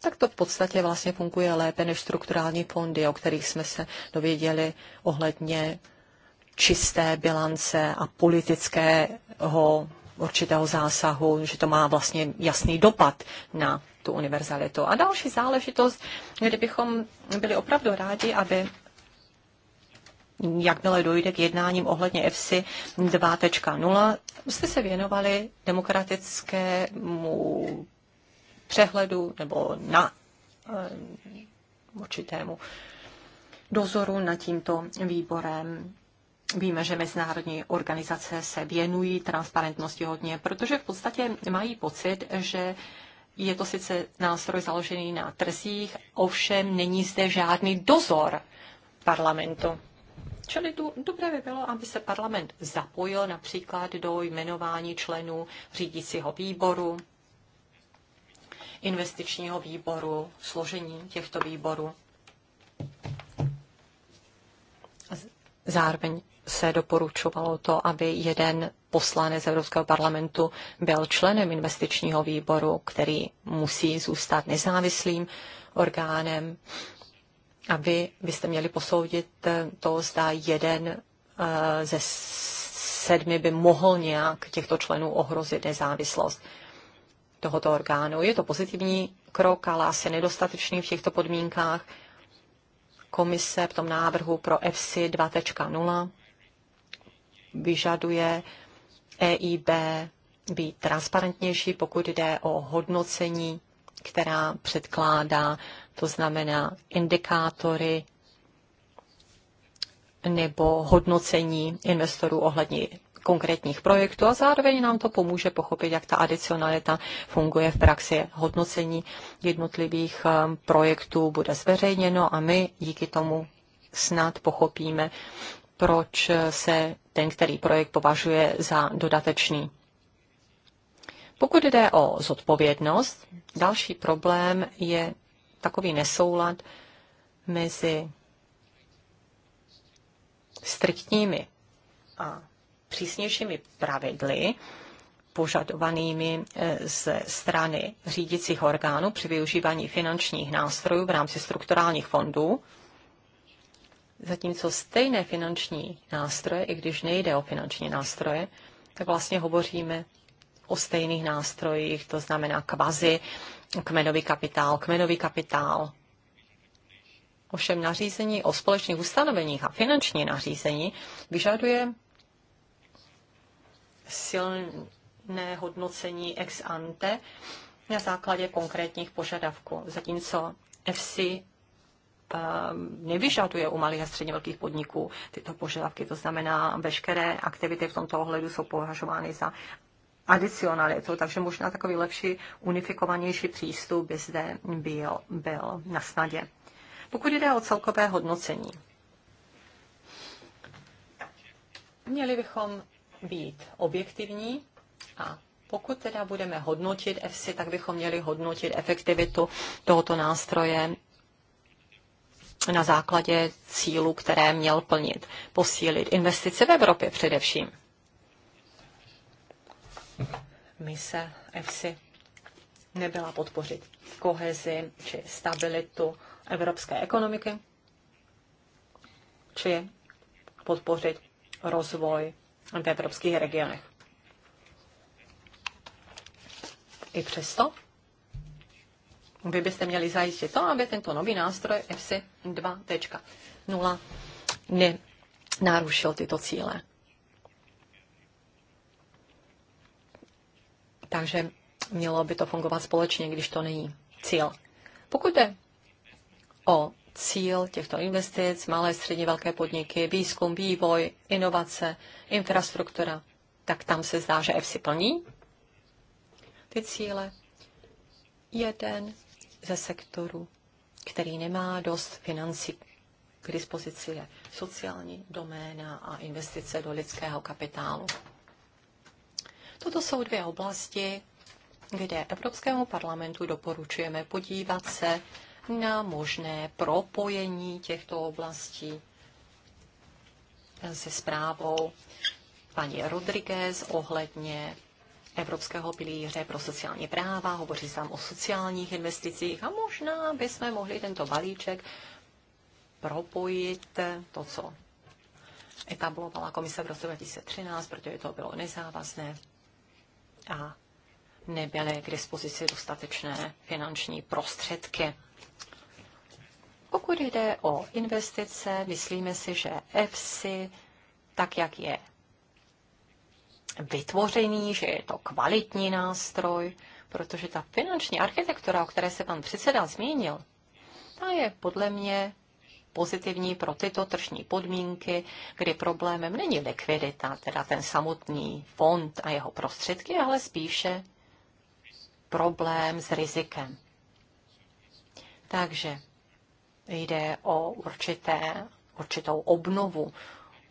tak to v podstatě vlastně funguje lépe než strukturální fondy, o kterých jsme se dověděli ohledně čisté bilance a politického určitého zásahu, že to má vlastně jasný dopad na tu univerzalitu. A další záležitost, kdybychom byli opravdu rádi, aby jakmile dojde k jednáním ohledně EFSI 2.0, jste se věnovali demokratickému přehledu nebo na eh, určitému dozoru nad tímto výborem. Víme, že mezinárodní organizace se věnují transparentnosti hodně, protože v podstatě mají pocit, že je to sice nástroj založený na trzích, ovšem není zde žádný dozor parlamentu. Čili tu dobré by bylo, aby se parlament zapojil například do jmenování členů řídícího výboru, investičního výboru, složení těchto výborů. Zároveň se doporučovalo to, aby jeden poslanec Evropského parlamentu byl členem investičního výboru, který musí zůstat nezávislým orgánem, aby byste měli posoudit to, zda jeden eh, ze sedmi by mohl nějak těchto členů ohrozit nezávislost tohoto orgánu. Je to pozitivní krok, ale asi nedostatečný v těchto podmínkách. Komise v tom návrhu pro FC 2.0 vyžaduje EIB být transparentnější, pokud jde o hodnocení, která předkládá, to znamená indikátory nebo hodnocení investorů ohledně konkrétních projektů a zároveň nám to pomůže pochopit, jak ta adicionalita funguje v praxi. Hodnocení jednotlivých um, projektů bude zveřejněno a my díky tomu snad pochopíme, proč se ten, který projekt považuje za dodatečný. Pokud jde o zodpovědnost, další problém je takový nesoulad mezi striktními a přísnějšími pravidly požadovanými eh, ze strany řídicích orgánů při využívání finančních nástrojů v rámci strukturálních fondů Zatímco stejné finanční nástroje, i když nejde o finanční nástroje, tak vlastně hovoříme o stejných nástrojích, to znamená kvazi, kmenový kapitál, kmenový kapitál. Ovšem nařízení o společných ustanoveních a finanční nařízení vyžaduje silné hodnocení ex ante na základě konkrétních požadavků, zatímco FC Ehm, nevyžaduje u malých a středně velkých podniků tyto požadavky. To znamená, veškeré aktivity v tomto ohledu jsou považovány za adicionalitu, takže možná takový lepší unifikovanější přístup by zde byl, byl na snadě. Pokud jde o celkové hodnocení, měli bychom být objektivní a pokud teda budeme hodnotit EFSI, tak bychom měli hodnotit efektivitu tohoto nástroje na základě cílů, které měl plnit. Posílit investice v Evropě především. Mise EFSI nebyla podpořit kohezi či stabilitu evropské ekonomiky, či podpořit rozvoj v evropských regionech. I přesto vy byste měli zajistit to, aby tento nový nástroj FC 2.0 nenarušil tyto cíle. Takže mělo by to fungovat společně, když to není cíl. Pokud jde o cíl těchto investic, malé, středně velké podniky, výzkum, vývoj, inovace, infrastruktura, tak tam se zdá, že EFSI plní ty cíle. Jeden ze sektoru, který nemá dost financí k dispozici, je sociální doména a investice do lidského kapitálu. Toto jsou dvě oblasti, kde Evropskému parlamentu doporučujeme podívat se na možné propojení těchto oblastí se zprávou paní Rodriguez ohledně Evropského pilíře pro sociální práva, hovoří tam o sociálních investicích a možná bychom mohli tento balíček propojit to, co etablovala komise v roce 2013, protože to bylo nezávazné a nebyly k dispozici dostatečné finanční prostředky. Pokud jde o investice, myslíme si, že EFSI, tak jak je vytvořený, že je to kvalitní nástroj, protože ta finanční architektura, o které se pan předseda zmínil, ta je podle mě pozitivní pro tyto tržní podmínky, kdy problémem není likvidita, teda ten samotný fond a jeho prostředky, ale spíše problém s rizikem. Takže jde o určité, určitou obnovu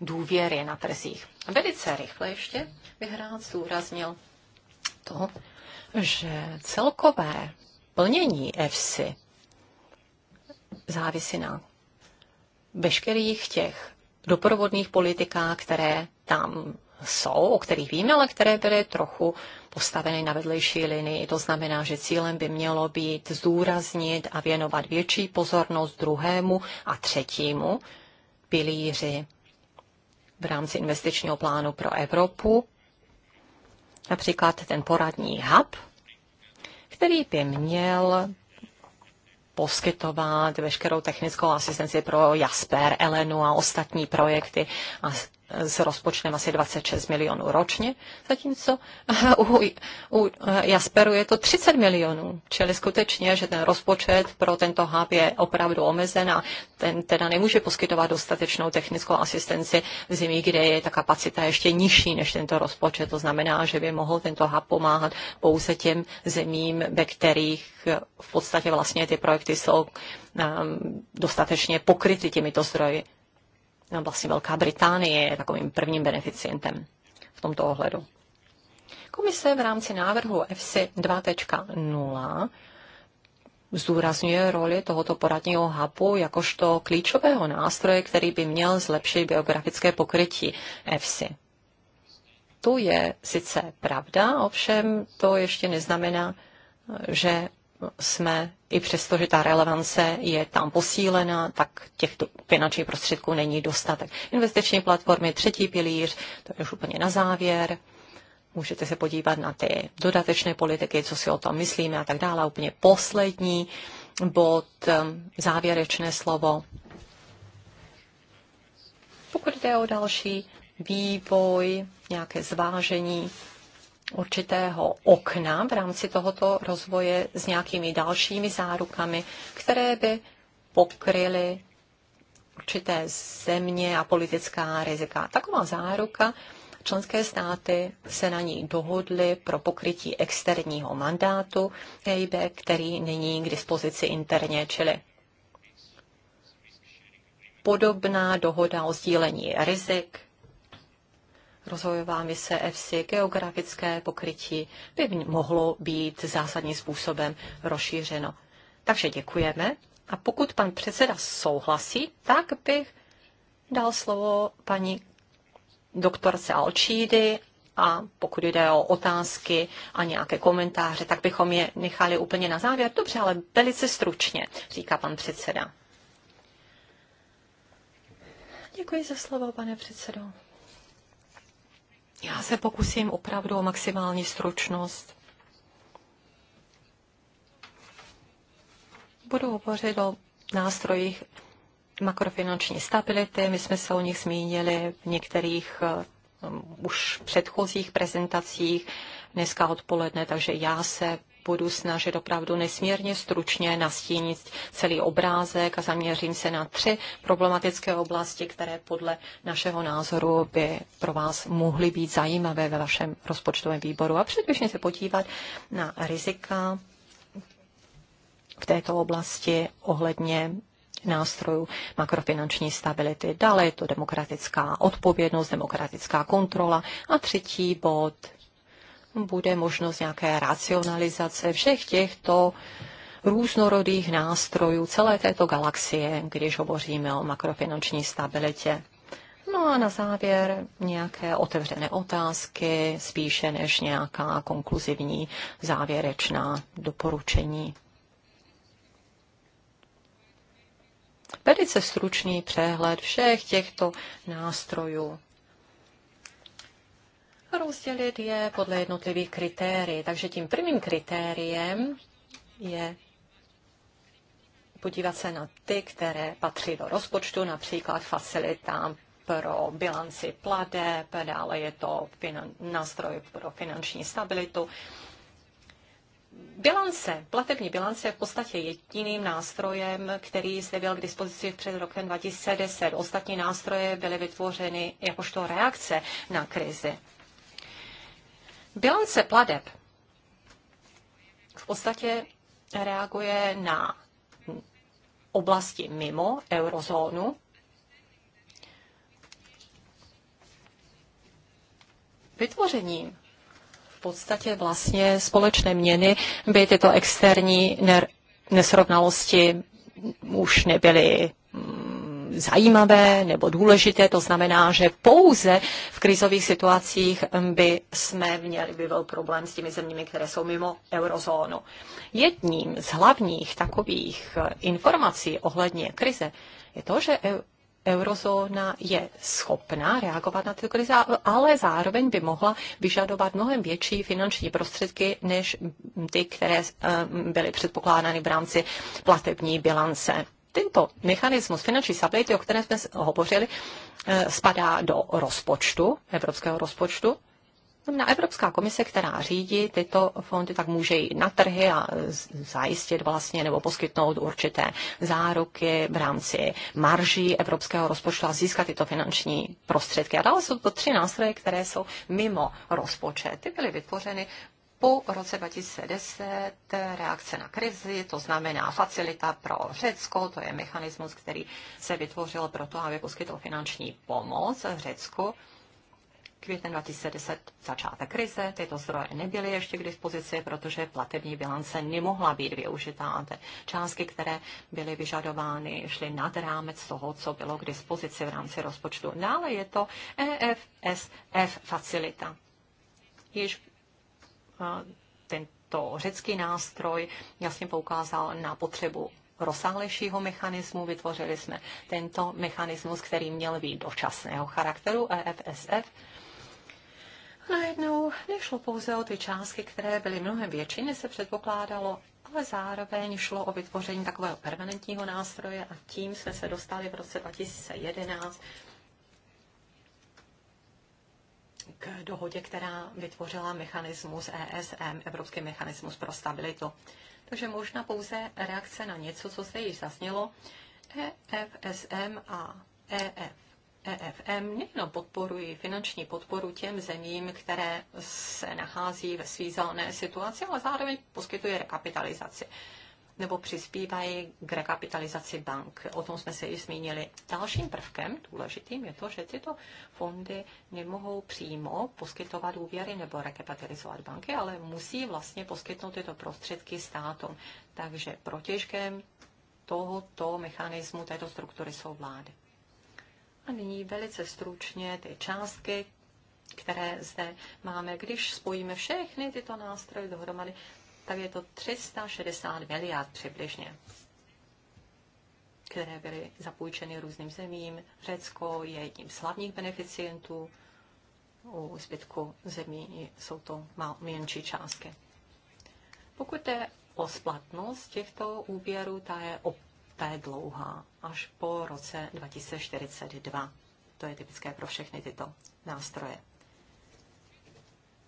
důvěry na trzích. Velice rychle ještě bych rád zúraznil to, že celkové plnění EFSI závisí na veškerých těch doprovodných politikách, které tam jsou, o kterých víme, ale které byly trochu postaveny na vedlejší linii. To znamená, že cílem by mělo být zdůraznit a věnovat větší pozornost druhému a třetímu pilíři v rámci investičního plánu pro Evropu, například ten poradní hub, který by měl poskytovat veškerou technickou asistenci pro Jasper, Elenu a ostatní projekty a s rozpočtem asi 26 milionů ročně, zatímco u, u Jasperu je to 30 milionů. Čili skutečně, že ten rozpočet pro tento hub je opravdu omezen a ten teda nemůže poskytovat dostatečnou technickou asistenci v zimí, kde je ta kapacita ještě nižší než tento rozpočet. To znamená, že by mohl tento hub pomáhat pouze těm zemím, ve kterých v podstatě vlastně ty projekty jsou um, dostatečně pokryty těmito zdroji vlastně Velká Británie je takovým prvním beneficientem v tomto ohledu. Komise v rámci návrhu FSI 2.0 zdůrazňuje roli tohoto poradního hubu jakožto klíčového nástroje, který by měl zlepšit biografické pokrytí FSI. To je sice pravda, ovšem to ještě neznamená, že jsme, i přesto, že ta relevance je tam posílena, tak těch finančních prostředků není dostatek. Investiční platformy, třetí pilíř, to je už úplně na závěr. Můžete se podívat na ty dodatečné politiky, co si o tom myslíme a tak dále. A úplně poslední bod, ehm, závěrečné slovo. Pokud jde o další vývoj, nějaké zvážení, určitého okna v rámci tohoto rozvoje s nějakými dalšími zárukami, které by pokryly určité země a politická rizika. Taková záruka Členské státy se na ní dohodly pro pokrytí externího mandátu EIB, který není k dispozici interně, čili podobná dohoda o sdílení rizik rozvojová mise EFSI, geografické pokrytí by mohlo být zásadním způsobem rozšířeno. Takže děkujeme. A pokud pan předseda souhlasí, tak bych dal slovo paní doktorce Alčídy a pokud jde o otázky a nějaké komentáře, tak bychom je nechali úplně na závěr. Dobře, ale velice stručně, říká pan předseda. Děkuji za slovo, pane předsedo. Já se pokusím opravdu o maximální stručnost. Budu hovořit o nástrojích makrofinanční stability. My jsme se o nich zmínili v některých eh, už předchozích prezentacích dneska odpoledne, takže já se budu snažit opravdu nesmírně stručně nastínit celý obrázek a zaměřím se na tři problematické oblasti, které podle našeho názoru by pro vás mohly být zajímavé ve vašem rozpočtovém výboru a předběžně se podívat na rizika v této oblasti ohledně nástrojů makrofinanční stability. Dále je to demokratická odpovědnost, demokratická kontrola. A třetí bod bude možnost nějaké racionalizace všech těchto různorodých nástrojů celé této galaxie, když hovoříme o makrofinanční stabilitě. No a na závěr nějaké otevřené otázky, spíše než nějaká konkluzivní závěrečná doporučení. Velice stručný přehled všech těchto nástrojů rozdělit je podle jednotlivých kritérií. Takže tím prvním kritériem je podívat se na ty, které patří do rozpočtu, například facilitám pro bilanci pladeb, dále je to finan, nástroj pro finanční stabilitu. Bilance, platební bilance je v podstatě jediným nástrojem, který zde byl k dispozici před rokem 2010. Ostatní nástroje byly vytvořeny jakožto reakce na krizi. Bilance pladeb v podstatě reaguje na oblasti mimo eurozónu. Vytvořením v podstatě vlastně společné měny by tyto externí nesrovnalosti už nebyly zajímavé nebo důležité. To znamená, že pouze v krizových situacích by jsme měli by byl problém s těmi zeměmi, které jsou mimo eurozónu. Jedním z hlavních takových eh, informací ohledně krize je to, že eurozóna je schopná reagovat na tu krizi, ale zároveň by mohla vyžadovat mnohem větší finanční prostředky, než ty, které eh, byly předpokládány v rámci platební bilance tento mechanismus finanční stability, o kterém jsme hovořili, eh, spadá do rozpočtu, evropského rozpočtu, na Evropská komise, která řídí tyto fondy, tak může jít na trhy a zajistit vlastně nebo poskytnout určité záruky v rámci marží evropského rozpočtu a získat tyto finanční prostředky. A dále jsou to tři nástroje, které jsou mimo rozpočet. Ty byly vytvořeny po roce 2010 reakce na krizi, to znamená facilita pro Řecko, to je mechanismus, který se vytvořil proto, aby poskytl finanční pomoc Řecku. Květen 2010 začátek krize, tyto zdroje nebyly ještě k dispozici, protože platební bilance nemohla být využitá. ty částky, které byly vyžadovány, šly nad rámec toho, co bylo k dispozici v rámci rozpočtu. Dále je to EFSF facilita. Již tento řecký nástroj jasně poukázal na potřebu rozsáhlejšího mechanismu. Vytvořili jsme tento mechanismus, který měl být dočasného charakteru EFSF. Najednou nešlo pouze o ty částky, které byly mnohem větší, než se předpokládalo, ale zároveň šlo o vytvoření takového permanentního nástroje a tím jsme se dostali v roce 2011 k dohodě, která vytvořila mechanismus ESM, Evropský mechanismus pro stabilitu. Takže možná pouze reakce na něco, co se již zasnělo. EFSM a EF EFM nejenom podporují finanční podporu těm zemím, které se nachází ve svízelné situaci, ale zároveň poskytuje rekapitalizaci nebo přispívají k rekapitalizaci bank. O tom jsme se i zmínili. Dalším prvkem důležitým je to, že tyto fondy nemohou přímo poskytovat úvěry nebo rekapitalizovat banky, ale musí vlastně poskytnout tyto prostředky státům. Takže protěžkem tohoto mechanismu, této struktury jsou vlády. A nyní velice stručně ty částky, které zde máme. Když spojíme všechny tyto nástroje dohromady, tak je to 360 miliard přibližně, které byly zapůjčeny různým zemím. Řecko je jedním z hlavních beneficientů, u zbytku zemí jsou to menší částky. Pokud je o splatnost těchto úvěrů, ta je, ta je dlouhá, až po roce 2042. To je typické pro všechny tyto nástroje.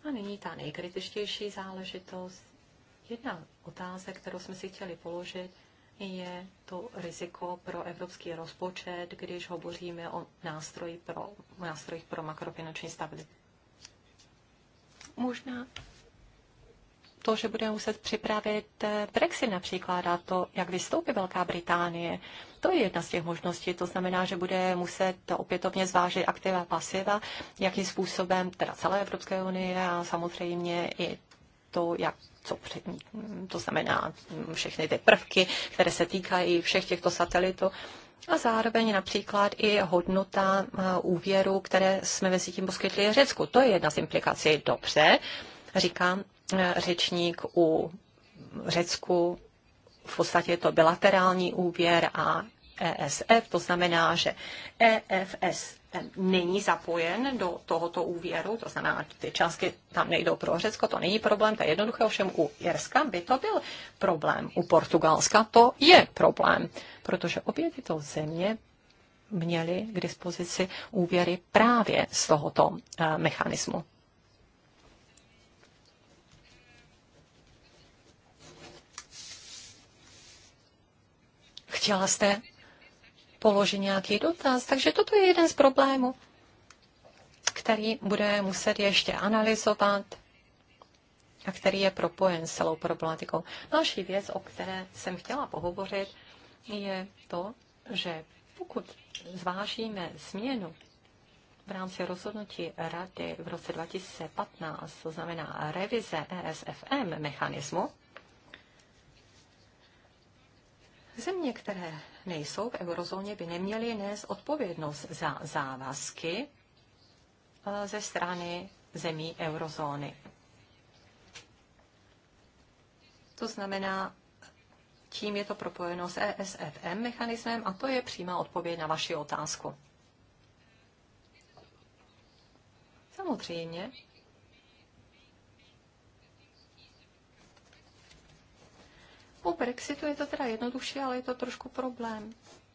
A nyní ta nejkritičtější záležitost Jedna otázka, kterou jsme si chtěli položit, je to riziko pro evropský rozpočet, když hovoříme o nástroji pro, nástrojích pro makrofinanční stabilitu. Možná to, že budeme muset připravit eh, Brexit například a to, jak vystoupí Velká Británie. To je jedna z těch možností. To znamená, že bude muset opětovně zvážit aktiva a pasiva, jakým způsobem teda celé Evropské unie a samozřejmě i to, jak co před, to znamená všechny ty prvky, které se týkají všech těchto satelitů. A zároveň například i hodnota eh, úvěru, které jsme mezi tím poskytli Řecku. To je jedna z implikací. Dobře, říká eh, řečník u Řecku. V podstatě je to bilaterální úvěr a ESF, to znamená, že EFS není zapojen do tohoto úvěru, to znamená, ty částky tam nejdou pro Řecko, to není problém, to je jednoduché, ovšem u Jirska by to byl problém, u Portugalska to je problém, protože obě tyto země měly k dispozici úvěry právě z tohoto eh, mechanismu. Chtěla jste položí nějaký dotaz. Takže toto je jeden z problémů, který bude muset ještě analyzovat a který je propojen s celou problematikou. Další věc, o které jsem chtěla pohovořit, je to, že pokud zvážíme změnu v rámci rozhodnutí Rady v roce 2015, to znamená revize ESFM mechanismu, Země, které nejsou v eurozóně, by neměly nést odpovědnost za závazky eh, ze strany zemí eurozóny. To znamená, tím je to propojeno s ESFM mechanismem a to je přímá odpověď na vaši otázku. Samozřejmě, U Brexitu je to teda jednodušší, ale je to trošku problém,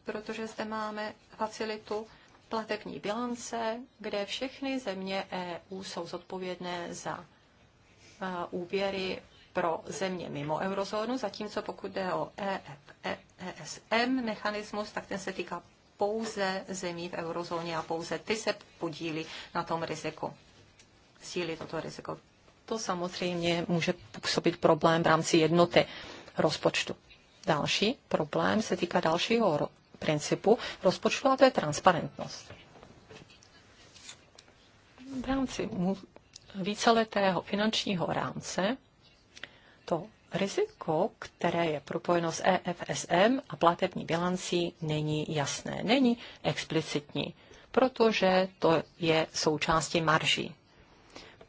protože zde máme facilitu platební bilance, kde všechny země EU jsou zodpovědné za eh, úvěry pro země mimo eurozónu, zatímco pokud jde o ESM e, e, e mechanismus, tak ten se týká pouze zemí v eurozóně a pouze ty se podílí na tom riziku. Sílí toto riziko. To samozřejmě může působit problém v rámci jednoty rozpočtu. Další problém se týká dalšího principu rozpočtu a to je transparentnost. V rámci víceletého finančního rámce to riziko, které je propojeno s EFSM a platební bilancí, není jasné, není explicitní, protože to je součástí marží.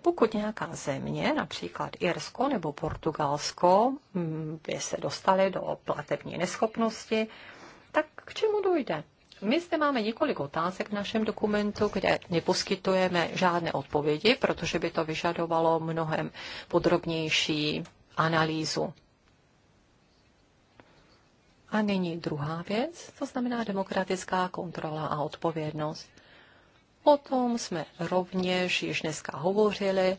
Pokud nějaká země, například Irsko nebo Portugalsko, mm, by se dostaly do platební neschopnosti, tak k čemu dojde? My zde máme několik otázek v našem dokumentu, kde neposkytujeme žádné odpovědi, protože by to vyžadovalo mnohem podrobnější analýzu. A nyní druhá věc, to znamená demokratická kontrola a odpovědnost. O tom jsme rovněž již dneska hovořili.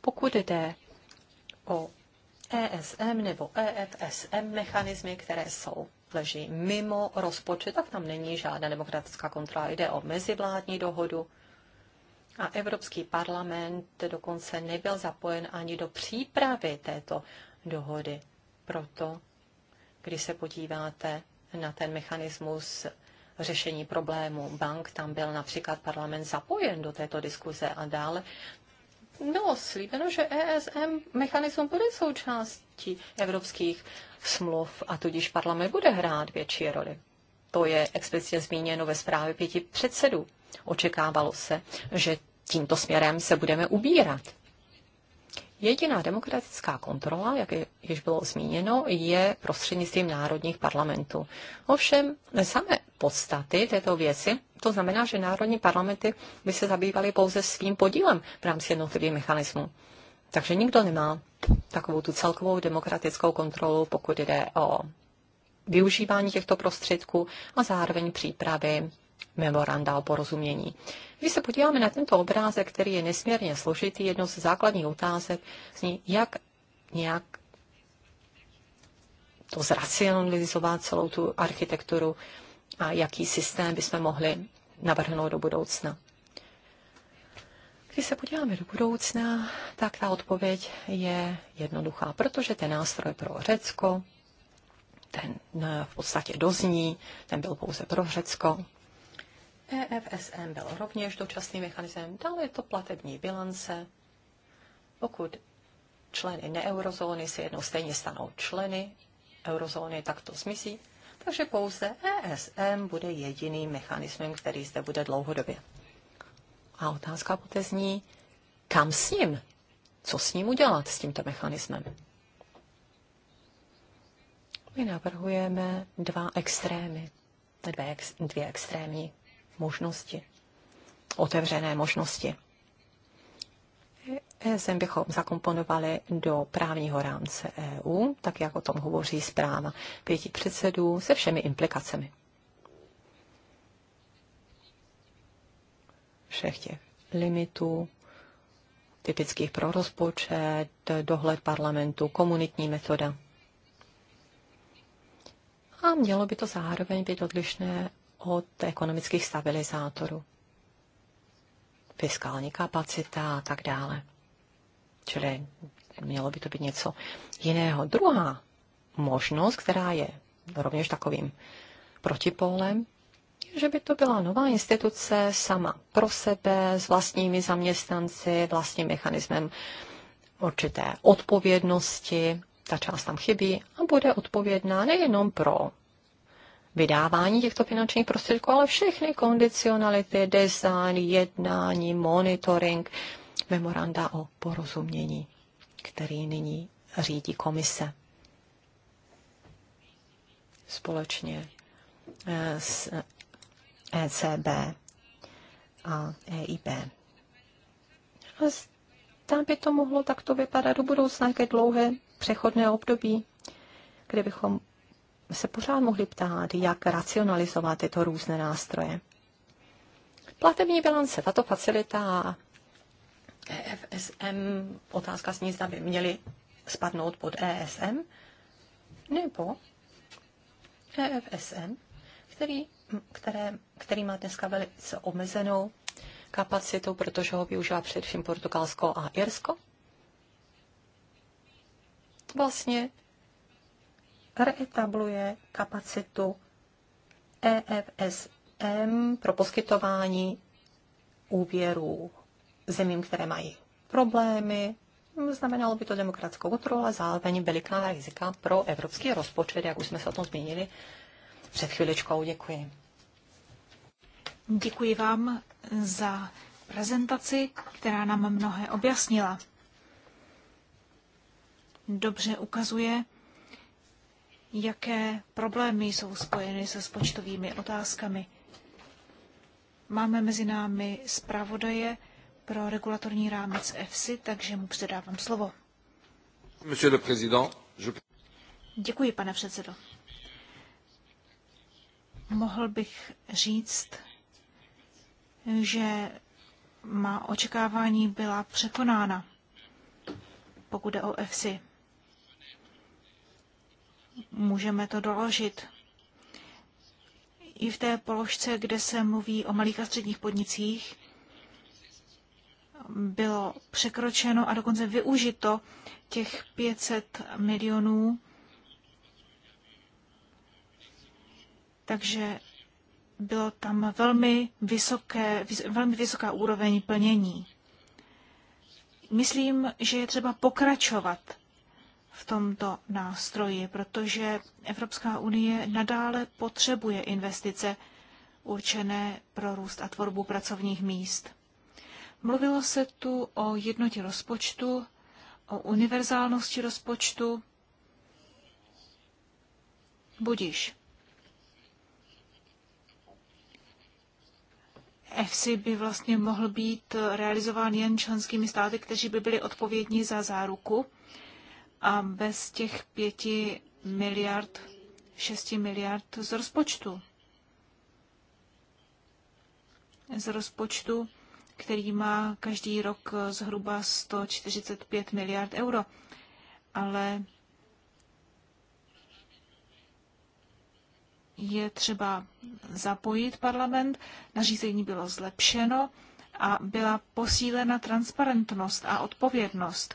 Pokud jde o ESM nebo EFSM mechanismy, které jsou leží mimo rozpočet, tak tam není žádná demokratická kontrola. Jde o mezivládní dohodu a Evropský parlament dokonce nebyl zapojen ani do přípravy této dohody. Proto, když se podíváte na ten mechanismus řešení problémů bank. Tam byl například parlament zapojen do této diskuze a dále bylo slíbeno, že ESM mechanismus bude součástí evropských smluv a tudíž parlament bude hrát větší roli. To je explicitně zmíněno ve zprávě pěti předsedů. Očekávalo se, že tímto směrem se budeme ubírat. Jediná demokratická kontrola, jak již bylo zmíněno, je prostřednictvím národních parlamentů. Ovšem, samé podstaty této věci, to znamená, že národní parlamenty by se zabývaly pouze svým podílem v rámci jednotlivých mechanismů. Takže nikdo nemá takovou tu celkovou demokratickou kontrolu, pokud jde o využívání těchto prostředků a zároveň přípravy memoranda o porozumění. Když se podíváme na tento obrázek, který je nesmírně složitý, jednou ze základních otázek zní, jak nějak to zracionalizovat, celou tu architekturu a jaký systém bychom mohli navrhnout do budoucna. Když se podíváme do budoucna, tak ta odpověď je jednoduchá, protože ten nástroj pro Řecko, ten eh, v podstatě dozní, ten byl pouze pro Řecko, EFSM byl rovněž dočasný mechanismem, dále je to platební bilance. Pokud členy neeurozóny se jednou stejně stanou členy eurozóny, tak to zmizí. Takže pouze ESM bude jediným mechanismem, který zde bude dlouhodobě. A otázka poté zní, kam s ním? Co s ním udělat, s tímto mechanismem? My navrhujeme dva extrémy, dvě, dvě extrémní možnosti, otevřené možnosti. ESM bychom zakomponovali do právního rámce EU, tak jak o tom hovoří zpráva pěti předsedů, se všemi implikacemi. Všech těch limitů, typických pro rozpočet, dohled parlamentu, komunitní metoda. A mělo by to zároveň být odlišné od ekonomických stabilizátorů. Fiskální kapacita a tak dále. Čili mělo by to být něco jiného. Druhá možnost, která je rovněž takovým protipólem, že by to byla nová instituce sama pro sebe, s vlastními zaměstnanci, vlastním mechanismem určité odpovědnosti, ta část tam chybí, a bude odpovědná nejenom pro vydávání těchto finančních prostředků, ale všechny kondicionality, design, jednání, monitoring, memoranda o porozumění, který nyní řídí komise. Společně eh, s ECB eh, e a EIB. A tam by to mohlo takto vypadat do budoucna, jaké dlouhé přechodné období, kdybychom se pořád mohli ptát, jak racionalizovat tyto různé nástroje. Platební bilance, tato facilita EFSM, otázka s ní zda by měly spadnout pod ESM, nebo EFSM, který, které, který má dneska velice omezenou kapacitu, protože ho využívá především Portugalsko a Irsko. Vlastně reetabluje kapacitu EFSM pro poskytování úvěrů zemím, které mají problémy. Znamenalo by to demokratickou kontrolu a zároveň veliká rizika pro evropský rozpočet, jak už jsme se o tom zmínili před chviličkou. Děkuji. Děkuji vám za prezentaci, která nám mnohé objasnila. Dobře ukazuje, jaké problémy jsou spojeny se spočtovými otázkami. Máme mezi námi zpravodaje pro regulatorní rámec EFSI, takže mu předávám slovo. Monsieur le président, je... Děkuji, pane předsedo. Mohl bych říct, že má očekávání byla překonána, pokud jde o EFSI můžeme to doložit. I v té položce, kde se mluví o malých a středních podnicích, bylo překročeno a dokonce využito těch 500 milionů. Takže bylo tam velmi, vysoké, velmi vysoká úroveň plnění. Myslím, že je třeba pokračovat v tomto nástroji, protože Evropská unie nadále potřebuje investice určené pro růst a tvorbu pracovních míst. Mluvilo se tu o jednotě rozpočtu, o univerzálnosti rozpočtu. Budiš. EFSI by vlastně mohl být realizován jen členskými státy, kteří by byli odpovědní za záruku a bez těch pěti miliard, šesti miliard z rozpočtu. Z rozpočtu, který má každý rok zhruba 145 miliard euro. Ale je třeba zapojit parlament, nařízení bylo zlepšeno a byla posílena transparentnost a odpovědnost.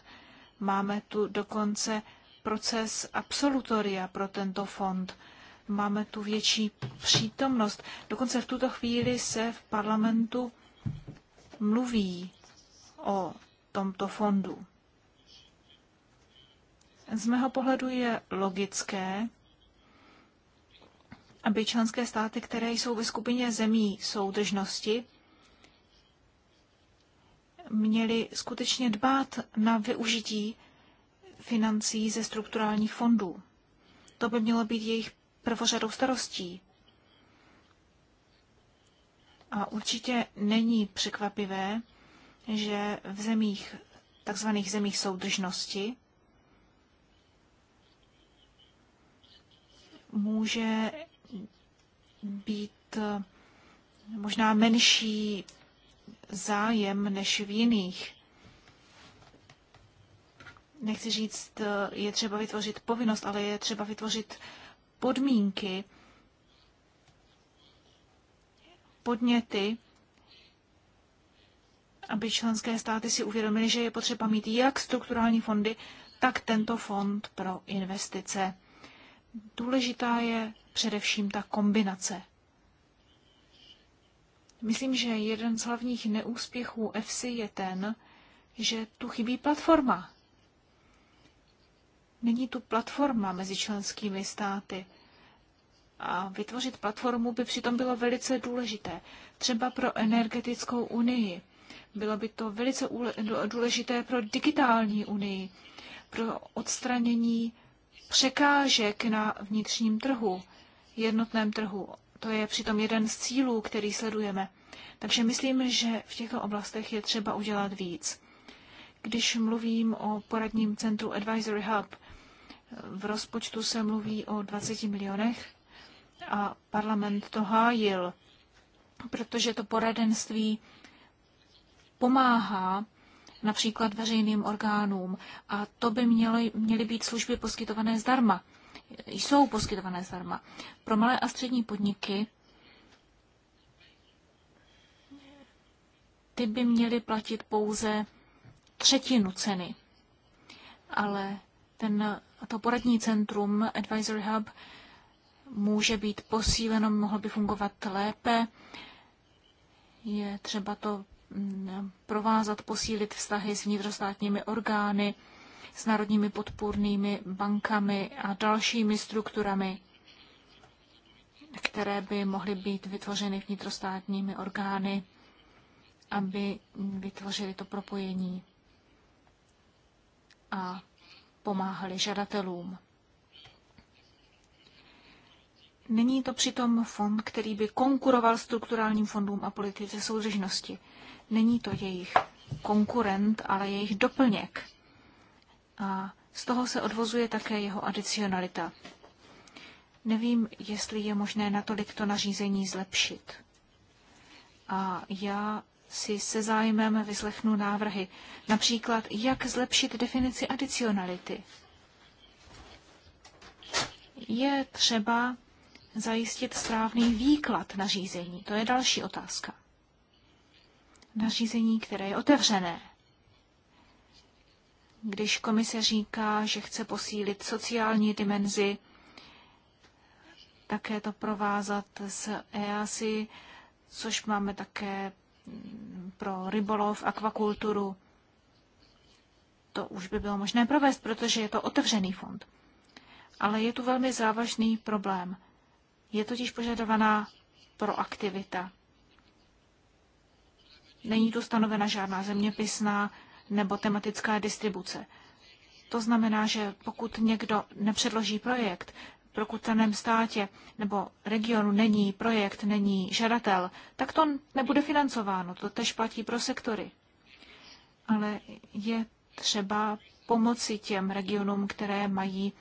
Máme tu dokonce proces absolutoria pro tento fond. Máme tu větší přítomnost. Dokonce v tuto chvíli se v parlamentu mluví o tomto fondu. Z mého pohledu je logické, aby členské státy, které jsou ve skupině zemí soudržnosti, měli skutečně dbát na využití financí ze strukturálních fondů. To by mělo být jejich prvořadou starostí. A určitě není překvapivé, že v zemích, takzvaných zemích soudržnosti, může být možná menší zájem než v jiných. Nechci říct, eh, je třeba vytvořit povinnost, ale je třeba vytvořit podmínky, podněty, aby členské státy si uvědomily, že je potřeba mít jak strukturální fondy, tak tento fond pro investice. Důležitá je především ta kombinace Myslím, že jeden z hlavních neúspěchů EFSI je ten, že tu chybí platforma. Není tu platforma mezi členskými státy. A vytvořit platformu by přitom bylo velice důležité. Třeba pro energetickou unii. Bylo by to velice důležité pro digitální unii, pro odstranění překážek na vnitřním trhu, jednotném trhu. To je přitom jeden z cílů, který sledujeme. Takže myslím, že v těchto oblastech je třeba udělat víc. Když mluvím o poradním centru Advisory Hub, v rozpočtu se mluví o 20 milionech a parlament to hájil, protože to poradenství pomáhá například veřejným orgánům a to by měly, měly být služby poskytované zdarma jsou poskytované zdarma. Pro malé a střední podniky ty by měly platit pouze třetinu ceny. Ale ten, to poradní centrum Advisory Hub může být posíleno, mohlo by fungovat lépe. Je třeba to mm, provázat, posílit vztahy s vnitrostátními orgány, s národními podpůrnými bankami a dalšími strukturami, které by mohly být vytvořeny vnitrostátními orgány, aby vytvořili to propojení a pomáhali žadatelům. Není to přitom fond, který by konkuroval strukturálním fondům a politice soudržnosti. Není to jejich konkurent, ale jejich doplněk a z toho se odvozuje také jeho adicionalita. Nevím, jestli je možné natolik to nařízení zlepšit. A já si se zájmem vyslechnu návrhy, například jak zlepšit definici adicionality. Je třeba zajistit správný výklad nařízení. To je další otázka. Nařízení, které je otevřené, když komise říká, že chce posílit sociální dimenzi, také to provázat s EASI, což máme také pro rybolov, akvakulturu. To už by bylo možné provést, protože je to otevřený fond. Ale je tu velmi závažný problém. Je totiž požadovaná proaktivita. Není tu stanovena žádná zeměpisná nebo tematická distribuce. To znamená, že pokud někdo nepředloží projekt, pokud v daném státě nebo regionu není projekt, není žadatel, tak to nebude financováno. To tež platí pro sektory. Ale je třeba pomoci těm regionům, které mají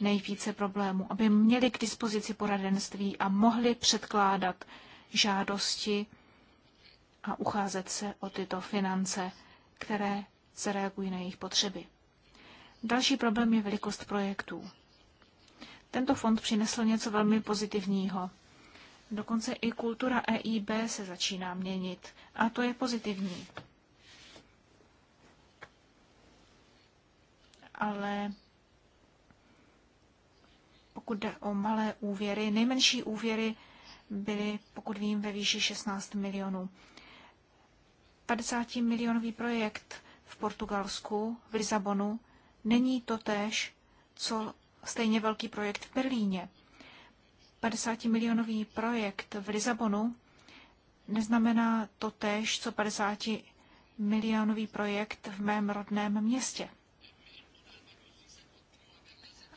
nejvíce problémů, aby měli k dispozici poradenství a mohli předkládat žádosti a ucházet se o tyto finance které zareagují na jejich potřeby. Další problém je velikost projektů. Tento fond přinesl něco velmi pozitivního. Dokonce i kultura EIB se začíná měnit a to je pozitivní. Ale pokud jde o malé úvěry, nejmenší úvěry byly, pokud vím, ve výši 16 milionů 50 milionový projekt v Portugalsku, v Lisabonu, není to totéž, co stejně velký projekt v Berlíně. 50 milionový projekt v Lisabonu neznamená to totéž, co 50 milionový projekt v mém rodném městě.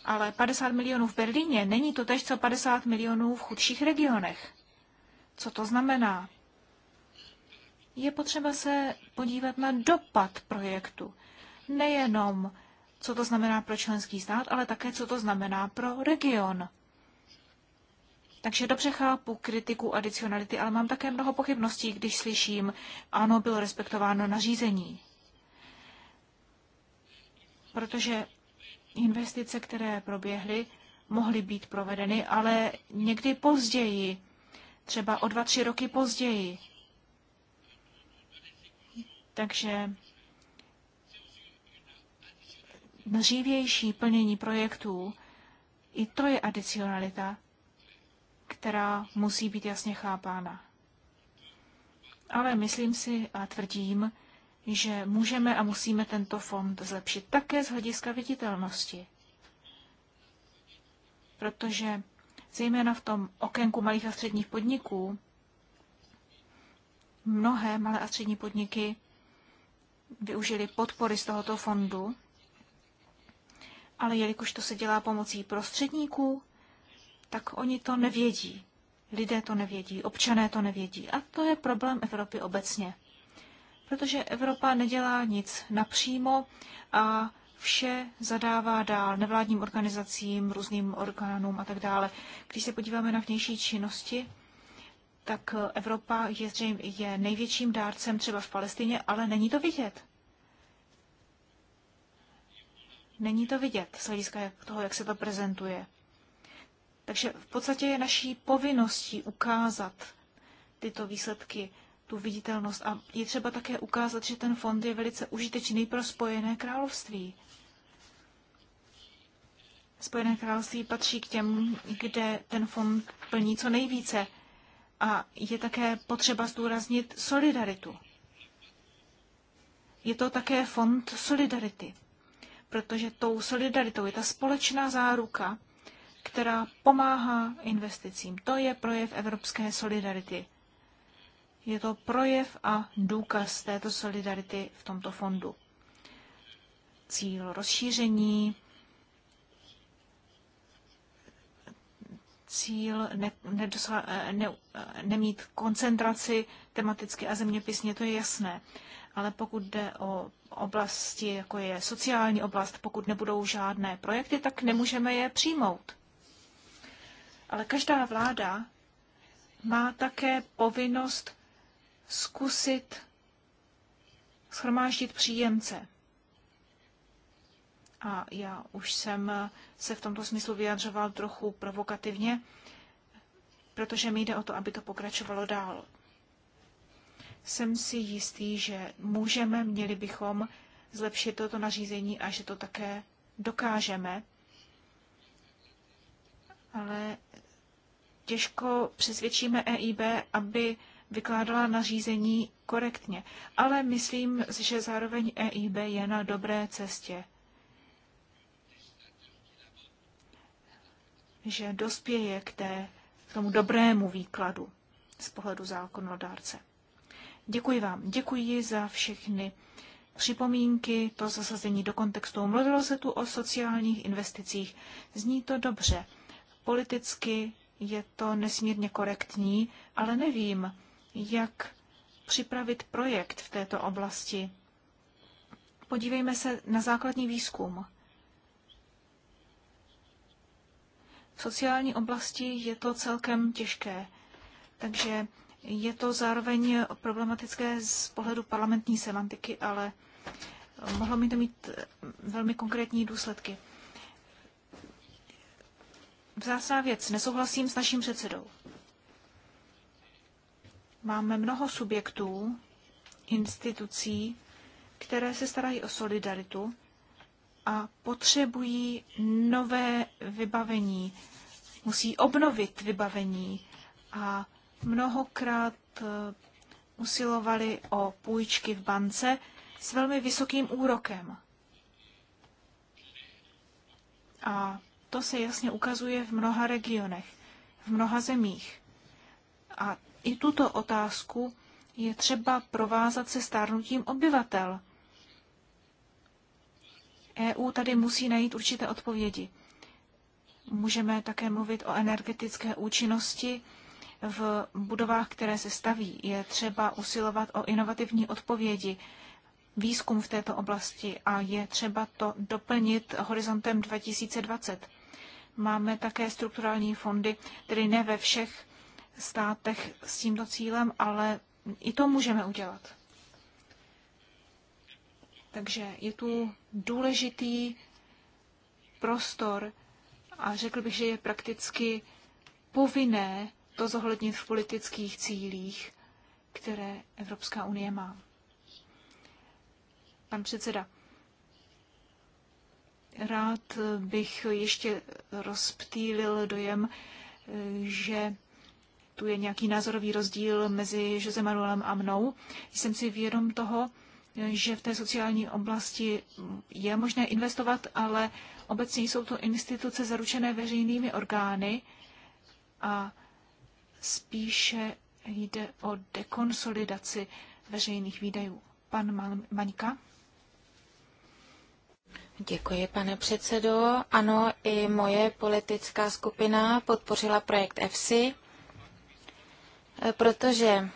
Ale 50 milionů v Berlíně není to tež co 50 milionů v chudších regionech. Co to znamená? je potřeba se podívat na dopad projektu. Nejenom, co to znamená pro členský stát, ale také, co to znamená pro region. Takže dobře chápu kritiku adicionality, ale mám také mnoho pochybností, když slyším, ano, bylo respektováno nařízení. Protože investice, které proběhly, mohly být provedeny, ale někdy později, třeba o dva, tři roky později. Takže dřívější plnění projektů, i to je adicionalita, která musí být jasně chápána. Ale myslím si a tvrdím, že můžeme a musíme tento fond zlepšit také z hlediska viditelnosti. Protože zejména v tom okénku malých a středních podniků mnohé malé a střední podniky využili podpory z tohoto fondu, ale jelikož to se dělá pomocí prostředníků, tak oni to nevědí. Lidé to nevědí, občané to nevědí. A to je problém Evropy obecně. Protože Evropa nedělá nic napřímo a vše zadává dál nevládním organizacím, různým orgánům a tak dále. Když se podíváme na vnější činnosti, tak eh, Evropa je, je největším dárcem třeba v Palestině, ale není to vidět. Není to vidět z hlediska toho, jak se to prezentuje. Takže v podstatě je naší povinností ukázat tyto výsledky, tu viditelnost. A je třeba také ukázat, že ten fond je velice užitečný pro Spojené království. Spojené království patří k těm, kde ten fond plní co nejvíce a je také potřeba zdůraznit solidaritu. Je to také fond solidarity, protože tou solidaritou je ta společná záruka, která pomáhá investicím. To je projev evropské solidarity. Je to projev a důkaz této solidarity v tomto fondu. Cíl rozšíření, cíl ne, eh, ne, eh, nemít koncentraci tematicky a zeměpisně, to je jasné. Ale pokud jde o oblasti, jako je sociální oblast, pokud nebudou žádné projekty, tak nemůžeme je přijmout. Ale každá vláda má také povinnost zkusit schromáždit příjemce a já už jsem se v tomto smyslu vyjadřoval trochu provokativně, protože mi jde o to, aby to pokračovalo dál. Jsem si jistý, že můžeme, měli bychom zlepšit toto nařízení a že to také dokážeme, ale těžko přesvědčíme EIB, aby vykládala nařízení korektně. Ale myslím, že zároveň EIB je na dobré cestě že dospěje k, té, k tomu dobrému výkladu z pohledu zákonodárce. Děkuji vám. Děkuji za všechny připomínky, to zasazení do kontextu. Mluvilo se tu o sociálních investicích. Zní to dobře. Politicky je to nesmírně korektní, ale nevím, jak připravit projekt v této oblasti. Podívejme se na základní výzkum. V sociální oblasti je to celkem těžké, takže je to zároveň problematické z pohledu parlamentní semantiky, ale eh, mohlo mi to mít eh, velmi konkrétní důsledky. Vzácná věc, nesouhlasím s naším předsedou. Máme mnoho subjektů, institucí, které se starají o solidaritu, a potřebují nové vybavení, musí obnovit vybavení a mnohokrát eh, usilovali o půjčky v bance s velmi vysokým úrokem. A to se jasně ukazuje v mnoha regionech, v mnoha zemích. A i tuto otázku je třeba provázat se stárnutím obyvatel. EU tady musí najít určité odpovědi. Můžeme také mluvit o energetické účinnosti v budovách, které se staví. Je třeba usilovat o inovativní odpovědi, výzkum v této oblasti a je třeba to doplnit horizontem 2020. Máme také strukturální fondy, tedy ne ve všech státech s tímto cílem, ale i to můžeme udělat. Takže je tu důležitý prostor a řekl bych, že je prakticky povinné to zohlednit v politických cílích, které Evropská unie má. Pan předseda, rád bych ještě rozptýlil dojem, že tu je nějaký názorový rozdíl mezi Jose Manuelem a mnou. Jsem si vědom toho, že v té sociální oblasti je možné investovat, ale obecně jsou to instituce zaručené veřejnými orgány a spíše jde o dekonsolidaci veřejných výdajů. Pan Maňka. Děkuji, pane předsedo. Ano, i moje politická skupina podpořila projekt EFSI, protože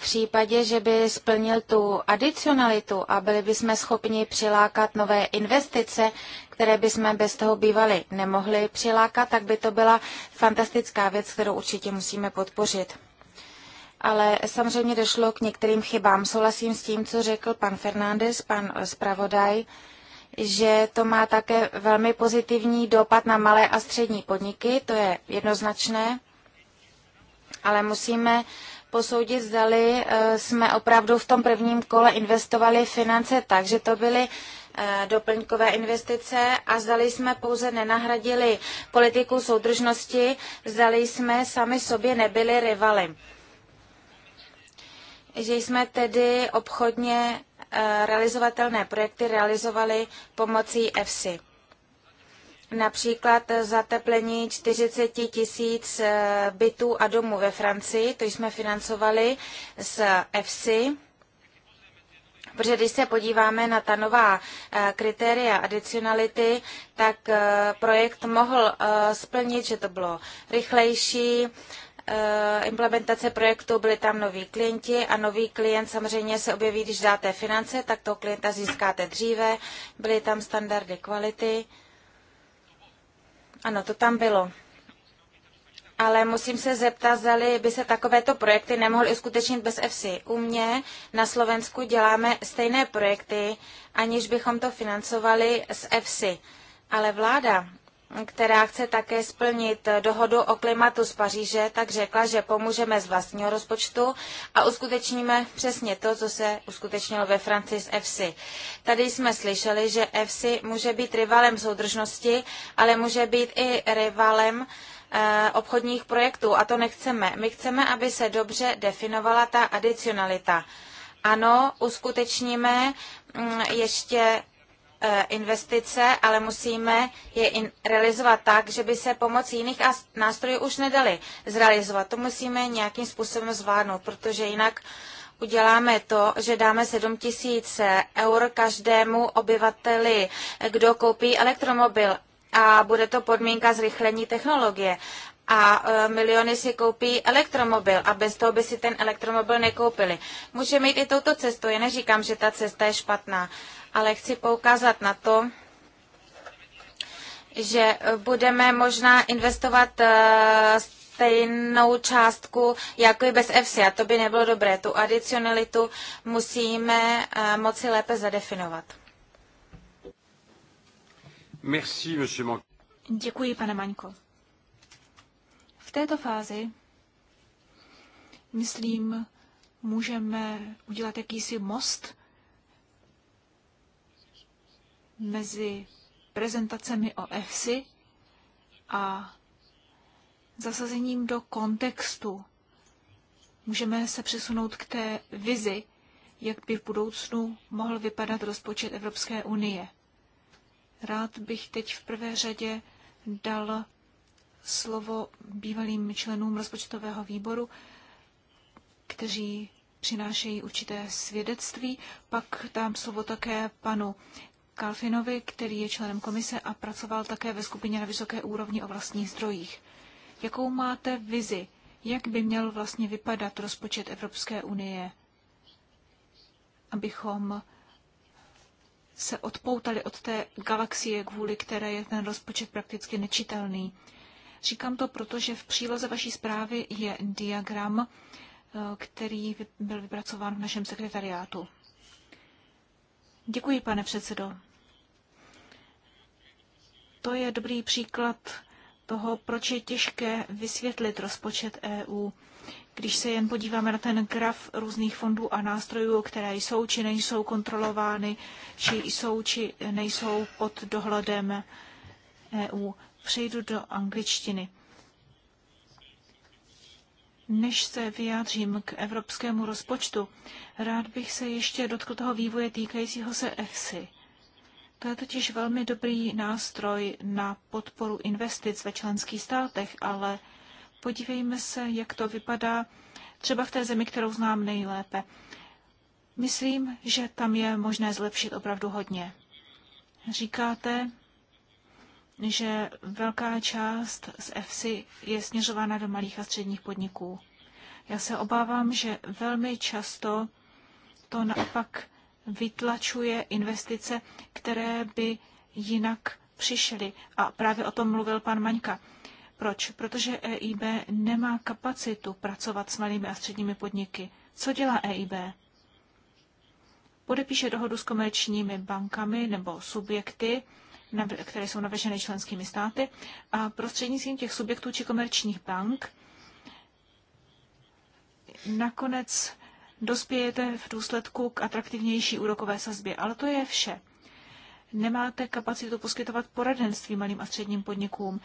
v případě, že by splnil tu adicionalitu a byli bychom schopni přilákat nové investice, které jsme bez toho bývali nemohli přilákat, tak by to byla fantastická věc, kterou určitě musíme podpořit. Ale samozřejmě došlo k některým chybám. Souhlasím s tím, co řekl pan Fernández, pan zpravodaj, že to má také velmi pozitivní dopad na malé a střední podniky, to je jednoznačné, ale musíme posoudit, zdali eh, jsme opravdu v tom prvním kole investovali finance tak, že to byly eh, doplňkové investice a zdali jsme pouze nenahradili politiku soudržnosti, zdali jsme sami sobě nebyli rivali. Že jsme tedy obchodně eh, realizovatelné projekty realizovali pomocí EFSI například zateplení 40 tisíc eh, bytů a domů ve Francii, to jsme financovali z EFSI. Protože když se podíváme na ta nová eh, kritéria adicionality, tak eh, projekt mohl splnit, že to bylo rychlejší, implementace projektu byli tam noví klienti a nový klient samozřejmě se objeví, když dáte finance, tak toho klienta získáte dříve, byly tam standardy kvality. Ano, to tam bylo. Ale musím se zeptat, zali by se takovéto projekty nemohly uskutečnit bez EFSI. U mě na Slovensku děláme stejné projekty, aniž bychom to financovali z EFSI. Ale vláda která chce také splnit dohodu o klimatu z Paříže, tak řekla, že pomůžeme z vlastního rozpočtu a uskutečníme přesně to, co se uskutečnilo ve Francii s Tady jsme slyšeli, že FC může být rivalem soudržnosti, ale může být i rivalem eh, obchodních projektů a to nechceme. My chceme, aby se dobře definovala ta adicionalita. Ano, uskutečníme mm, ještě Eh, investice, ale musíme je in, realizovat tak, že by se pomocí jiných nástrojů už nedali zrealizovat. To musíme nějakým způsobem zvládnout, protože jinak uděláme to, že dáme 7 tisíc eur každému obyvateli, eh, kdo koupí elektromobil. A bude to podmínka zrychlení technologie a e, miliony si koupí elektromobil a bez toho by si ten elektromobil nekoupili. Můžeme jít i touto cestou. Já neříkám, že ta cesta je špatná, ale chci poukázat na to, že budeme možná investovat e, stejnou částku jako i bez EFSI a to by nebylo dobré. Tu adicionalitu musíme e, moci lépe zadefinovat. Merci, Děkuji, pane Maňko. V této fázi, myslím, můžeme udělat jakýsi most mezi prezentacemi o EFSI a zasazením do kontextu. Můžeme se přesunout k té vizi, jak by v budoucnu mohl vypadat rozpočet Evropské unie. Rád bych teď v prvé řadě dal slovo bývalým členům rozpočtového výboru, kteří přinášejí určité svědectví. Pak dám slovo také panu Kalfinovi, který je členem komise a pracoval také ve skupině na vysoké úrovni o vlastních zdrojích. Jakou máte vizi? Jak by měl vlastně vypadat rozpočet Evropské unie, abychom se odpoutali od té galaxie, kvůli které je ten rozpočet prakticky nečitelný? Říkám to proto, že v příloze vaší zprávy je diagram, eh, který byl vypracován v našem sekretariátu. Děkuji, pane předsedo. To je dobrý příklad toho, proč je těžké vysvětlit rozpočet EU. Když se jen podíváme na ten graf různých fondů a nástrojů, které jsou či nejsou kontrolovány, či jsou či nejsou pod dohledem EU přejdu do angličtiny. Než se vyjádřím k evropskému rozpočtu, rád bych se ještě dotkl toho vývoje týkajícího se EFSI. To je totiž velmi dobrý nástroj na podporu investic ve členských státech, ale podívejme se, jak to vypadá třeba v té zemi, kterou znám nejlépe. Myslím, že tam je možné zlepšit opravdu hodně. Říkáte, že velká část z EFSI je směřována do malých a středních podniků. Já se obávám, že velmi často to naopak vytlačuje investice, které by jinak přišly. A právě o tom mluvil pan Maňka. Proč? Protože EIB nemá kapacitu pracovat s malými a středními podniky. Co dělá EIB? Podepíše dohodu s komerčními bankami nebo subjekty, které jsou navrženy členskými státy a prostřednictvím těch subjektů či komerčních bank nakonec dospějete v důsledku k atraktivnější úrokové sazbě. Ale to je vše. Nemáte kapacitu poskytovat poradenství malým a středním podnikům.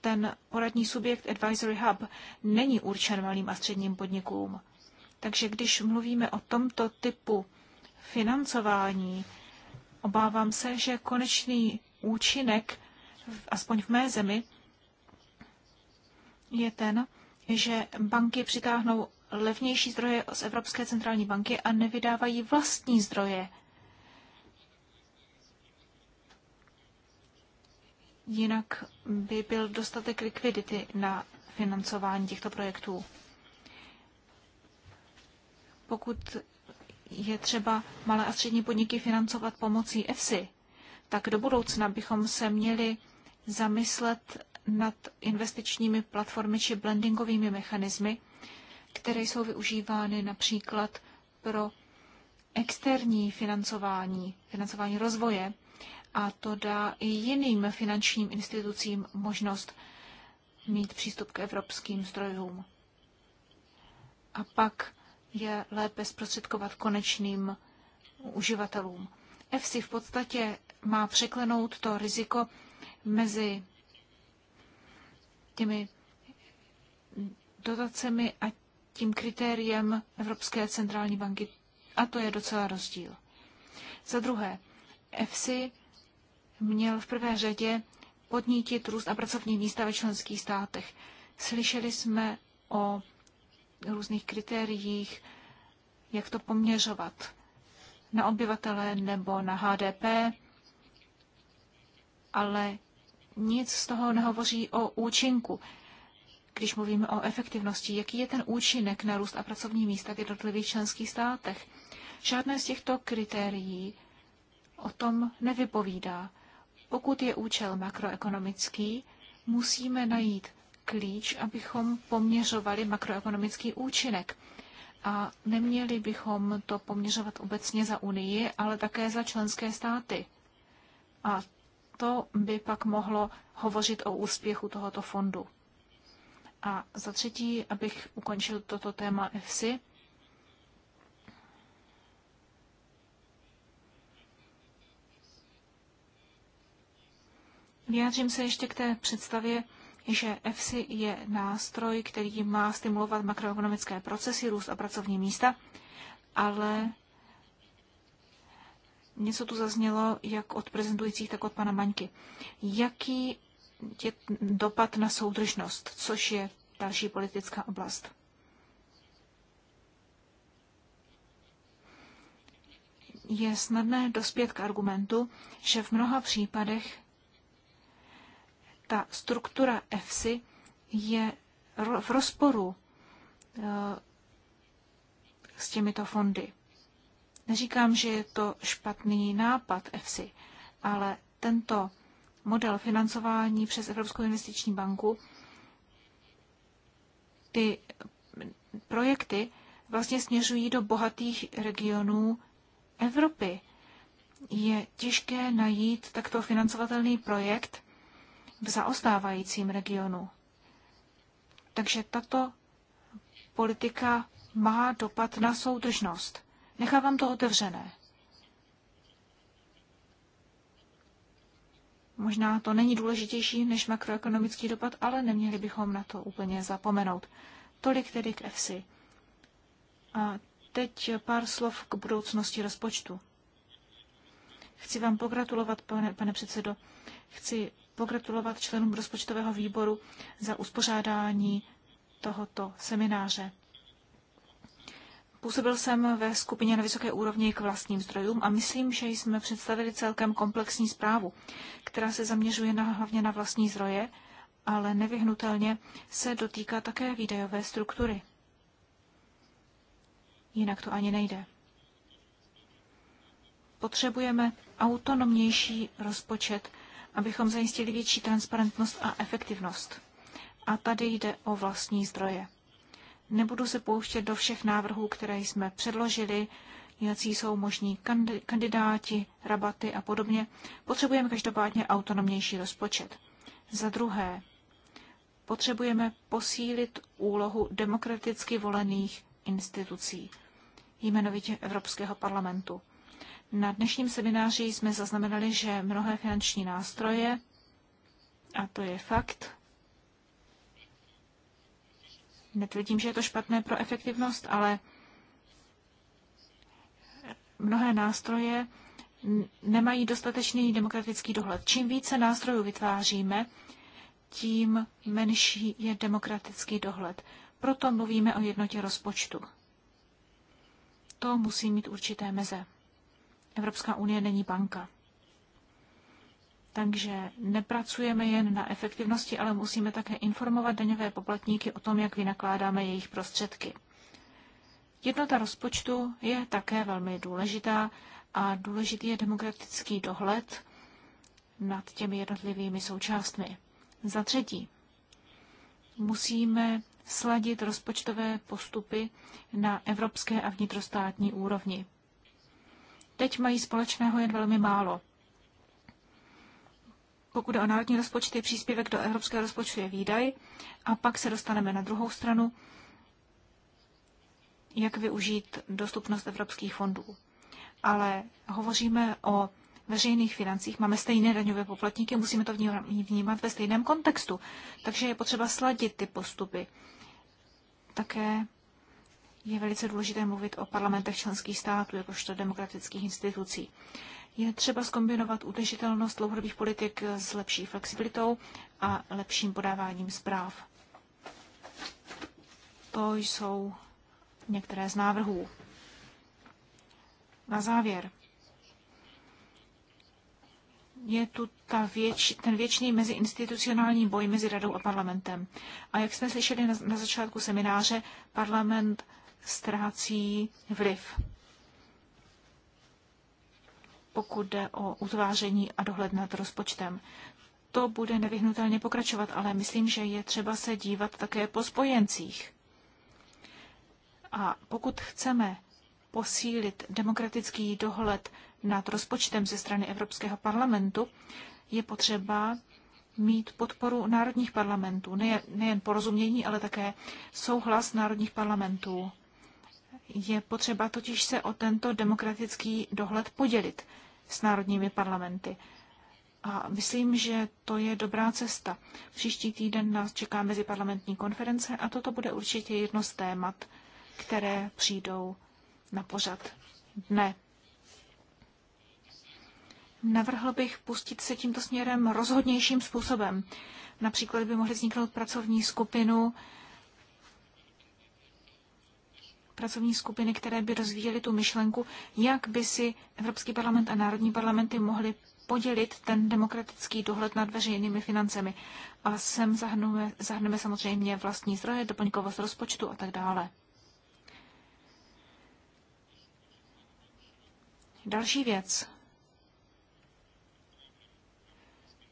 Ten poradní subjekt Advisory Hub není určen malým a středním podnikům. Takže když mluvíme o tomto typu financování, obávám se, že konečný účinek, aspoň v mé zemi, je ten, že banky přitáhnou levnější zdroje z Evropské centrální banky a nevydávají vlastní zdroje. Jinak by byl dostatek likvidity na financování těchto projektů. Pokud je třeba malé a střední podniky financovat pomocí EFSI, tak do budoucna bychom se měli zamyslet nad investičními platformy či blendingovými mechanismy, které jsou využívány například pro externí financování, financování rozvoje, a to dá i jiným finančním institucím možnost mít přístup k evropským zdrojům. A pak je lépe zprostředkovat konečným uživatelům. EFSI v podstatě má překlenout to riziko mezi těmi dotacemi a tím kritériem Evropské centrální banky. A to je docela rozdíl. Za druhé, EFSI měl v prvé řadě podnítit růst a pracovní místa ve členských státech. Slyšeli jsme o různých kritériích, jak to poměřovat na obyvatele nebo na HDP, ale nic z toho nehovoří o účinku. Když mluvíme o efektivnosti, jaký je ten účinek na růst a pracovní místa v jednotlivých členských státech? Žádné z těchto kritérií o tom nevypovídá. Pokud je účel makroekonomický, musíme najít klíč, abychom poměřovali makroekonomický účinek. A neměli bychom to poměřovat obecně za Unii, ale také za členské státy. A to by pak mohlo hovořit o úspěchu tohoto fondu. A za třetí, abych ukončil toto téma EFSI, Vyjádřím se ještě k té představě že EFSI je nástroj, který má stimulovat makroekonomické procesy, růst a pracovní místa, ale něco tu zaznělo jak od prezentujících, tak od pana Maňky. Jaký je dopad na soudržnost, což je další politická oblast? Je snadné dospět k argumentu, že v mnoha případech ta struktura EFSI je v rozporu eh, s těmito fondy. Neříkám, že je to špatný nápad EFSI, ale tento model financování přes Evropskou investiční banku, ty projekty vlastně směřují do bohatých regionů Evropy. Je těžké najít takto financovatelný projekt, v zaostávajícím regionu. Takže tato politika má dopad na soudržnost. Nechávám to otevřené. Možná to není důležitější než makroekonomický dopad, ale neměli bychom na to úplně zapomenout. Tolik tedy k EFSI. A teď pár slov k budoucnosti rozpočtu. Chci vám pogratulovat, pane, pane předsedo. Chci pogratulovat členům rozpočtového výboru za uspořádání tohoto semináře. Působil jsem ve skupině na vysoké úrovni k vlastním zdrojům a myslím, že jsme představili celkem komplexní zprávu, která se zaměřuje na, hlavně na vlastní zdroje, ale nevyhnutelně se dotýká také výdajové struktury. Jinak to ani nejde. Potřebujeme autonomnější rozpočet, abychom zajistili větší transparentnost a efektivnost. A tady jde o vlastní zdroje. Nebudu se pouštět do všech návrhů, které jsme předložili, jací jsou možní kandidáti, rabaty a podobně. Potřebujeme každopádně autonomnější rozpočet. Za druhé, potřebujeme posílit úlohu demokraticky volených institucí, jmenovitě Evropského parlamentu. Na dnešním semináři jsme zaznamenali, že mnohé finanční nástroje, a to je fakt, netvrdím, že je to špatné pro efektivnost, ale mnohé nástroje nemají dostatečný demokratický dohled. Čím více nástrojů vytváříme, tím menší je demokratický dohled. Proto mluvíme o jednotě rozpočtu. To musí mít určité meze. Evropská unie není banka. Takže nepracujeme jen na efektivnosti, ale musíme také informovat daňové poplatníky o tom, jak vynakládáme jejich prostředky. Jednota rozpočtu je také velmi důležitá a důležitý je demokratický dohled nad těmi jednotlivými součástmi. Za třetí, musíme sladit rozpočtové postupy na evropské a vnitrostátní úrovni teď mají společného jen velmi málo. Pokud o národní rozpočty, příspěvek do evropského rozpočtu je výdaj a pak se dostaneme na druhou stranu, jak využít dostupnost evropských fondů. Ale hovoříme o veřejných financích, máme stejné daňové poplatníky, musíme to vnímat ve stejném kontextu. Takže je potřeba sladit ty postupy. Také je velice důležité mluvit o parlamentech členských států jakožto demokratických institucí. Je třeba skombinovat udržitelnost dlouhodobých politik s lepší flexibilitou a lepším podáváním zpráv. To jsou některé z návrhů. Na závěr. Je tu ta věč, ten věčný meziinstitucionální boj mezi radou a parlamentem. A jak jsme slyšeli na, na začátku semináře, parlament ztrácí vliv, pokud jde o utváření a dohled nad rozpočtem. To bude nevyhnutelně pokračovat, ale myslím, že je třeba se dívat také po spojencích. A pokud chceme posílit demokratický dohled nad rozpočtem ze strany Evropského parlamentu, je potřeba mít podporu národních parlamentů, nejen, nejen porozumění, ale také souhlas národních parlamentů. Je potřeba totiž se o tento demokratický dohled podělit s národními parlamenty. A myslím, že to je dobrá cesta. Příští týden nás čeká meziparlamentní konference a toto bude určitě jedno z témat, které přijdou na pořad dne. Navrhl bych pustit se tímto směrem rozhodnějším způsobem. Například by mohly vzniknout pracovní skupinu pracovní skupiny, které by rozvíjely tu myšlenku, jak by si Evropský parlament a národní parlamenty mohly podělit ten demokratický dohled nad veřejnými financemi. A sem zahrneme, zahrneme samozřejmě vlastní zdroje, doplňkovost rozpočtu a tak dále. Další věc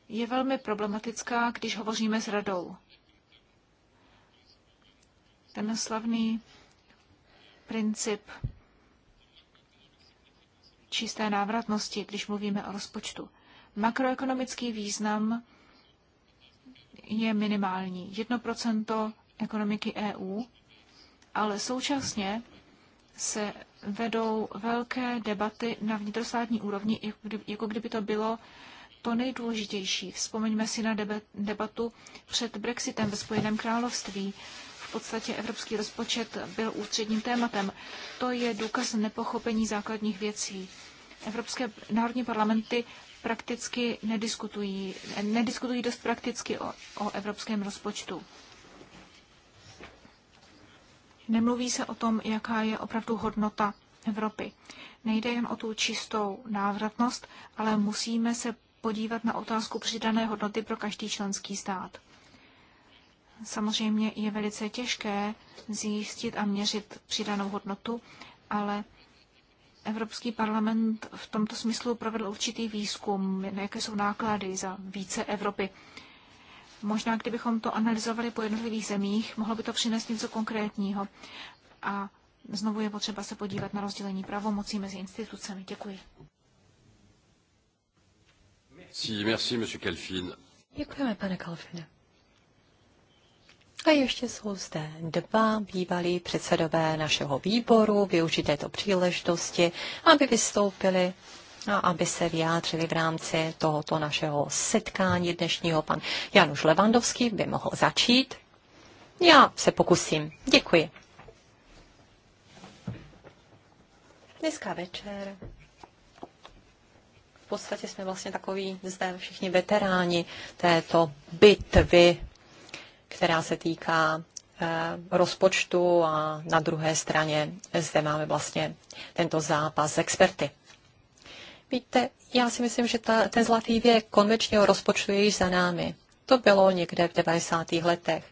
je velmi problematická, když hovoříme s radou. Ten slavný princip čisté návratnosti, když mluvíme o rozpočtu. Makroekonomický význam je minimální. 1% ekonomiky EU, ale současně se vedou velké debaty na vnitrostátní úrovni, jako kdyby to bylo to nejdůležitější. Vzpomeňme si na debatu před Brexitem ve Spojeném království podstatě evropský rozpočet byl ústředním tématem. To je důkaz nepochopení základních věcí. Evropské národní parlamenty prakticky nediskutují, nediskutují dost prakticky o, o evropském rozpočtu. Nemluví se o tom, jaká je opravdu hodnota Evropy. Nejde jen o tu čistou návratnost, ale musíme se podívat na otázku přidané hodnoty pro každý členský stát. Samozřejmě je velice těžké zjistit a měřit přidanou hodnotu, ale Evropský parlament v tomto smyslu provedl určitý výzkum, jaké jsou náklady za více Evropy. Možná, kdybychom to analyzovali po jednotlivých zemích, mohlo by to přinést něco konkrétního. A znovu je potřeba se podívat na rozdělení pravomocí mezi institucemi. Děkuji. Děkujeme, pane Kalfine. A ještě jsou zde dva bývalí předsedové našeho výboru, využít této příležitosti, aby vystoupili a aby se vyjádřili v rámci tohoto našeho setkání dnešního. Pan Januš Levandovský by mohl začít. Já se pokusím. Děkuji. Dneska večer v podstatě jsme vlastně takoví zde všichni veteráni této bitvy která se týká eh, rozpočtu a na druhé straně zde máme vlastně tento zápas s experty. Víte, já si myslím, že ta, ten zlatý věk konvenčního rozpočtu je již za námi. To bylo někde v 90. letech,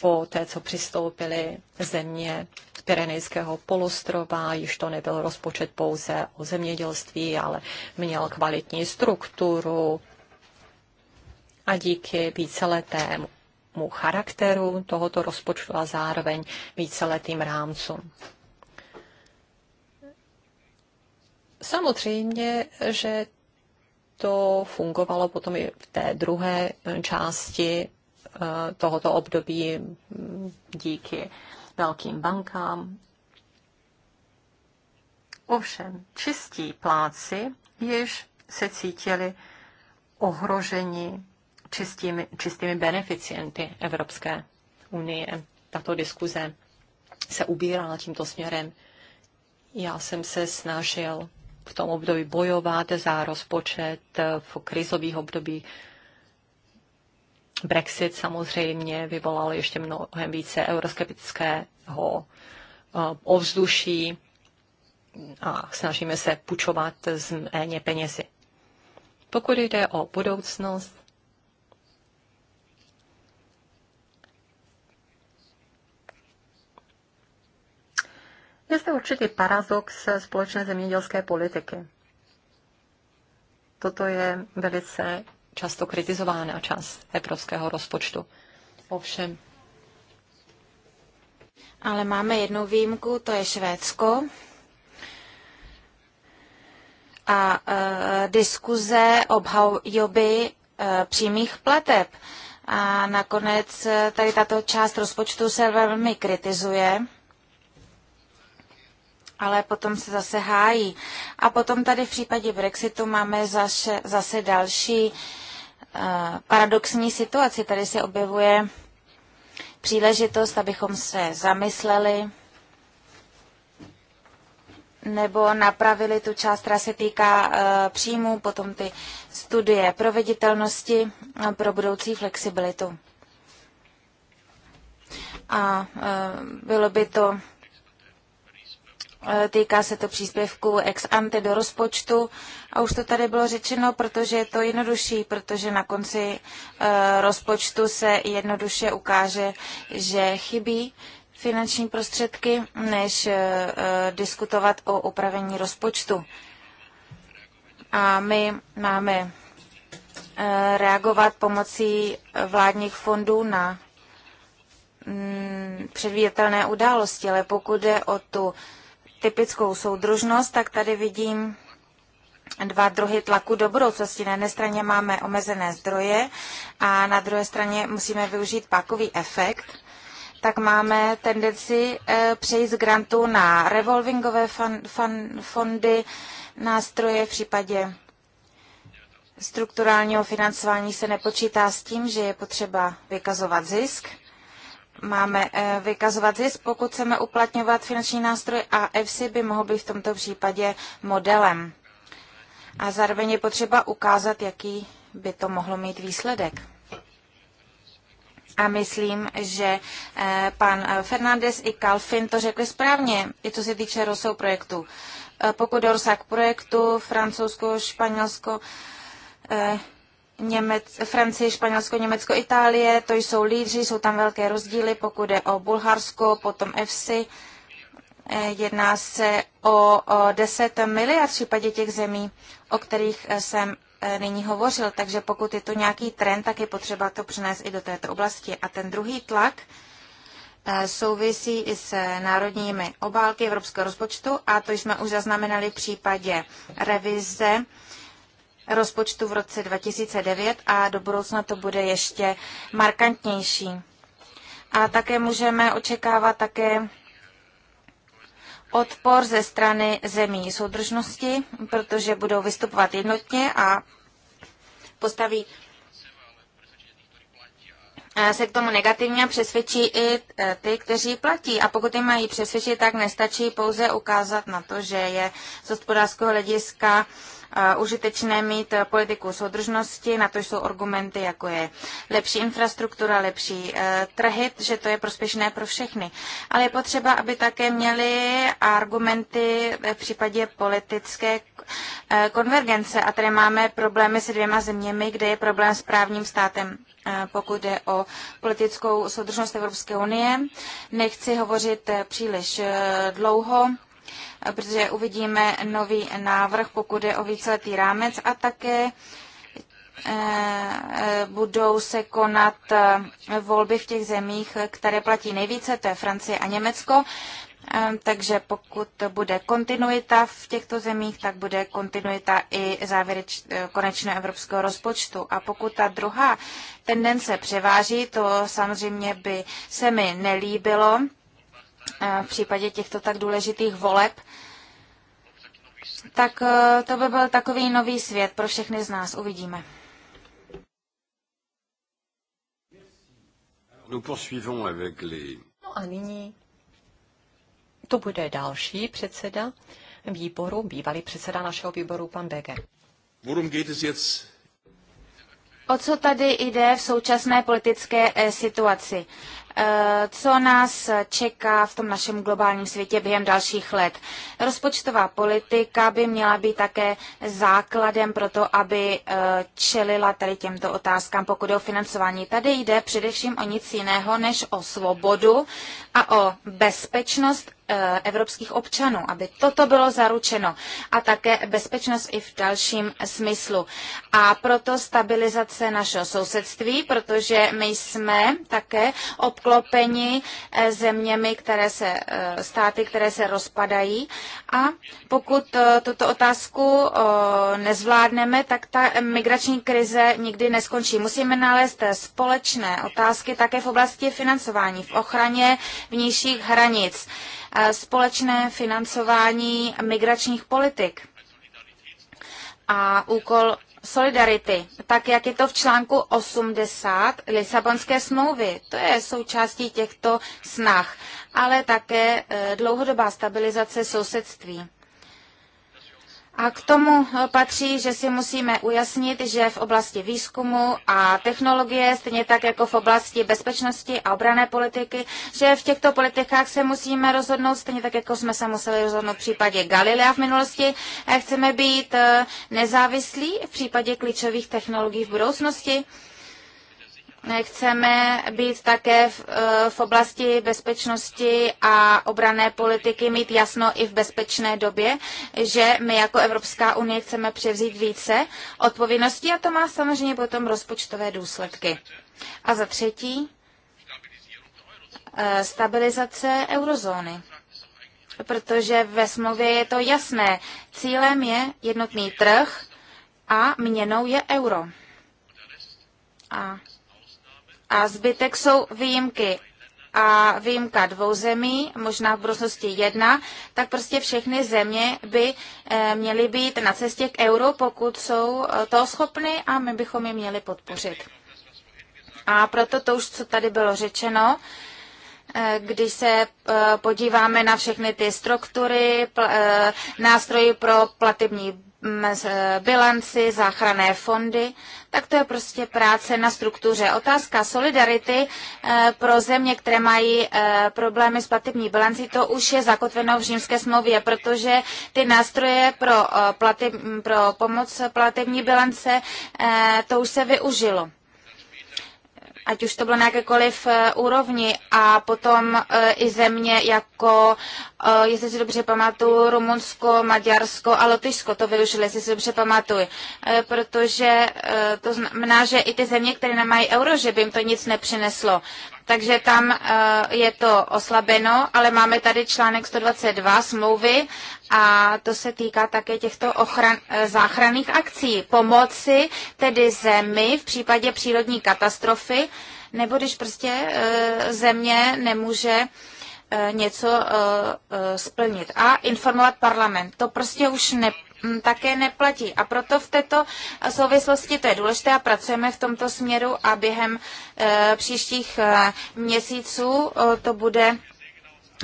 po té, co přistoupily země Pirenejského polostrova, již to nebyl rozpočet pouze o zemědělství, ale měl kvalitní strukturu a díky víceletému mu charakteru tohoto rozpočtu a zároveň víceletým rámcům. Samozřejmě, že to fungovalo potom i v té druhé části eh, tohoto období mm, díky velkým bankám. Ovšem, čistí pláci již se cítili ohroženi čistými, čistými beneficienty Evropské unie. Tato diskuze se ubírala tímto směrem. Já jsem se snažil v tom období bojovat za rozpočet v krizových období. Brexit samozřejmě vyvolal ještě mnohem více euroskeptického eh, ovzduší a snažíme se pučovat z méně penězi. Pokud jde o budoucnost, Je zde určitý paradox společné zemědělské politiky. Toto je velice často kritizována část evropského rozpočtu. Ovšem. Ale máme jednu výjimku, to je Švédsko. A e, diskuze obhajoby e, přímých plateb. A nakonec e, tady tato část rozpočtu se velmi kritizuje ale potom se zase hájí. A potom tady v případě Brexitu máme zase, zase další uh, paradoxní situaci. Tady se objevuje příležitost, abychom se zamysleli nebo napravili tu část, která se týká uh, příjmů, potom ty studie proveditelnosti eh, pro budoucí flexibilitu. A uh, bylo by to Eh, týká se to příspěvku ex ante do rozpočtu a už to tady bylo řečeno, protože je to jednodušší, protože na konci eh, rozpočtu se jednoduše ukáže, že chybí finanční prostředky, než eh, diskutovat o upravení rozpočtu. A my máme reagovat pomocí vládních fondů na mm, předvídatelné události, ale pokud jde o tu typickou soudružnost, tak tady vidím dva druhy tlaku do budoucnosti. Na jedné straně máme omezené zdroje a na druhé straně musíme využít pakový efekt tak máme tendenci eh, přejít z grantu na revolvingové fan, fan, fondy, nástroje v případě strukturálního financování se nepočítá s tím, že je potřeba vykazovat zisk máme eh, vykazovat zisk, pokud chceme uplatňovat finanční nástroj a EFSI by mohl být v tomto případě modelem. A zároveň je potřeba ukázat, jaký by to mohlo mít výsledek. A myslím, že eh, pan Fernández i Kalfin to řekli správně, i co se týče rozsahu projektu. Eh, pokud rozsah projektu, Francouzsko, Španělsko, Němec, Francie, Španělsko, Německo, Itálie, to jsou lídři, jsou tam velké rozdíly, pokud je o Bulharsko, potom FC eh, jedná se o, o 10 miliard v případě těch zemí, o kterých eh, jsem eh, nyní hovořil, takže pokud je to nějaký trend, tak je potřeba to přinést i do této oblasti. A ten druhý tlak souvisí i s národními obálky evropského rozpočtu a to jsme už zaznamenali v případě revize rozpočtu v roce 2009 a do budoucna to bude ještě markantnější. A také můžeme očekávat také odpor ze strany zemí soudržnosti, protože budou vystupovat jednotně a postaví eh, se k tomu negativně přesvědčí i eh, ty, kteří platí. A pokud je mají přesvědčit, tak nestačí pouze ukázat na to, že je z hospodářského hlediska užitečné mít eh, politiku soudržnosti, na to jsou argumenty, jako je lepší infrastruktura, lepší eh, trhy, že to je prospěšné pro všechny. Ale je potřeba, aby také měli argumenty v případě politické eh, konvergence. A tady máme problémy se dvěma zeměmi, kde je problém s právním státem pokud jde o politickou soudržnost Evropské unie. Nechci hovořit příliš dlouho protože uvidíme nový návrh, pokud je o víceletý rámec a také eh, eh, budou se konat eh, volby v těch zemích, které platí nejvíce, to je Francie a Německo. Takže pokud bude kontinuita v těchto zemích, tak bude kontinuita i závěreč, konečného evropského rozpočtu. A pokud ta druhá tendence převáží, to samozřejmě by se mi nelíbilo, v případě těchto tak důležitých voleb, tak eh, to by byl takový nový svět pro všechny z nás. Uvidíme. No a nyní to bude další předseda výboru, bývalý předseda našeho výboru, pan Bege. O co tady jde v současné politické eh, situaci? Eh, co nás čeká v tom našem globálním světě během dalších let. Rozpočtová politika by měla být také základem pro to, aby eh, čelila tady těmto otázkám, pokud je o financování. Tady jde především o nic jiného než o svobodu a o bezpečnost eh, evropských občanů, aby toto bylo zaručeno a také bezpečnost i v dalším smyslu. A proto stabilizace našeho sousedství, protože my jsme také obklopeni eh, zeměmi, které se, eh, státy, které se rozpadají a pokud tuto otázku nezvládneme, tak ta migrační krize nikdy neskončí. Musíme nalézt společné otázky také v oblasti financování, v ochraně vnějších hranic, společné financování migračních politik a úkol solidarity, tak jak je to v článku 80 Lisabonské smlouvy. To je součástí těchto snah, ale také eh, dlouhodobá stabilizace sousedství. A k tomu eh, patří, že si musíme ujasnit, že v oblasti výzkumu a technologie, stejně tak jako v oblasti bezpečnosti a obrané politiky, že v těchto politikách se musíme rozhodnout, stejně tak jako jsme se museli rozhodnout v případě Galilea v minulosti, eh, chceme být eh, nezávislí v případě klíčových technologií v budoucnosti. Chceme být také v, eh, v oblasti bezpečnosti a obrané politiky mít jasno i v bezpečné době, že my jako Evropská unie chceme převzít více odpovědností a to má samozřejmě potom rozpočtové důsledky. A za třetí, eh, stabilizace eurozóny. Protože ve smlouvě je to jasné. Cílem je jednotný trh a měnou je euro. A a zbytek jsou výjimky. A výjimka dvou zemí, možná v budoucnosti jedna, tak prostě všechny země by eh, měly být na cestě k euru, pokud jsou eh, toho schopny a my bychom je měli podpořit. A proto to už, co tady bylo řečeno, eh, když se podíváme na všechny ty struktury, nástroje pro platební bilanci, záchrané fondy, tak to je prostě práce na struktuře. Otázka solidarity eh, pro země, které mají eh, problémy s platební bilancí, to už je zakotveno v římské smlouvě, protože ty nástroje pro, eh, plateb, mm, pro pomoc platební bilance, to už se využilo ať už to bylo na jakékoliv úrovni a potom i země jako Eh, jestli si dobře pamatuju, Rumunsko, Maďarsko a Lotyšsko to využili, jestli si dobře pamatuju, eh, protože eh, to znamená, že i ty země, které nemají euro, že by jim to nic nepřineslo. Takže tam je to oslabeno, ale máme tady článek 122 smlouvy a to se týká také těchto ochran, záchranných akcí. Pomoci tedy zemi v případě přírodní katastrofy, nebo když prostě země nemůže Eh, něco eh, eh, splnit a informovat parlament. To prostě už ne, mm, také neplatí. A proto v této souvislosti to je důležité a pracujeme v tomto směru a během příštích měsíců to bude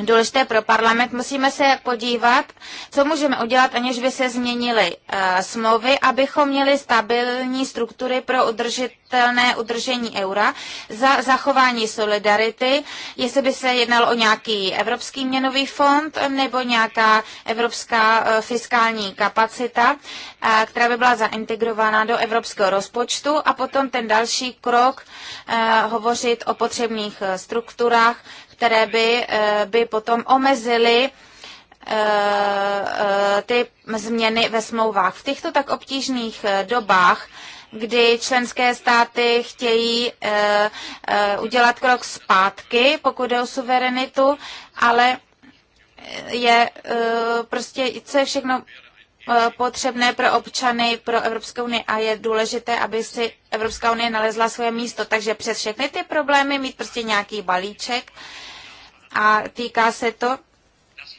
důležité pro parlament, musíme se podívat, co můžeme udělat, aniž by se změnily uh, smlouvy, abychom měli stabilní struktury pro udržitelné udržení eura za zachování solidarity, jestli by se jednalo o nějaký Evropský měnový fond nebo nějaká evropská uh, fiskální kapacita, uh, která by byla zaintegrována do evropského rozpočtu a potom ten další krok uh, hovořit o potřebných strukturách které by, eh, by potom omezily eh, eh, ty změny ve smlouvách. V těchto tak obtížných dobách kdy členské státy chtějí e, e, udělat krok zpátky, pokud jde o suverenitu, ale je e, prostě, co je všechno Eh, potřebné pro občany, pro Evropskou unii a je důležité, aby si Evropská unie nalezla svoje místo. Takže přes všechny ty problémy mít prostě nějaký balíček a týká se to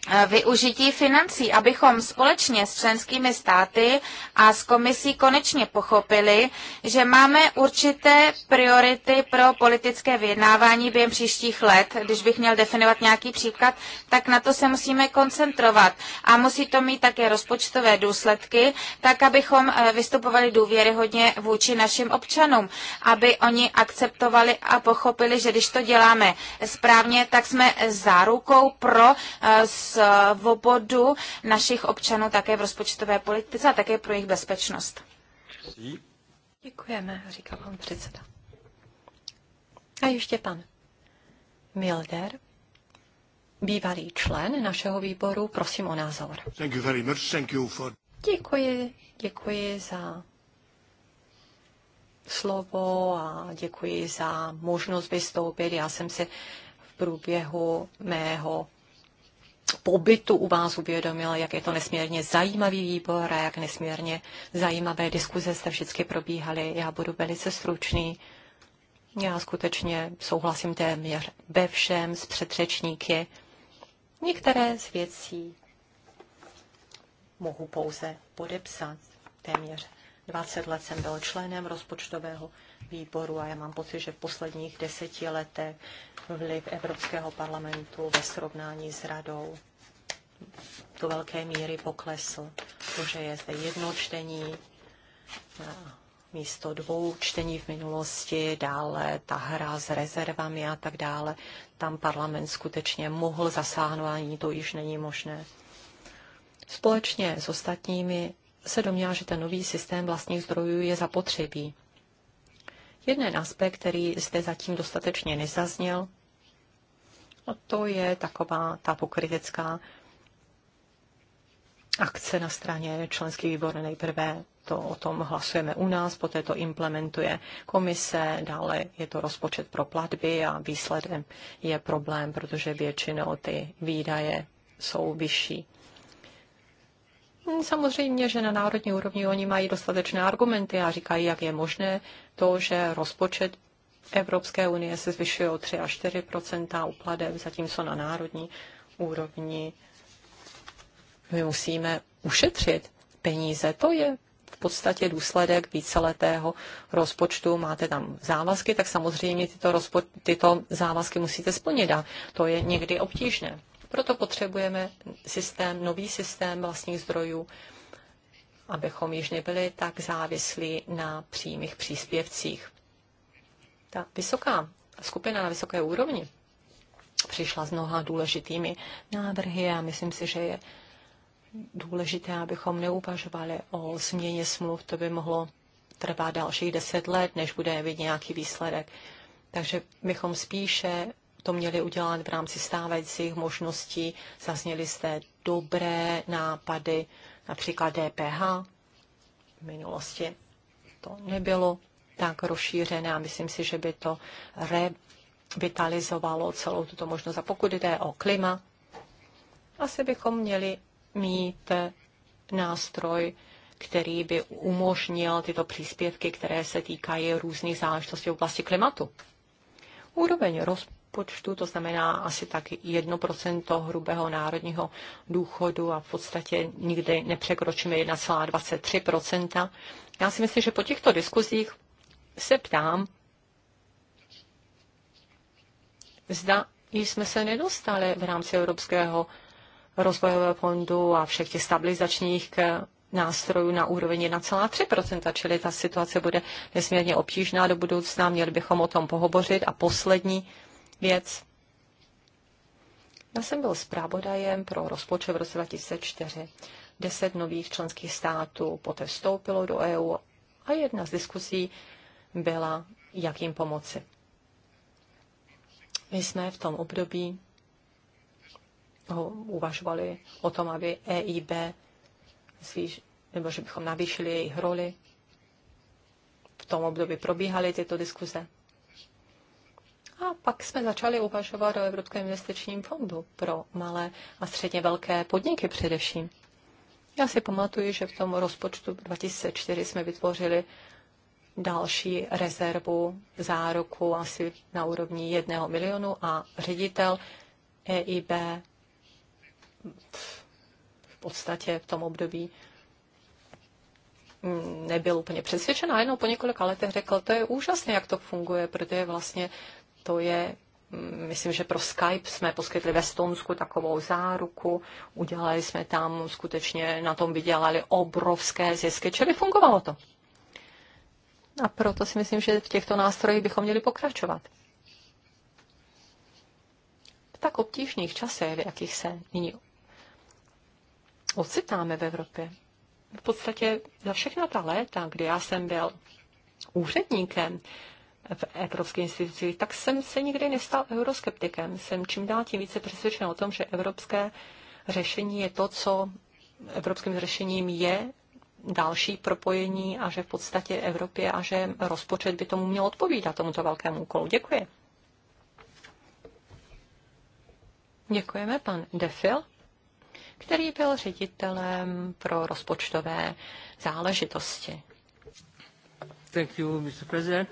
Eh, využití financí, abychom společně s členskými státy a s komisí konečně pochopili, že máme určité priority pro politické vyjednávání během příštích let. Když bych měl definovat nějaký příklad, tak na to se musíme koncentrovat. A musí to mít také rozpočtové důsledky, tak abychom eh, vystupovali důvěryhodně vůči našim občanům, aby oni akceptovali a pochopili, že když to děláme správně, tak jsme zárukou pro eh, svobodu našich občanů také v rozpočtové politice a také pro jejich bezpečnost. Děkujeme, říká pan předseda. A ještě pan Milder, bývalý člen našeho výboru, prosím o názor. Thank you very much. Thank you for... Děkuji, děkuji za slovo a děkuji za možnost vystoupit. Já jsem se v průběhu mého pobytu u vás uvědomil, jak je to nesmírně zajímavý výbor a jak nesmírně zajímavé diskuze jste vždycky probíhaly. Já budu velice stručný. Já skutečně souhlasím téměř ve všem s předřečníky. Některé z věcí mohu pouze podepsat. Téměř 20 let jsem byl členem rozpočtového výboru a já mám pocit, že v posledních deseti letech vliv Evropského parlamentu ve srovnání s radou do velké míry poklesl. To, že je zde jedno čtení místo dvou čtení v minulosti, dále ta hra s rezervami a tak dále, tam parlament skutečně mohl zasáhnout, ani to již není možné. Společně s ostatními se domnívá, že ten nový systém vlastních zdrojů je zapotřebí jeden aspekt, který zde zatím dostatečně nezazněl, a to je taková ta pokrytecká akce na straně členský výbor nejprve to o tom hlasujeme u nás, poté to implementuje komise, dále je to rozpočet pro platby a výsledem je problém, protože většinou ty výdaje jsou vyšší Samozřejmě, že na národní úrovni oni mají dostatečné argumenty a říkají, jak je možné to, že rozpočet Evropské unie se zvyšuje o 3 až 4 u pladeb, zatímco na národní úrovni my musíme ušetřit peníze. To je v podstatě důsledek víceletého rozpočtu. Máte tam závazky, tak samozřejmě tyto, rozpo- tyto závazky musíte splnit a to je někdy obtížné. Proto potřebujeme systém, nový systém vlastních zdrojů, abychom již nebyli tak závislí na přímých příspěvcích. Ta vysoká skupina na vysoké úrovni přišla s mnoha důležitými návrhy a myslím si, že je důležité, abychom neuvažovali o změně smluv. To by mohlo trvat dalších deset let, než bude vidět nějaký výsledek. Takže bychom spíše to měli udělat v rámci stávajících možností. Zazněli jste dobré nápady, například DPH v minulosti. To nebylo tak rozšířené a myslím si, že by to revitalizovalo celou tuto možnost. A pokud jde o klima, asi bychom měli mít nástroj, který by umožnil tyto příspěvky, které se týkají různých záležitostí v oblasti klimatu. Úroveň roz, rozpočtu, to znamená asi tak 1% hrubého národního důchodu a v podstatě nikdy nepřekročíme 1,23%. Já si myslím, že po těchto diskuzích se ptám, zda jsme se nedostali v rámci Evropského rozvojového fondu a všech těch stabilizačních nástrojů na úroveň 1,3%, čili ta situace bude nesmírně obtížná do budoucna, měli bychom o tom pohovořit. A poslední věc. Já jsem byl zpravodajem pro rozpočet v roce 2004. Deset nových členských států poté vstoupilo do EU a jedna z diskusí byla, jak jim pomoci. My jsme v tom období uvažovali o tom, aby EIB zvíž, nebo že bychom navýšili jejich roli. V tom období probíhaly tyto diskuze. A pak jsme začali uvažovat o Evropském investičním fondu pro malé a středně velké podniky především. Já si pamatuju, že v tom rozpočtu 2004 jsme vytvořili další rezervu záruku asi na úrovni jedného milionu a ředitel EIB v podstatě v tom období nebyl úplně přesvědčen a jenom po několika letech řekl, to je úžasné, jak to funguje, protože vlastně to je, mm, myslím, že pro Skype jsme poskytli ve Stonsku takovou záruku, udělali jsme tam, skutečně na tom vydělali obrovské zisky, čili fungovalo to. A proto si myslím, že v těchto nástrojích bychom měli pokračovat. V tak obtížných časech, v jakých se nyní ocitáme v Evropě, v podstatě za všechna ta léta, kdy já jsem byl úředníkem, v evropské instituci, tak jsem se nikdy nestal euroskeptikem. Jsem čím dál tím více přesvědčen o tom, že evropské řešení je to, co evropským řešením je další propojení a že v podstatě Evropě a že rozpočet by tomu měl odpovídat, tomuto velkému úkolu. Děkuji. Děkujeme pan Defil, který byl ředitelem pro rozpočtové záležitosti. Thank you, Mr. President.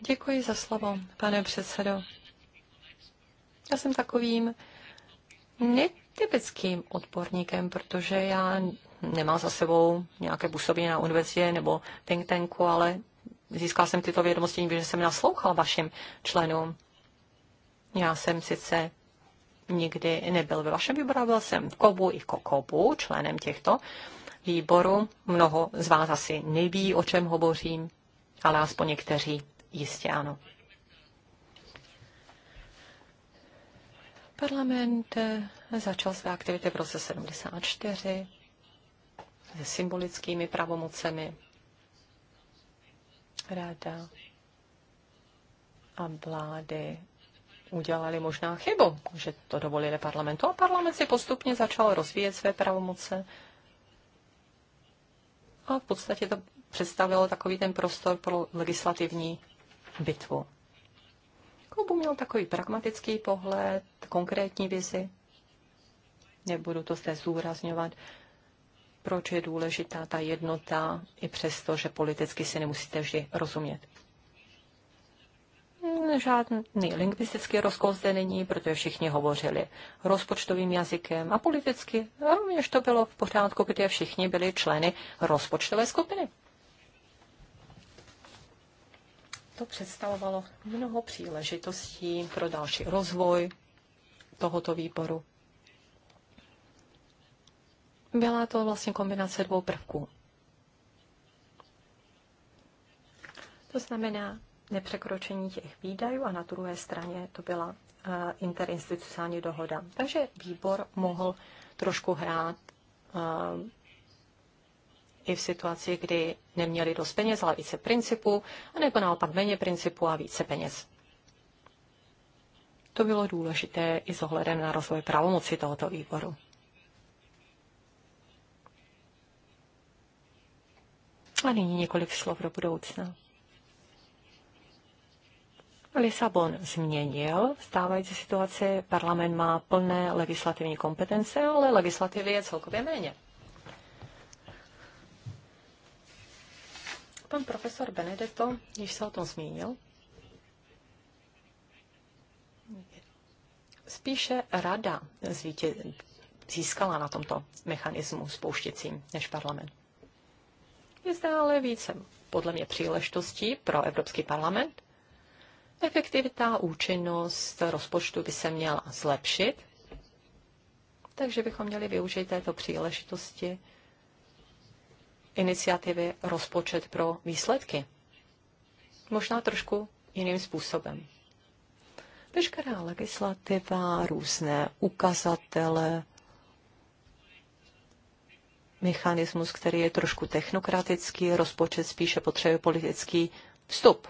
Děkuji za slovo, pane předsedo. Já jsem takovým netypickým odborníkem, protože já nemám za sebou nějaké působení na univerzitě nebo think tanku, ale získal jsem tyto vědomosti, že jsem naslouchal vašim členům. Já jsem sice nikdy nebyl ve vašem výboru, byl jsem v KOBu i KOKOBu, členem těchto výborů. Mnoho z vás asi neví, o čem hovořím ale aspoň někteří jistě ano. Parlament eh, začal své aktivity v roce 74 se symbolickými pravomocemi. Rada a vlády udělali možná chybu, že to dovolili parlamentu a parlament si postupně začal rozvíjet své pravomoce a v podstatě to představilo takový ten prostor pro legislativní bitvu. Kubu měl takový pragmatický pohled, konkrétní vizi. Nebudu to zde zúrazňovat, proč je důležitá ta jednota, i přesto, že politicky si nemusíte vždy rozumět. Žádný lingvistický rozkol zde není, protože všichni hovořili rozpočtovým jazykem a politicky. Rovněž to bylo v pořádku, kde všichni byli členy rozpočtové skupiny. to představovalo mnoho příležitostí pro další rozvoj tohoto výboru. Byla to vlastně kombinace dvou prvků. To znamená nepřekročení těch výdajů a na druhé straně to byla uh, interinstitucionální dohoda. Takže výbor mohl trošku hrát uh, i v situaci, kdy neměli dost peněz, ale více principů, anebo naopak méně principů a více peněz. To bylo důležité i s ohledem na rozvoj pravomoci tohoto výboru. A nyní několik slov do budoucna. Lisabon změnil stávající situaci, parlament má plné legislativní kompetence, ale legislativy je celkově méně. Pan profesor Benedetto již se o tom zmínil. Spíše rada zvítě, získala na tomto mechanismu spouštěcím než parlament. Je zde ale více, podle mě, příležitostí pro Evropský parlament. Efektivita, účinnost rozpočtu by se měla zlepšit, takže bychom měli využít této příležitosti iniciativy rozpočet pro výsledky. Možná trošku jiným způsobem. Veškerá legislativa, různé ukazatele, mechanismus, který je trošku technokratický, rozpočet spíše potřebuje politický vstup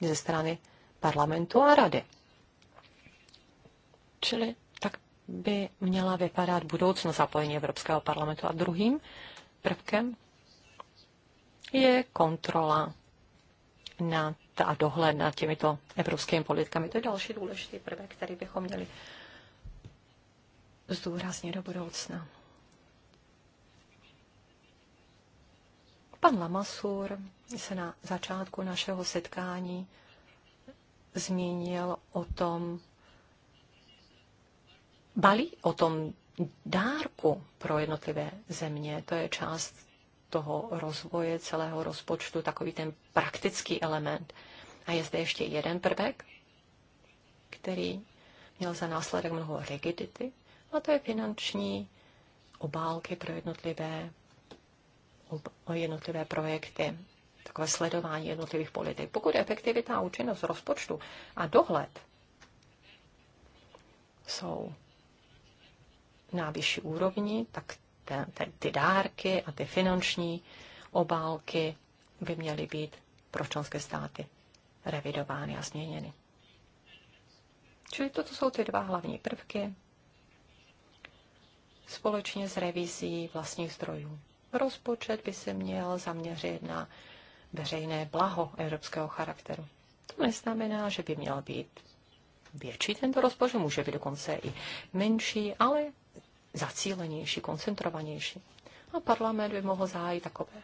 ze strany parlamentu a rady. Čili tak by měla vypadat budoucnost zapojení Evropského parlamentu. A druhým prvkem je kontrola nad a dohled nad těmito evropskými politikami. To je další důležitý prvek, který bychom měli zdůraznit do budoucna. Pan Lamasur se na začátku našeho setkání zmínil o tom balí, o tom dárku pro jednotlivé země. To je část toho rozvoje celého rozpočtu, takový ten praktický element. A je zde ještě jeden prvek, který měl za následek mnoho rigidity, a to je finanční obálky pro jednotlivé, jednotlivé projekty, takové sledování jednotlivých politik. Pokud efektivita a účinnost rozpočtu a dohled jsou na vyšší úrovni, tak ten, ten, ty dárky a ty finanční obálky by měly být pro členské státy revidovány a změněny. Čili toto jsou ty dva hlavní prvky společně s revizí vlastních zdrojů. Rozpočet by se měl zaměřit na veřejné blaho evropského charakteru. To neznamená, že by měl být větší tento rozpočet, může být dokonce i menší, ale zacílenější, koncentrovanější. A parlament by mohl zájít takové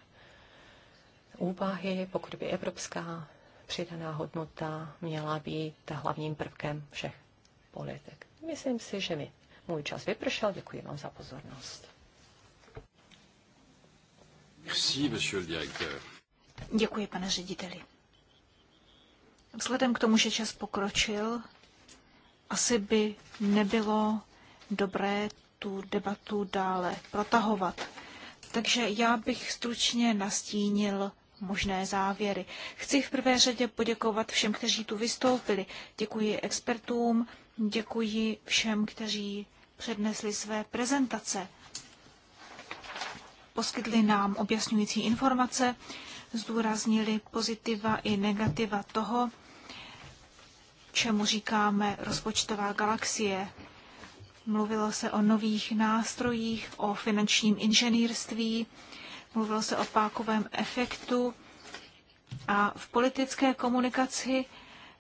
úvahy, pokud by evropská přidaná hodnota měla být hlavním prvkem všech politik. Myslím si, že mi můj čas vypršel. Děkuji vám za pozornost. Merci, monsieur le directeur. Děkuji, pane řediteli. Vzhledem k tomu, že čas pokročil, asi by nebylo dobré tu debatu dále protahovat. Takže já bych stručně nastínil možné závěry. Chci v prvé řadě poděkovat všem, kteří tu vystoupili. Děkuji expertům, děkuji všem, kteří přednesli své prezentace. Poskytli nám objasňující informace, zdůraznili pozitiva i negativa toho, čemu říkáme rozpočtová galaxie mluvilo se o nových nástrojích, o finančním inženýrství, mluvilo se o pákovém efektu a v politické komunikaci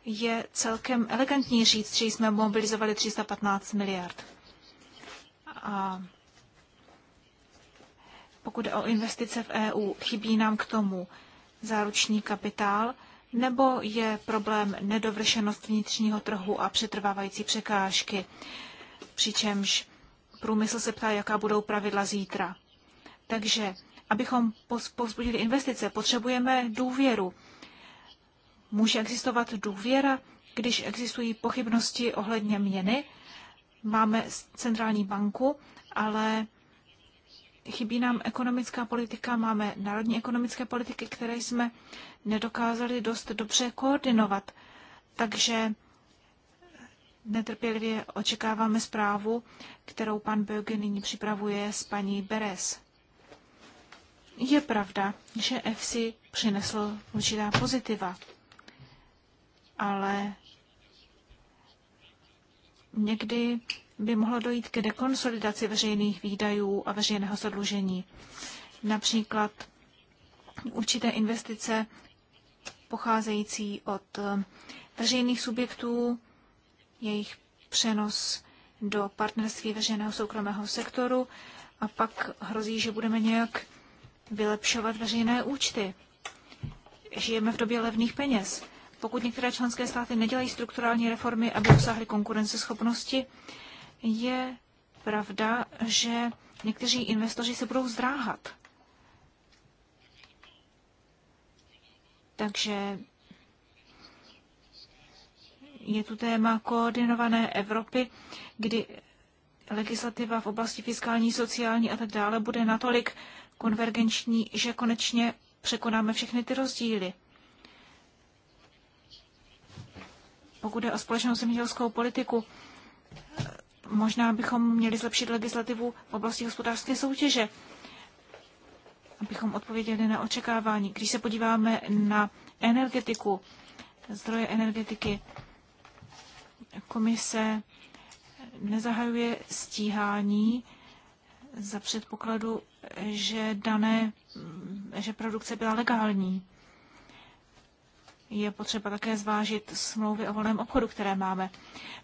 je celkem elegantní říct, že jsme mobilizovali 315 miliard. A pokud o investice v EU, chybí nám k tomu záruční kapitál, nebo je problém nedovršenost vnitřního trhu a přetrvávající překážky přičemž průmysl se ptá, jaká budou pravidla zítra. Takže, abychom povzbudili investice, potřebujeme důvěru. Může existovat důvěra, když existují pochybnosti ohledně měny. Máme centrální banku, ale chybí nám ekonomická politika, máme národní ekonomické politiky, které jsme nedokázali dost dobře koordinovat. Takže Netrpělivě očekáváme zprávu, kterou pan Böge nyní připravuje s paní Beres. Je pravda, že FC přinesl určitá pozitiva, ale někdy by mohlo dojít k dekonsolidaci veřejných výdajů a veřejného zadlužení. Například určité investice pocházející od eh, veřejných subjektů jejich přenos do partnerství veřejného soukromého sektoru a pak hrozí, že budeme nějak vylepšovat veřejné účty. Žijeme v době levných peněz. Pokud některé členské státy nedělají strukturální reformy, aby dosáhly konkurenceschopnosti, je pravda, že někteří investoři se budou zdráhat. Takže je tu téma koordinované Evropy, kdy legislativa v oblasti fiskální, sociální a tak dále bude natolik konvergenční, že konečně překonáme všechny ty rozdíly. Pokud je o společnou zemědělskou politiku, možná bychom měli zlepšit legislativu v oblasti hospodářské soutěže, abychom odpověděli na očekávání. Když se podíváme na energetiku, zdroje energetiky, komise nezahajuje stíhání za předpokladu, že dané, že produkce byla legální. Je potřeba také zvážit smlouvy o volném obchodu, které máme.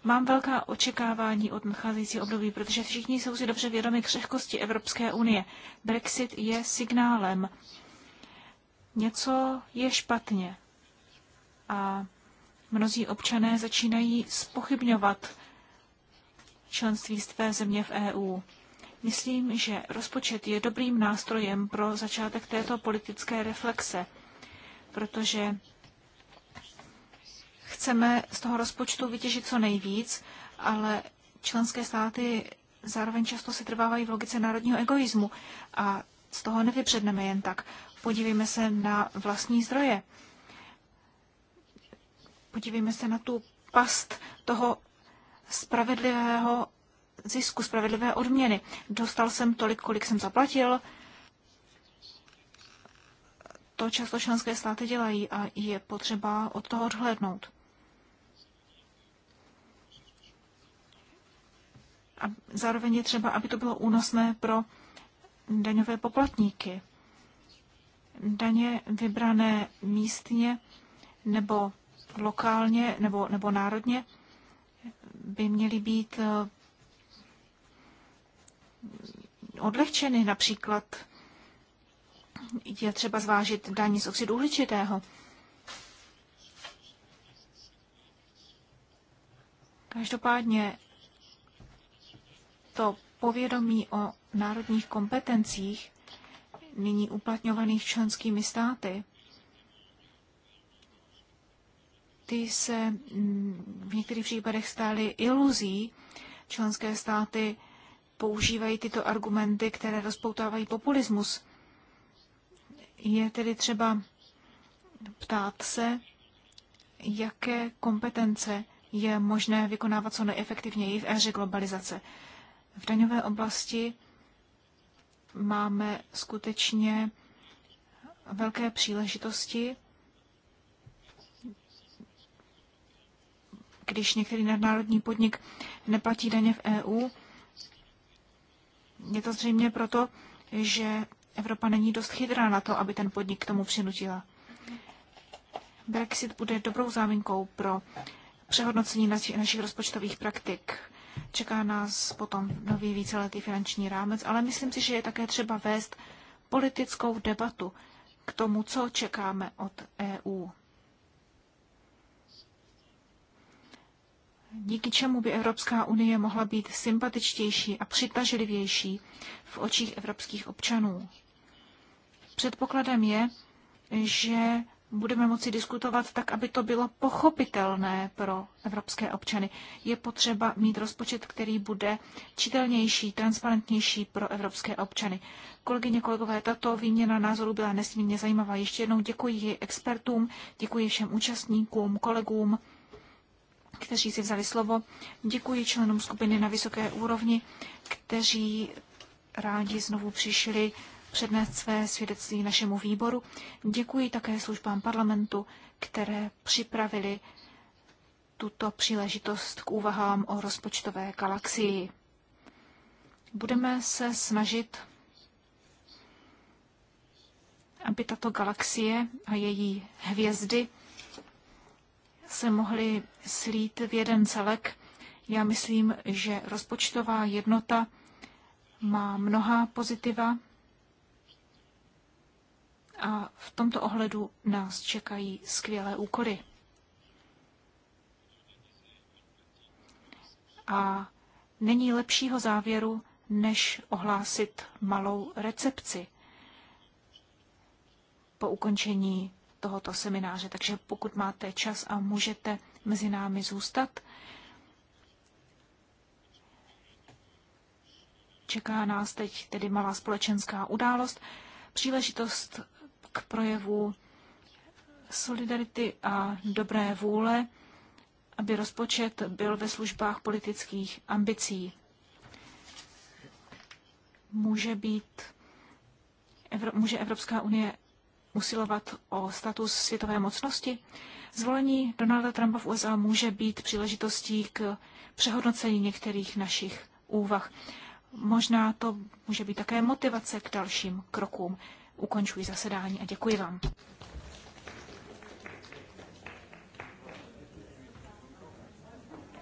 Mám velká očekávání od nadcházející období, protože všichni jsou si dobře vědomi křehkosti Evropské unie. Brexit je signálem. Něco je špatně. A Mnozí občané začínají spochybňovat členství své země v EU. Myslím, že rozpočet je dobrým nástrojem pro začátek této politické reflexe, protože chceme z toho rozpočtu vytěžit co nejvíc, ale členské státy zároveň často se trvávají v logice národního egoismu a z toho nevypředneme jen tak. Podívejme se na vlastní zdroje. Podívejme se na tu past toho spravedlivého zisku, spravedlivé odměny. Dostal jsem tolik, kolik jsem zaplatil. To často členské státy dělají a je potřeba od toho odhlédnout. A zároveň je třeba, aby to bylo únosné pro daňové poplatníky. Daně vybrané místně nebo lokálně nebo, nebo národně by měly být eh, odlehčeny. Například je třeba zvážit daní z oxidu uhličitého. Každopádně to povědomí o národních kompetencích nyní uplatňovaných členskými státy ty se mm, v některých případech stály iluzí. Členské státy používají tyto argumenty, které rozpoutávají populismus. Je tedy třeba ptát se, jaké kompetence je možné vykonávat co nejefektivněji v éře globalizace. V daňové oblasti máme skutečně velké příležitosti když některý nadnárodní podnik neplatí daně v EU, je to zřejmě proto, že Evropa není dost chytrá na to, aby ten podnik k tomu přinutila. Brexit bude dobrou záminkou pro přehodnocení naši, našich rozpočtových praktik. Čeká nás potom nový víceletý finanční rámec, ale myslím si, že je také třeba vést politickou debatu k tomu, co čekáme od EU. díky čemu by Evropská unie mohla být sympatičtější a přitažlivější v očích evropských občanů. Předpokladem je, že budeme moci diskutovat tak, aby to bylo pochopitelné pro evropské občany. Je potřeba mít rozpočet, který bude čitelnější, transparentnější pro evropské občany. Kolegyně, kolegové, tato výměna názoru byla nesmírně zajímavá. Ještě jednou děkuji expertům, děkuji všem účastníkům, kolegům kteří si vzali slovo. Děkuji členům skupiny na vysoké úrovni, kteří rádi znovu přišli přednést své svědectví našemu výboru. Děkuji také službám parlamentu, které připravili tuto příležitost k úvahám o rozpočtové galaxii. Budeme se snažit, aby tato galaxie a její hvězdy se mohly slít v jeden celek. Já myslím, že rozpočtová jednota má mnoha pozitiva a v tomto ohledu nás čekají skvělé úkoly. A není lepšího závěru, než ohlásit malou recepci po ukončení tohoto semináře. Takže pokud máte čas a můžete mezi námi zůstat, čeká nás teď tedy malá společenská událost, příležitost k projevu solidarity a dobré vůle, aby rozpočet byl ve službách politických ambicí. Může být Evro, může Evropská unie usilovat o status světové mocnosti? Zvolení Donalda Trumpa v USA může být příležitostí k přehodnocení některých našich úvah. Možná to může být také motivace k dalším krokům. Ukončuji zasedání a děkuji vám.